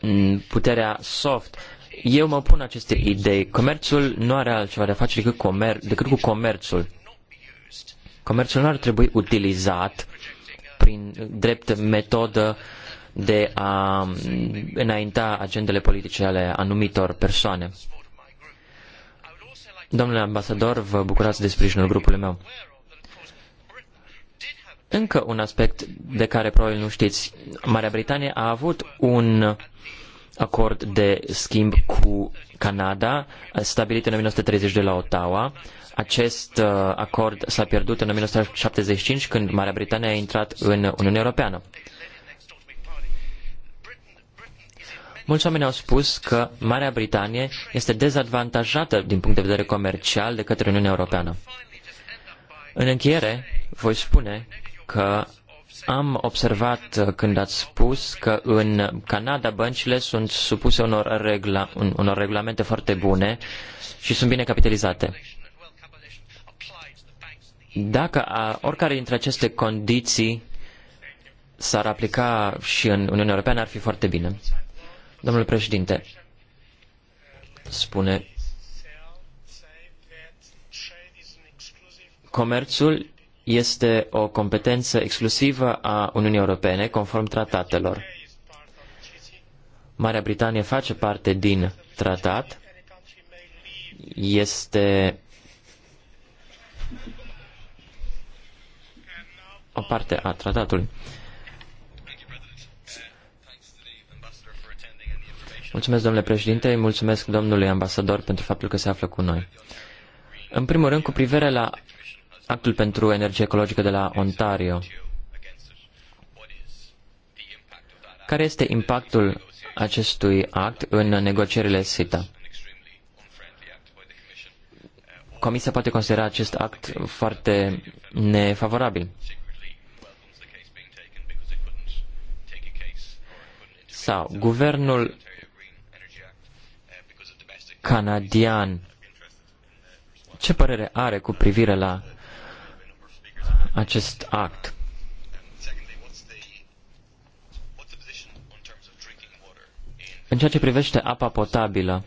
mm, puterea soft. Eu mă pun aceste idei. Comerțul nu are altceva de a face decât, comer- decât cu comerțul. Comerțul nu ar trebui utilizat prin drept metodă de a mm, înainta agendele politice ale anumitor persoane. Domnule ambasador, vă bucurați de sprijinul grupului meu. Încă un aspect de care probabil nu știți. Marea Britanie a avut un acord de schimb cu Canada, stabilit în 1930 de la Ottawa. Acest uh, acord s-a pierdut în 1975 când Marea Britanie a intrat în Uniunea Europeană. Mulți oameni au spus că Marea Britanie este dezavantajată din punct de vedere comercial de către Uniunea Europeană. În încheiere, voi spune că am observat când ați spus că în Canada băncile sunt supuse unor, regla, unor regulamente foarte bune și sunt bine capitalizate. Dacă a, oricare dintre aceste condiții s-ar aplica și în Uniunea Europeană, ar fi foarte bine. Domnule președinte, spune, comerțul este o competență exclusivă a Uniunii Europene, conform tratatelor. Marea Britanie face parte din tratat, este o parte a tratatului. Mulțumesc, domnule președinte, mulțumesc domnului ambasador pentru faptul că se află cu noi. În primul rând, cu privire la actul pentru energie ecologică de la Ontario. Care este impactul acestui act în negocierile SITA? Comisia poate considera acest act foarte nefavorabil. Sau guvernul canadian ce părere are cu privire la acest act. În ceea ce privește apa potabilă,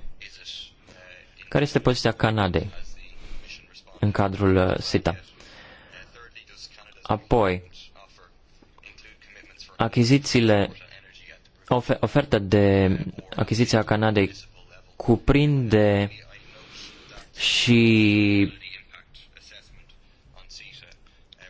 care este poziția Canadei în cadrul uh, SITA? Apoi, achizițiile, oferta de achiziția Canadei cuprinde și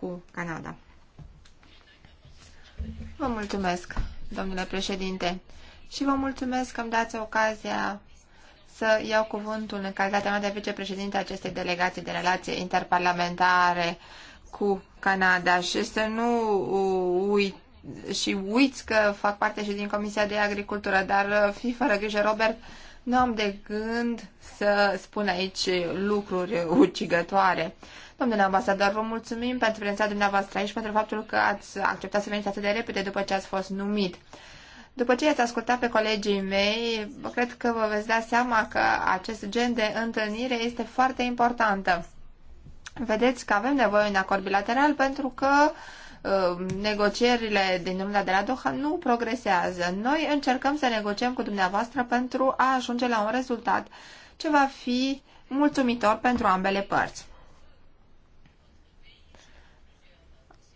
cu Canada. Vă mulțumesc, domnule președinte, și vă mulțumesc că îmi dați ocazia să iau cuvântul în calitatea mea de vicepreședinte a acestei delegații de relații interparlamentare cu Canada și să nu uit și uiți că fac parte și din Comisia de Agricultură, dar fi fără grijă, Robert, nu am de gând să spun aici lucruri ucigătoare. Domnule ambasador, vă mulțumim pentru prezența dumneavoastră aici, pentru faptul că ați acceptat să veniți atât de repede după ce ați fost numit. După ce ați ascultat pe colegii mei, cred că vă veți da seama că acest gen de întâlnire este foarte importantă. Vedeți că avem nevoie un acord bilateral pentru că uh, negocierile din lumea de la Doha nu progresează. Noi încercăm să negociem cu dumneavoastră pentru a ajunge la un rezultat ce va fi mulțumitor pentru ambele părți.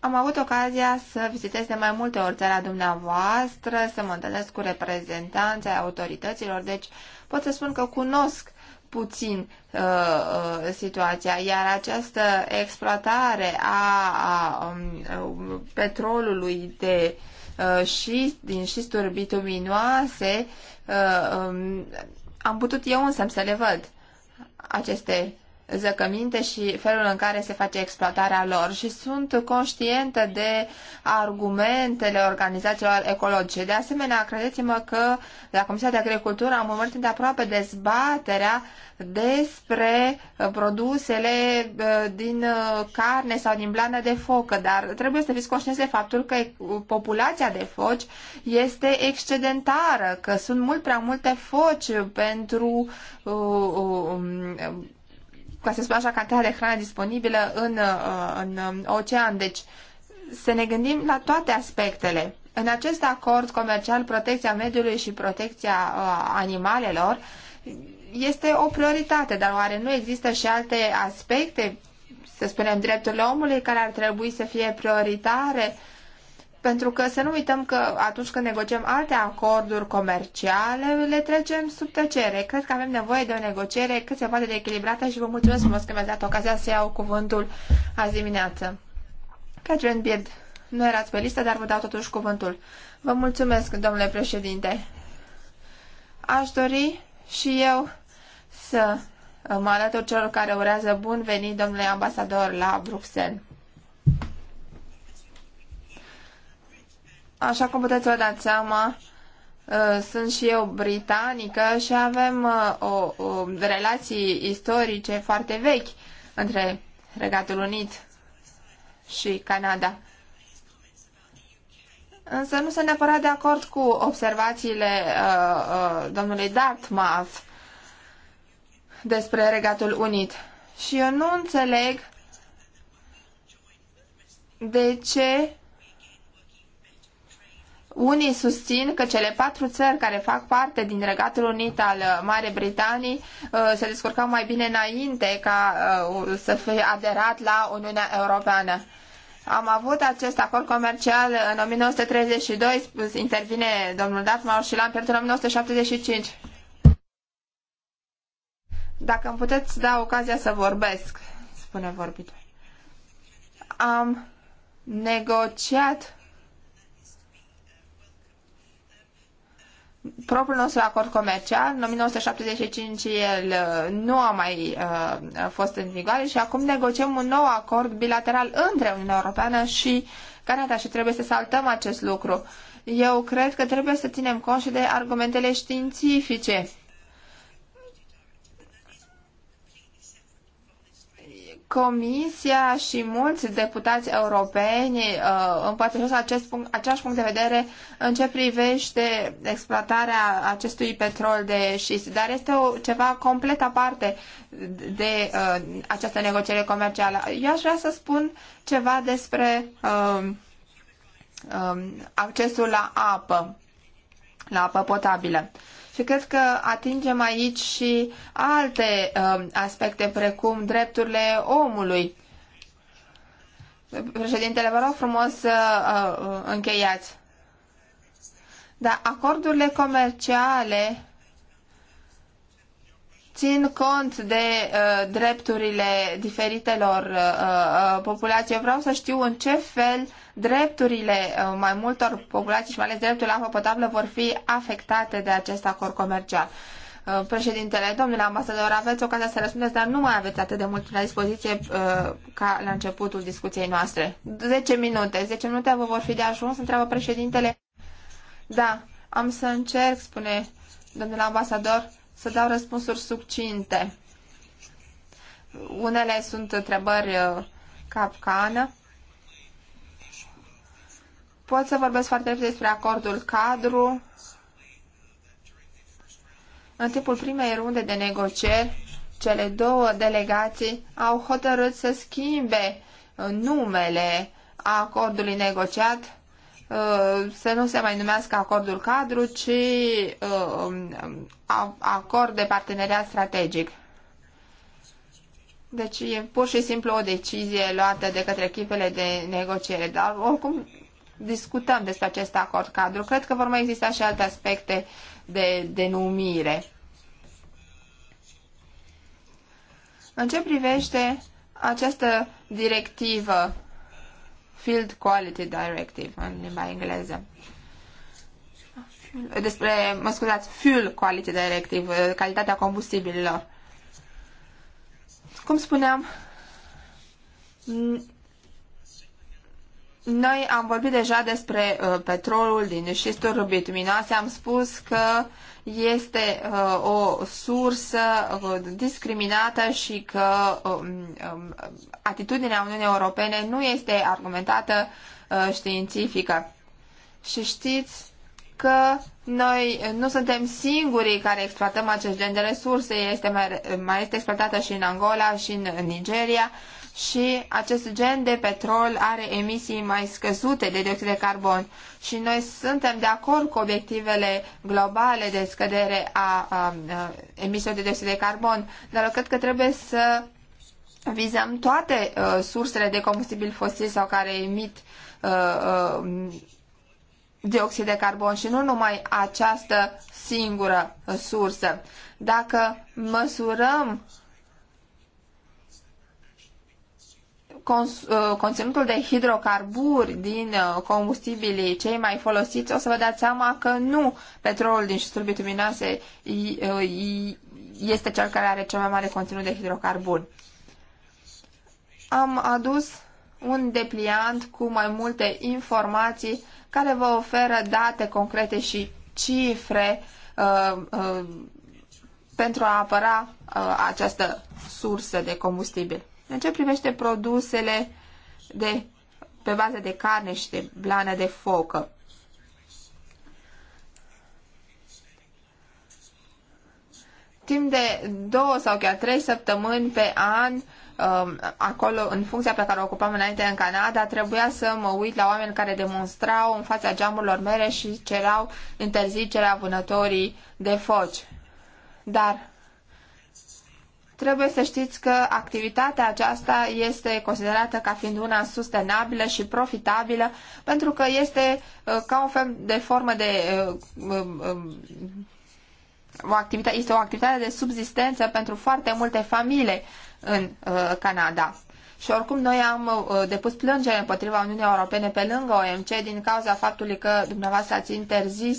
Am avut ocazia să vizitez de mai multe ori țara dumneavoastră, să mă întâlnesc cu reprezentanții autorităților, deci pot să spun că cunosc puțin uh, uh, situația, iar această exploatare a, a um, uh, petrolului de uh, și din șisturi bituminoase, uh, um, am putut eu însă să le văd aceste zăcăminte și felul în care se face exploatarea lor și sunt conștientă de argumentele organizațiilor ecologice. De asemenea, credeți-mă că la Comisia de Agricultură am urmărit de aproape dezbaterea despre produsele uh, din uh, carne sau din blană de focă, dar trebuie să fiți conștienți de faptul că populația de foci este excedentară, că sunt mult prea multe foci pentru uh, uh, ca să spun așa, cantitatea de hrană disponibilă în, uh, în um, ocean. Deci să ne gândim la toate aspectele. În acest acord comercial, protecția mediului și protecția uh, animalelor este o prioritate, dar oare nu există și alte aspecte, să spunem, drepturile omului, care ar trebui să fie prioritare? Uh, pentru că să nu uităm că atunci când negociem alte acorduri comerciale, le trecem sub tăcere. Cred că avem nevoie de o negociere cât se poate de echilibrată și vă mulțumesc frumos că mi-ați dat ocazia să iau cuvântul azi dimineață. Catherine Beard, nu erați pe listă, dar vă dau totuși cuvântul. Vă mulțumesc, domnule președinte. Aș dori și eu să mă alătur celor care urează bun venit, domnule ambasador, la Bruxelles. Așa cum puteți vă dați seama, uh, sunt și eu britanică și avem uh, o, o relații istorice foarte vechi între Regatul Unit și Canada. Însă nu sunt neapărat de acord cu observațiile uh, uh, domnului Dartmouth despre Regatul Unit. Și eu nu înțeleg de ce unii susțin că cele patru țări care fac parte din Regatul Unit al uh, Marii Britanii uh, se descurcau mai bine înainte ca uh, să fie aderat la Uniunea Europeană. Am avut acest acord comercial în 1932, intervine domnul Dartmouth și l-am pierdut în 1975. Dacă îmi puteți da ocazia să vorbesc, spune vorbitul. Am negociat propriul nostru acord comercial. În 1975 el uh, nu a mai uh, fost în vigoare și acum negociem un nou acord bilateral între Uniunea Europeană și Canada și trebuie să saltăm acest lucru. Eu cred că trebuie să ținem cont și de argumentele științifice Comisia și mulți deputați europeni uh, împărtășesc acest punct, același punct de vedere în ce privește exploatarea acestui petrol de șist, dar este o, ceva complet aparte de uh, această negociere comercială. Eu aș vrea să spun ceva despre uh, accesul la apă, la apă potabilă. Uh, și cred că atingem aici și alte uh, aspecte precum drepturile omului. Președintele, vă rog frumos să uh, uh încheiați. Dar acordurile comerciale țin cont de uh, drepturile diferitelor uh, uh, populații. Eu vreau să știu în ce fel drepturile uh, mai multor populații și mai ales dreptul la apă potabilă vor fi afectate de acest acord comercial. Uh, președintele, domnule ambasador, aveți ocazia să răspundeți, dar nu mai aveți atât de mult la dispoziție uh, ca la începutul discuției noastre. 10 minute. 10 minute vă vor fi de ajuns, întreabă președintele. Da, am să încerc, spune domnul ambasador să dau răspunsuri succinte. Unele sunt întrebări uh, capcană. Pot să vorbesc foarte repede despre acordul cadru. În timpul primei runde de negocieri, cele două delegații au hotărât să schimbe uh, numele acordului negociat Uh, să nu se mai numească acordul cadru, ci uh, um, acord de parteneriat strategic. Deci e pur și simplu o decizie luată de către echipele de negociere, dar oricum discutăm despre acest acord cadru. Cred că vor mai exista și alte aspecte de denumire. În ce privește această directivă Field Quality Directive în limba engleză. Despre, mă scuzați, Fuel Quality Directive, calitatea combustibililor. Cum spuneam, noi am vorbit deja despre uh, petrolul din șisturi bituminoase, am spus că uh, este uh, o sursă uh, discriminată și că um, um, atitudinea Uniunii Europene nu este argumentată uh, științifică. Și știți că noi nu suntem singurii care exploatăm acest gen de resurse, este mai, mai este exploatată și în Angola și în, în Nigeria și acest gen de petrol are emisii mai scăzute de dioxid de carbon și noi suntem de acord cu obiectivele globale de scădere a, a, a emisiilor de dioxid de carbon, dar eu cred că trebuie să vizăm toate a, uh, sursele de combustibil fosil sau care emit uh, uh, dioxid de carbon și nu numai această singură sursă. Dacă măsurăm Uh, conținutul de hidrocarburi din uh, combustibilii cei mai folosiți, o să vă dați seama că nu petrolul din șisturi bituminoase uh, este cel care are cel mai mare conținut de hidrocarburi. Am adus un depliant cu mai multe informații care vă oferă date concrete și cifre uh, uh, pentru a apăra uh, această sursă de combustibil. În ce privește produsele de, pe bază de carne și de blană de focă, timp de două sau chiar trei săptămâni pe an, um, acolo, în funcția pe care o ocupam înainte în Canada, trebuia să mă uit la oameni care demonstrau în fața geamurilor mele și cerau interzicerea vânătorii de foci. Dar trebuie să știți că activitatea aceasta este considerată ca fiind una sustenabilă și profitabilă pentru că este uh, ca un fel de formă de uh, um, um, o activitate, este o activitate de subzistență pentru foarte multe familii în uh, Canada. Și oricum noi am depus plângere împotriva Uniunii Europene pe lângă OMC din cauza faptului că dumneavoastră ați interzis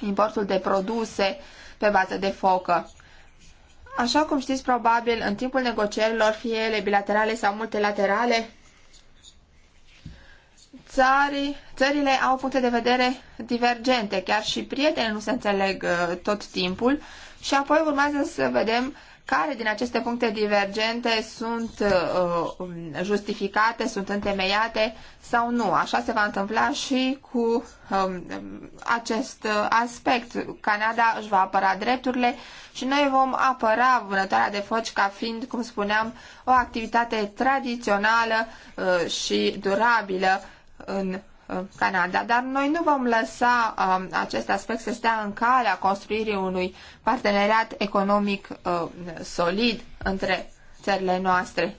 importul de produse pe bază de focă. Așa cum știți probabil, în timpul negocierilor, fie ele bilaterale sau multilaterale, țarii, țările au puncte de vedere divergente, chiar și prietenii nu se înțeleg uh, tot timpul și apoi urmează să vedem care din aceste puncte divergente sunt uh, justificate, sunt întemeiate sau nu? Așa se va întâmpla și cu um, acest uh, aspect. Canada își va apăra drepturile și noi vom apăra vânătoarea de foci ca fiind, cum spuneam, o activitate tradițională uh, și durabilă în Uh, Canada, dar noi nu vom lăsa um, acest aspect să stea în calea construirii unui parteneriat economic uh, solid între țările noastre.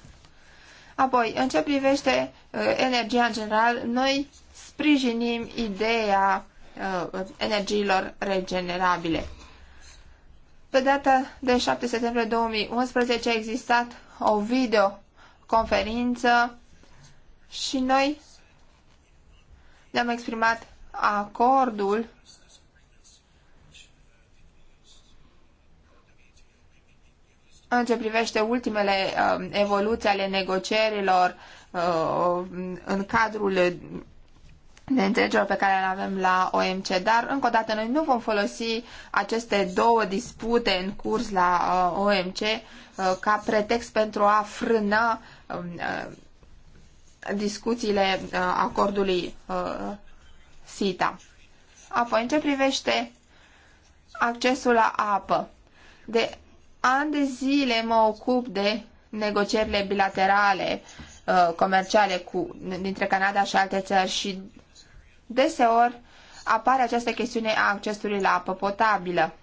Apoi, în ce privește uh, energia în general, noi sprijinim ideea uh, energiilor regenerabile. Pe data de 7 septembrie 2011 a existat o videoconferință și noi ne-am exprimat acordul în ce privește ultimele uh, evoluții ale negocierilor uh, în cadrul de înțelegerilor pe care le avem la OMC, dar încă o dată noi nu vom folosi aceste două dispute în curs la uh, OMC uh, ca pretext pentru a frâna um, uh, discuțiile uh, acordului uh, SITA. Apoi, în ce privește accesul la apă, de ani de zile mă ocup de negocierile bilaterale uh, comerciale cu, dintre Canada și alte țări și deseori apare această chestiune a accesului la apă potabilă.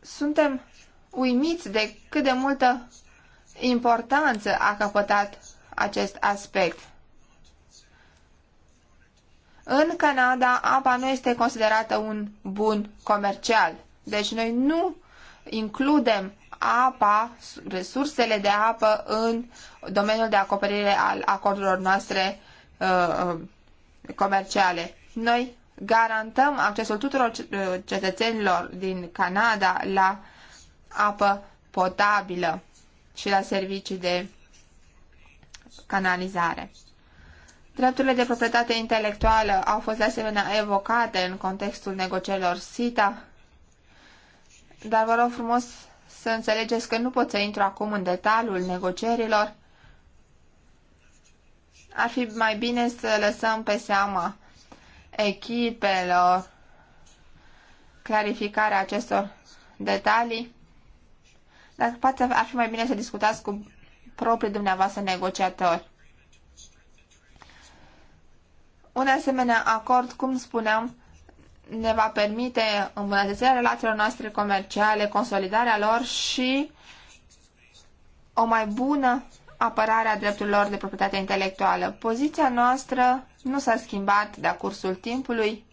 Suntem uimiți de cât de multă importanță a căpătat acest aspect. În Canada, apa nu este considerată un bun comercial. Deci noi nu includem apa, resursele de apă în domeniul de acoperire al acordurilor noastre uh, uh comerciale. Noi garantăm accesul tuturor uh, cetățenilor din Canada la apă potabilă și la servicii de canalizare. Drepturile de proprietate intelectuală au fost de asemenea evocate în contextul negocierilor SITA, dar vă rog frumos să înțelegeți că nu pot să intru acum în detaliul negocierilor. Ar fi mai bine să lăsăm pe seama echipelor clarificarea acestor detalii dar poate ar fi mai bine să discutați cu proprii dumneavoastră negociatori. Un asemenea acord, cum spuneam, ne va permite îmbunătățirea relațiilor noastre comerciale, consolidarea lor și o mai bună apărare a drepturilor de proprietate intelectuală. Poziția noastră nu s-a schimbat de-a cursul timpului.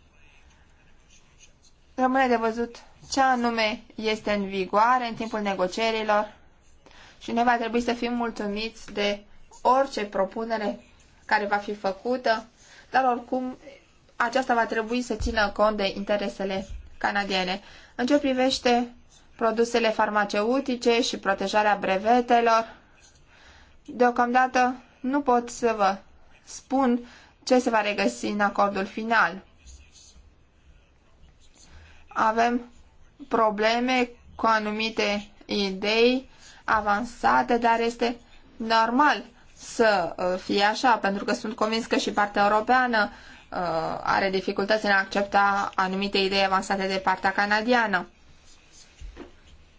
Rămâne de văzut ce anume este în vigoare în timpul negocierilor și noi va trebui să fim mulțumiți de orice propunere care va fi făcută, dar oricum aceasta va trebui să țină cont de interesele canadiene. În ce privește produsele farmaceutice și protejarea brevetelor, deocamdată nu pot să vă spun ce se va regăsi în acordul final. Avem probleme cu anumite idei avansate, dar este normal să uh, fie așa, pentru că sunt convins că și partea europeană uh, are dificultăți în a accepta anumite idei avansate de partea canadiană.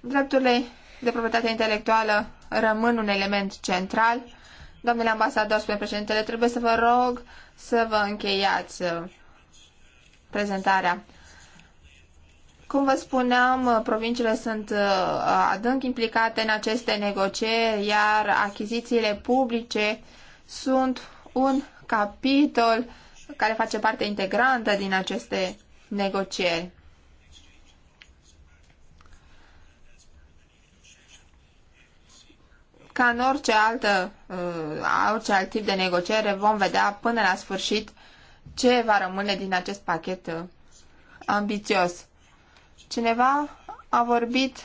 Drepturile de proprietate intelectuală rămân un element central. Domnule ambasador, spune președintele, trebuie să vă rog să vă încheiați uh, prezentarea. Cum vă spuneam, uh, provinciile sunt uh, adânc implicate în aceste negocieri, iar achizițiile publice sunt un capitol care face parte integrantă din aceste negocieri. Ca în orice, altă, uh, orice alt tip de negociere, vom vedea până la sfârșit ce va rămâne din acest pachet ambițios. Cineva a vorbit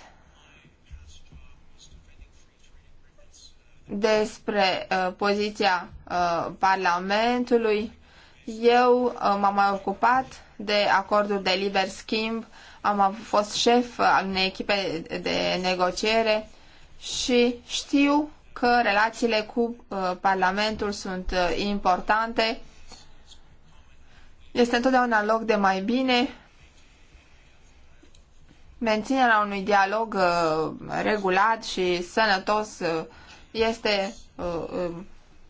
despre uh, poziția uh, Parlamentului. Eu uh, m-am mai ocupat de acordul de liber schimb, am fost șef al unei echipe de negociere și știu că relațiile cu uh, Parlamentul sunt uh, importante. Este întotdeauna loc de mai bine menținerea unui dialog uh, regulat și sănătos uh, este uh, um,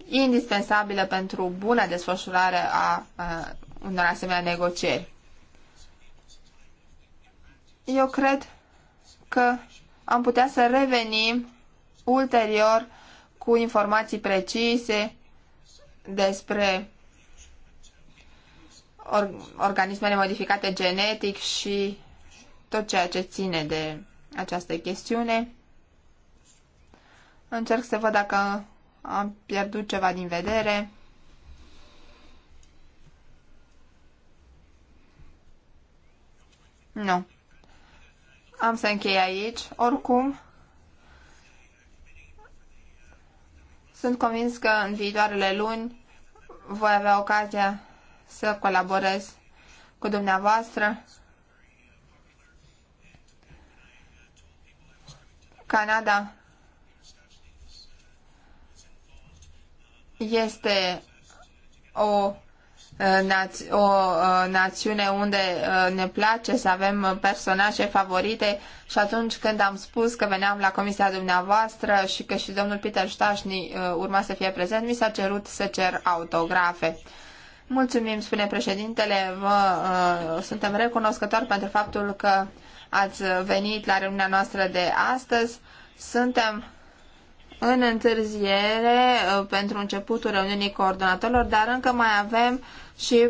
indispensabilă pentru bună desfășurare a unor asemenea negocieri. Eu cred că am putea să revenim ulterior cu informații precise despre organismele modificate genetic și tot ceea ce ține de această chestiune. Încerc să văd dacă am pierdut ceva din vedere. Nu. Am să închei aici. Oricum, sunt convins că în viitoarele luni voi avea ocazia să colaborez cu dumneavoastră Canada este o eh, o eh, națiune unde eh, ne place să avem personaje favorite și atunci când am spus că veneam la comisia dumneavoastră și că și domnul Peter Stașni urma să fie prezent, mi s-a cerut să cer autografe. Mulțumim, spune președintele, vă, uh, suntem recunoscători pentru faptul că ați venit la reuniunea noastră de astăzi. Suntem în întârziere uh, pentru începutul reuniunii coordonatorilor, dar încă mai avem și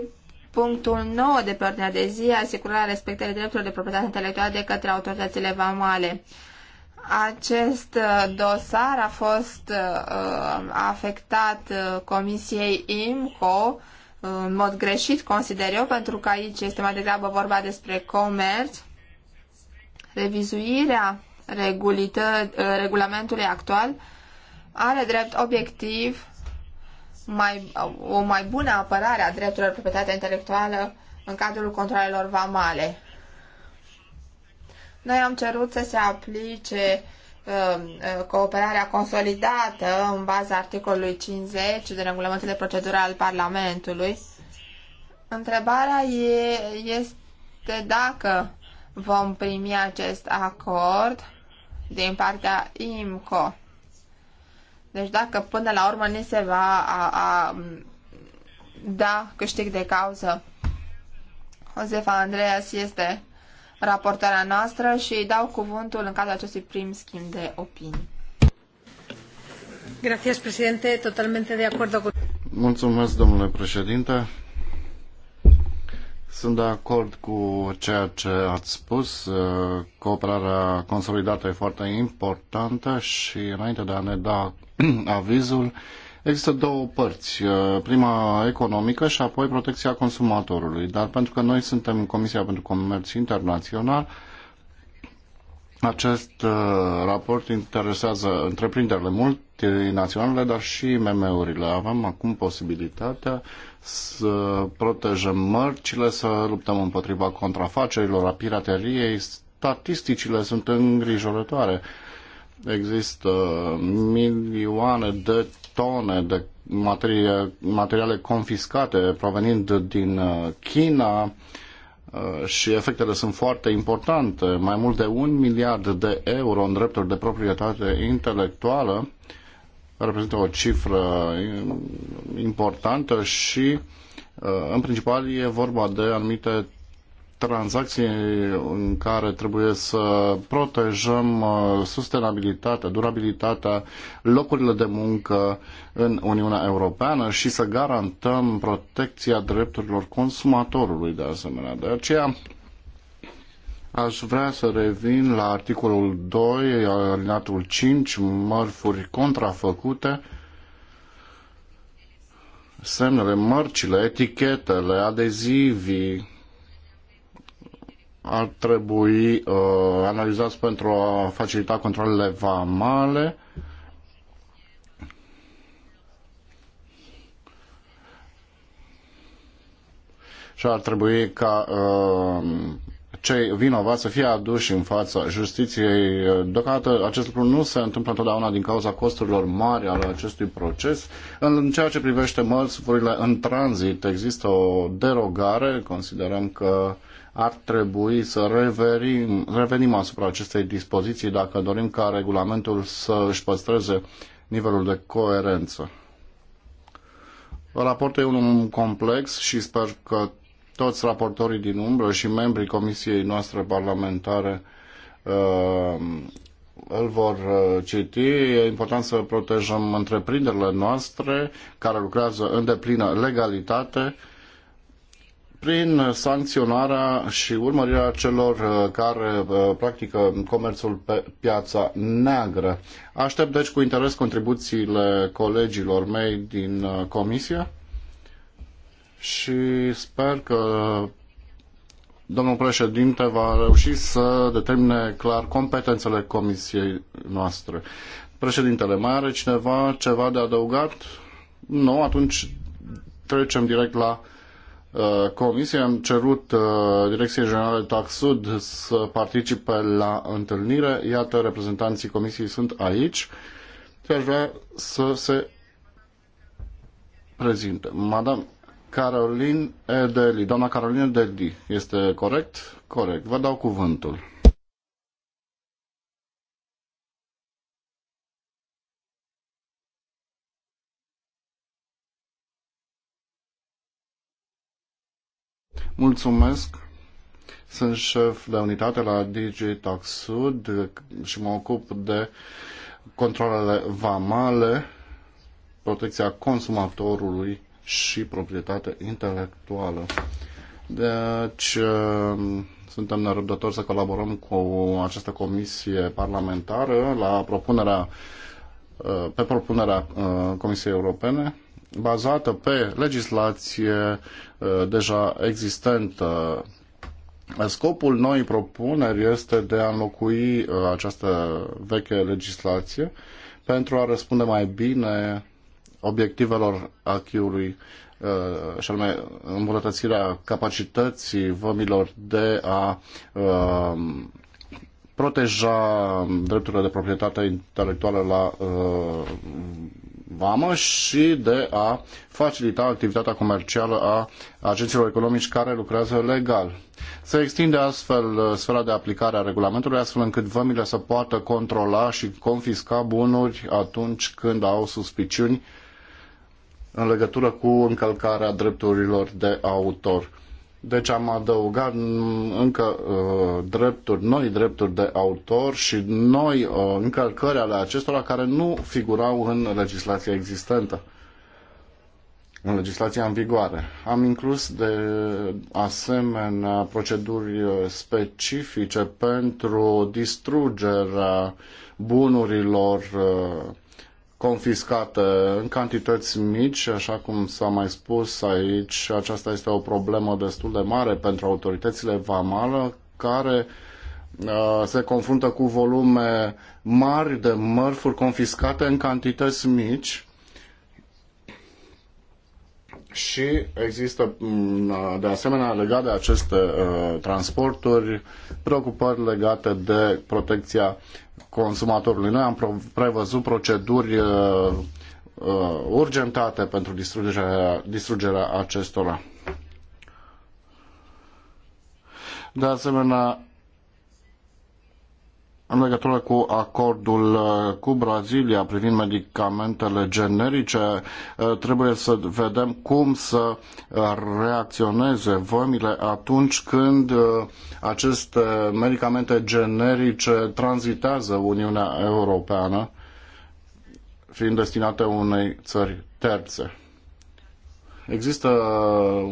punctul 9 de pe ordinea de zi, asigurarea respectării drepturilor de proprietate intelectuală de către autoritățile vamale. Acest uh, dosar a fost uh, uh afectat Comisiei IMCO în mod greșit, consider eu, pentru că aici este mai degrabă vorba despre comerț Revizuirea ă, regulamentului actual are drept obiectiv mai, o mai bună apărare a drepturilor proprietatea intelectuală în cadrul controlelor vamale. Noi am cerut să se aplice ă, ă, cooperarea consolidată în baza articolului 50 din regulamentul de procedură al Parlamentului. Întrebarea e, este dacă vom primi acest acord din partea IMCO. Deci dacă până la urmă ni se va a, a, da câștig de cauză, Josefa Andreas este raportarea noastră și îi dau cuvântul în cazul acestui prim schimb de opinii. Gracias, presidente. Totalmente de acuerdo cu... Mulțumesc, domnule președinte. Sunt de acord cu ceea ce ați spus. Uh, cooperarea consolidată e foarte importantă și înainte de a ne da avizul, există două părți. Uh, prima economică și apoi protecția consumatorului. Dar pentru că noi suntem Comisia pentru Comerț Internațional, acest uh, raport interesează întreprinderile multinaționale, dar și MM-urile. Avem acum posibilitatea să protejăm mărcile, să luptăm împotriva contrafacerilor, a pirateriei. Statisticile sunt îngrijorătoare. Există milioane de tone de materie, materiale confiscate provenind din uh, China, Uh, și efectele sunt foarte importante. Mai mult de un miliard de euro în drepturi de proprietate intelectuală reprezintă o cifră uh, importantă și uh, în principal e vorba de anumite tranzacție în care trebuie să protejăm uh, sustenabilitatea, durabilitatea, locurile de muncă în Uniunea Europeană și să garantăm protecția drepturilor consumatorului de asemenea. De aceea aș vrea să revin la articolul 2, alinatul 5, mărfuri contrafăcute, semnele, mărcile, etichetele, adezivii, ar trebui uh, analizați pentru a facilita controlele vamale. Și ar trebui ca uh, cei vinovați să fie aduși în fața justiției. Deocamdată acest lucru nu se întâmplă întotdeauna din cauza costurilor mari ale acestui proces. În ceea ce privește mărțurile în tranzit, există o derogare. Considerăm că uh, ar trebui să reverim, revenim asupra acestei dispoziții dacă dorim ca regulamentul să își păstreze nivelul de coerență. Raportul e unul complex și sper că toți raportorii din umbră și membrii Comisiei noastre parlamentare uh, îl vor uh, citi. E important să protejăm întreprinderile noastre care lucrează în deplină legalitate prin sancționarea și urmărirea celor uh, care uh, practică comerțul pe piața neagră. Aștept deci cu interes contribuțiile colegilor mei din uh, comisie și sper că domnul președinte va reuși să determine clar competențele comisiei noastre. Președintele, mai are cineva ceva de adăugat? Nu, atunci trecem direct la Uh, Comisie, am cerut uh, Direcției Generale Sud să participe la întâlnire. Iată, reprezentanții Comisiei sunt aici și deci aș vrea să se prezinte. Madame Caroline Edeli, doamna Caroline Edeli, este corect? Corect. Vă dau cuvântul. Mulțumesc! Sunt șef de unitate la DigiTax Sud și mă ocup de controlele vamale, protecția consumatorului și proprietate intelectuală. Deci, suntem nerăbdători să colaborăm cu această comisie parlamentară la propunerea, uh, pe propunerea uh, Comisiei Europene bazată pe legislație uh, deja existentă. Scopul noii propuneri este de a înlocui uh, această veche legislație pentru a răspunde mai bine obiectivelor acquis-ului uh, și anume îmbunătățirea capacității vămilor de a proteja drepturile de proprietate intelectuală la vamă și de a facilita activitatea comercială a agenților economici care lucrează legal. Se extinde astfel uh, sfera de aplicare a regulamentului, astfel încât vămile să poată controla și confisca bunuri atunci când au suspiciuni în legătură cu încălcarea drepturilor de autor. Deci am adăugat încă uh, drepturi, noi drepturi de autor și noi uh, încălcări ale acestora care nu figurau în legislația existentă, în legislația în vigoare. Am inclus de asemenea proceduri uh, specifice pentru distrugerea bunurilor uh, confiscate în cantități mici, așa cum s-a mai spus aici, aceasta este o problemă destul de mare pentru autoritățile vamale care uh, se confruntă cu volume mari de mărfuri confiscate în cantități mici și există mm, de asemenea legat de aceste uh, transporturi preocupări legate de protecția consumatorului. Noi am prevăzut proceduri uh, uh, urgentate pentru distrugerea, distrugerea acestora. De asemenea, în legătură cu acordul uh, cu Brazilia privind medicamentele generice, uh, trebuie să vedem cum să uh, reacționeze vămile atunci când aceste medicamente generice tranzitează Uniunea Europeană, fiind destinate unei țări terțe. Există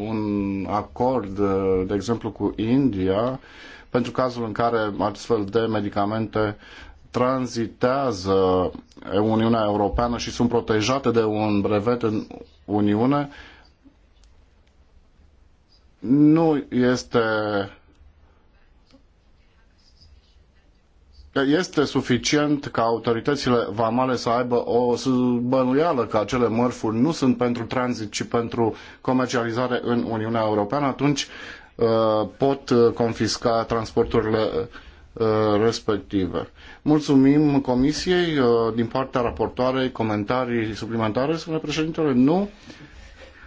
un acord, de exemplu, cu India, pentru cazul în care astfel de medicamente tranzitează Uniunea Europeană și sunt protejate de un brevet în Uniune, nu este este suficient ca autoritățile vamale să aibă o bănuială că acele mărfuri nu sunt pentru tranzit, ci pentru comercializare în Uniunea Europeană, atunci Uh, pot uh, confisca transporturile uh, respective. Mulțumim Comisiei din partea raportoarei comentarii suplimentare, spune președintele. Nu.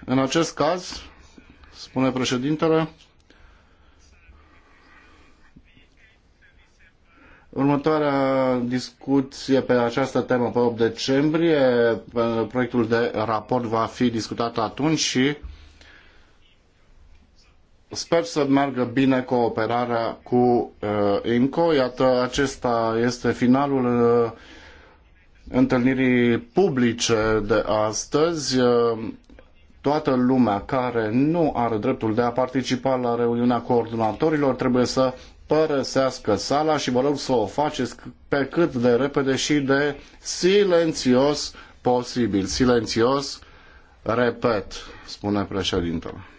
În acest caz, spune președintele, Următoarea discuție pe această temă pe 8 decembrie, proiectul de raport va fi discutat atunci și Sper să meargă bine cooperarea cu uh, IMCO. Iată, acesta este finalul uh, întâlnirii publice de astăzi. Uh, toată lumea care nu are dreptul de a participa la reuniunea coordonatorilor trebuie să părăsească sala și vă rog să o faceți pe cât de repede și de silențios posibil. Silențios, repet, spune președintele.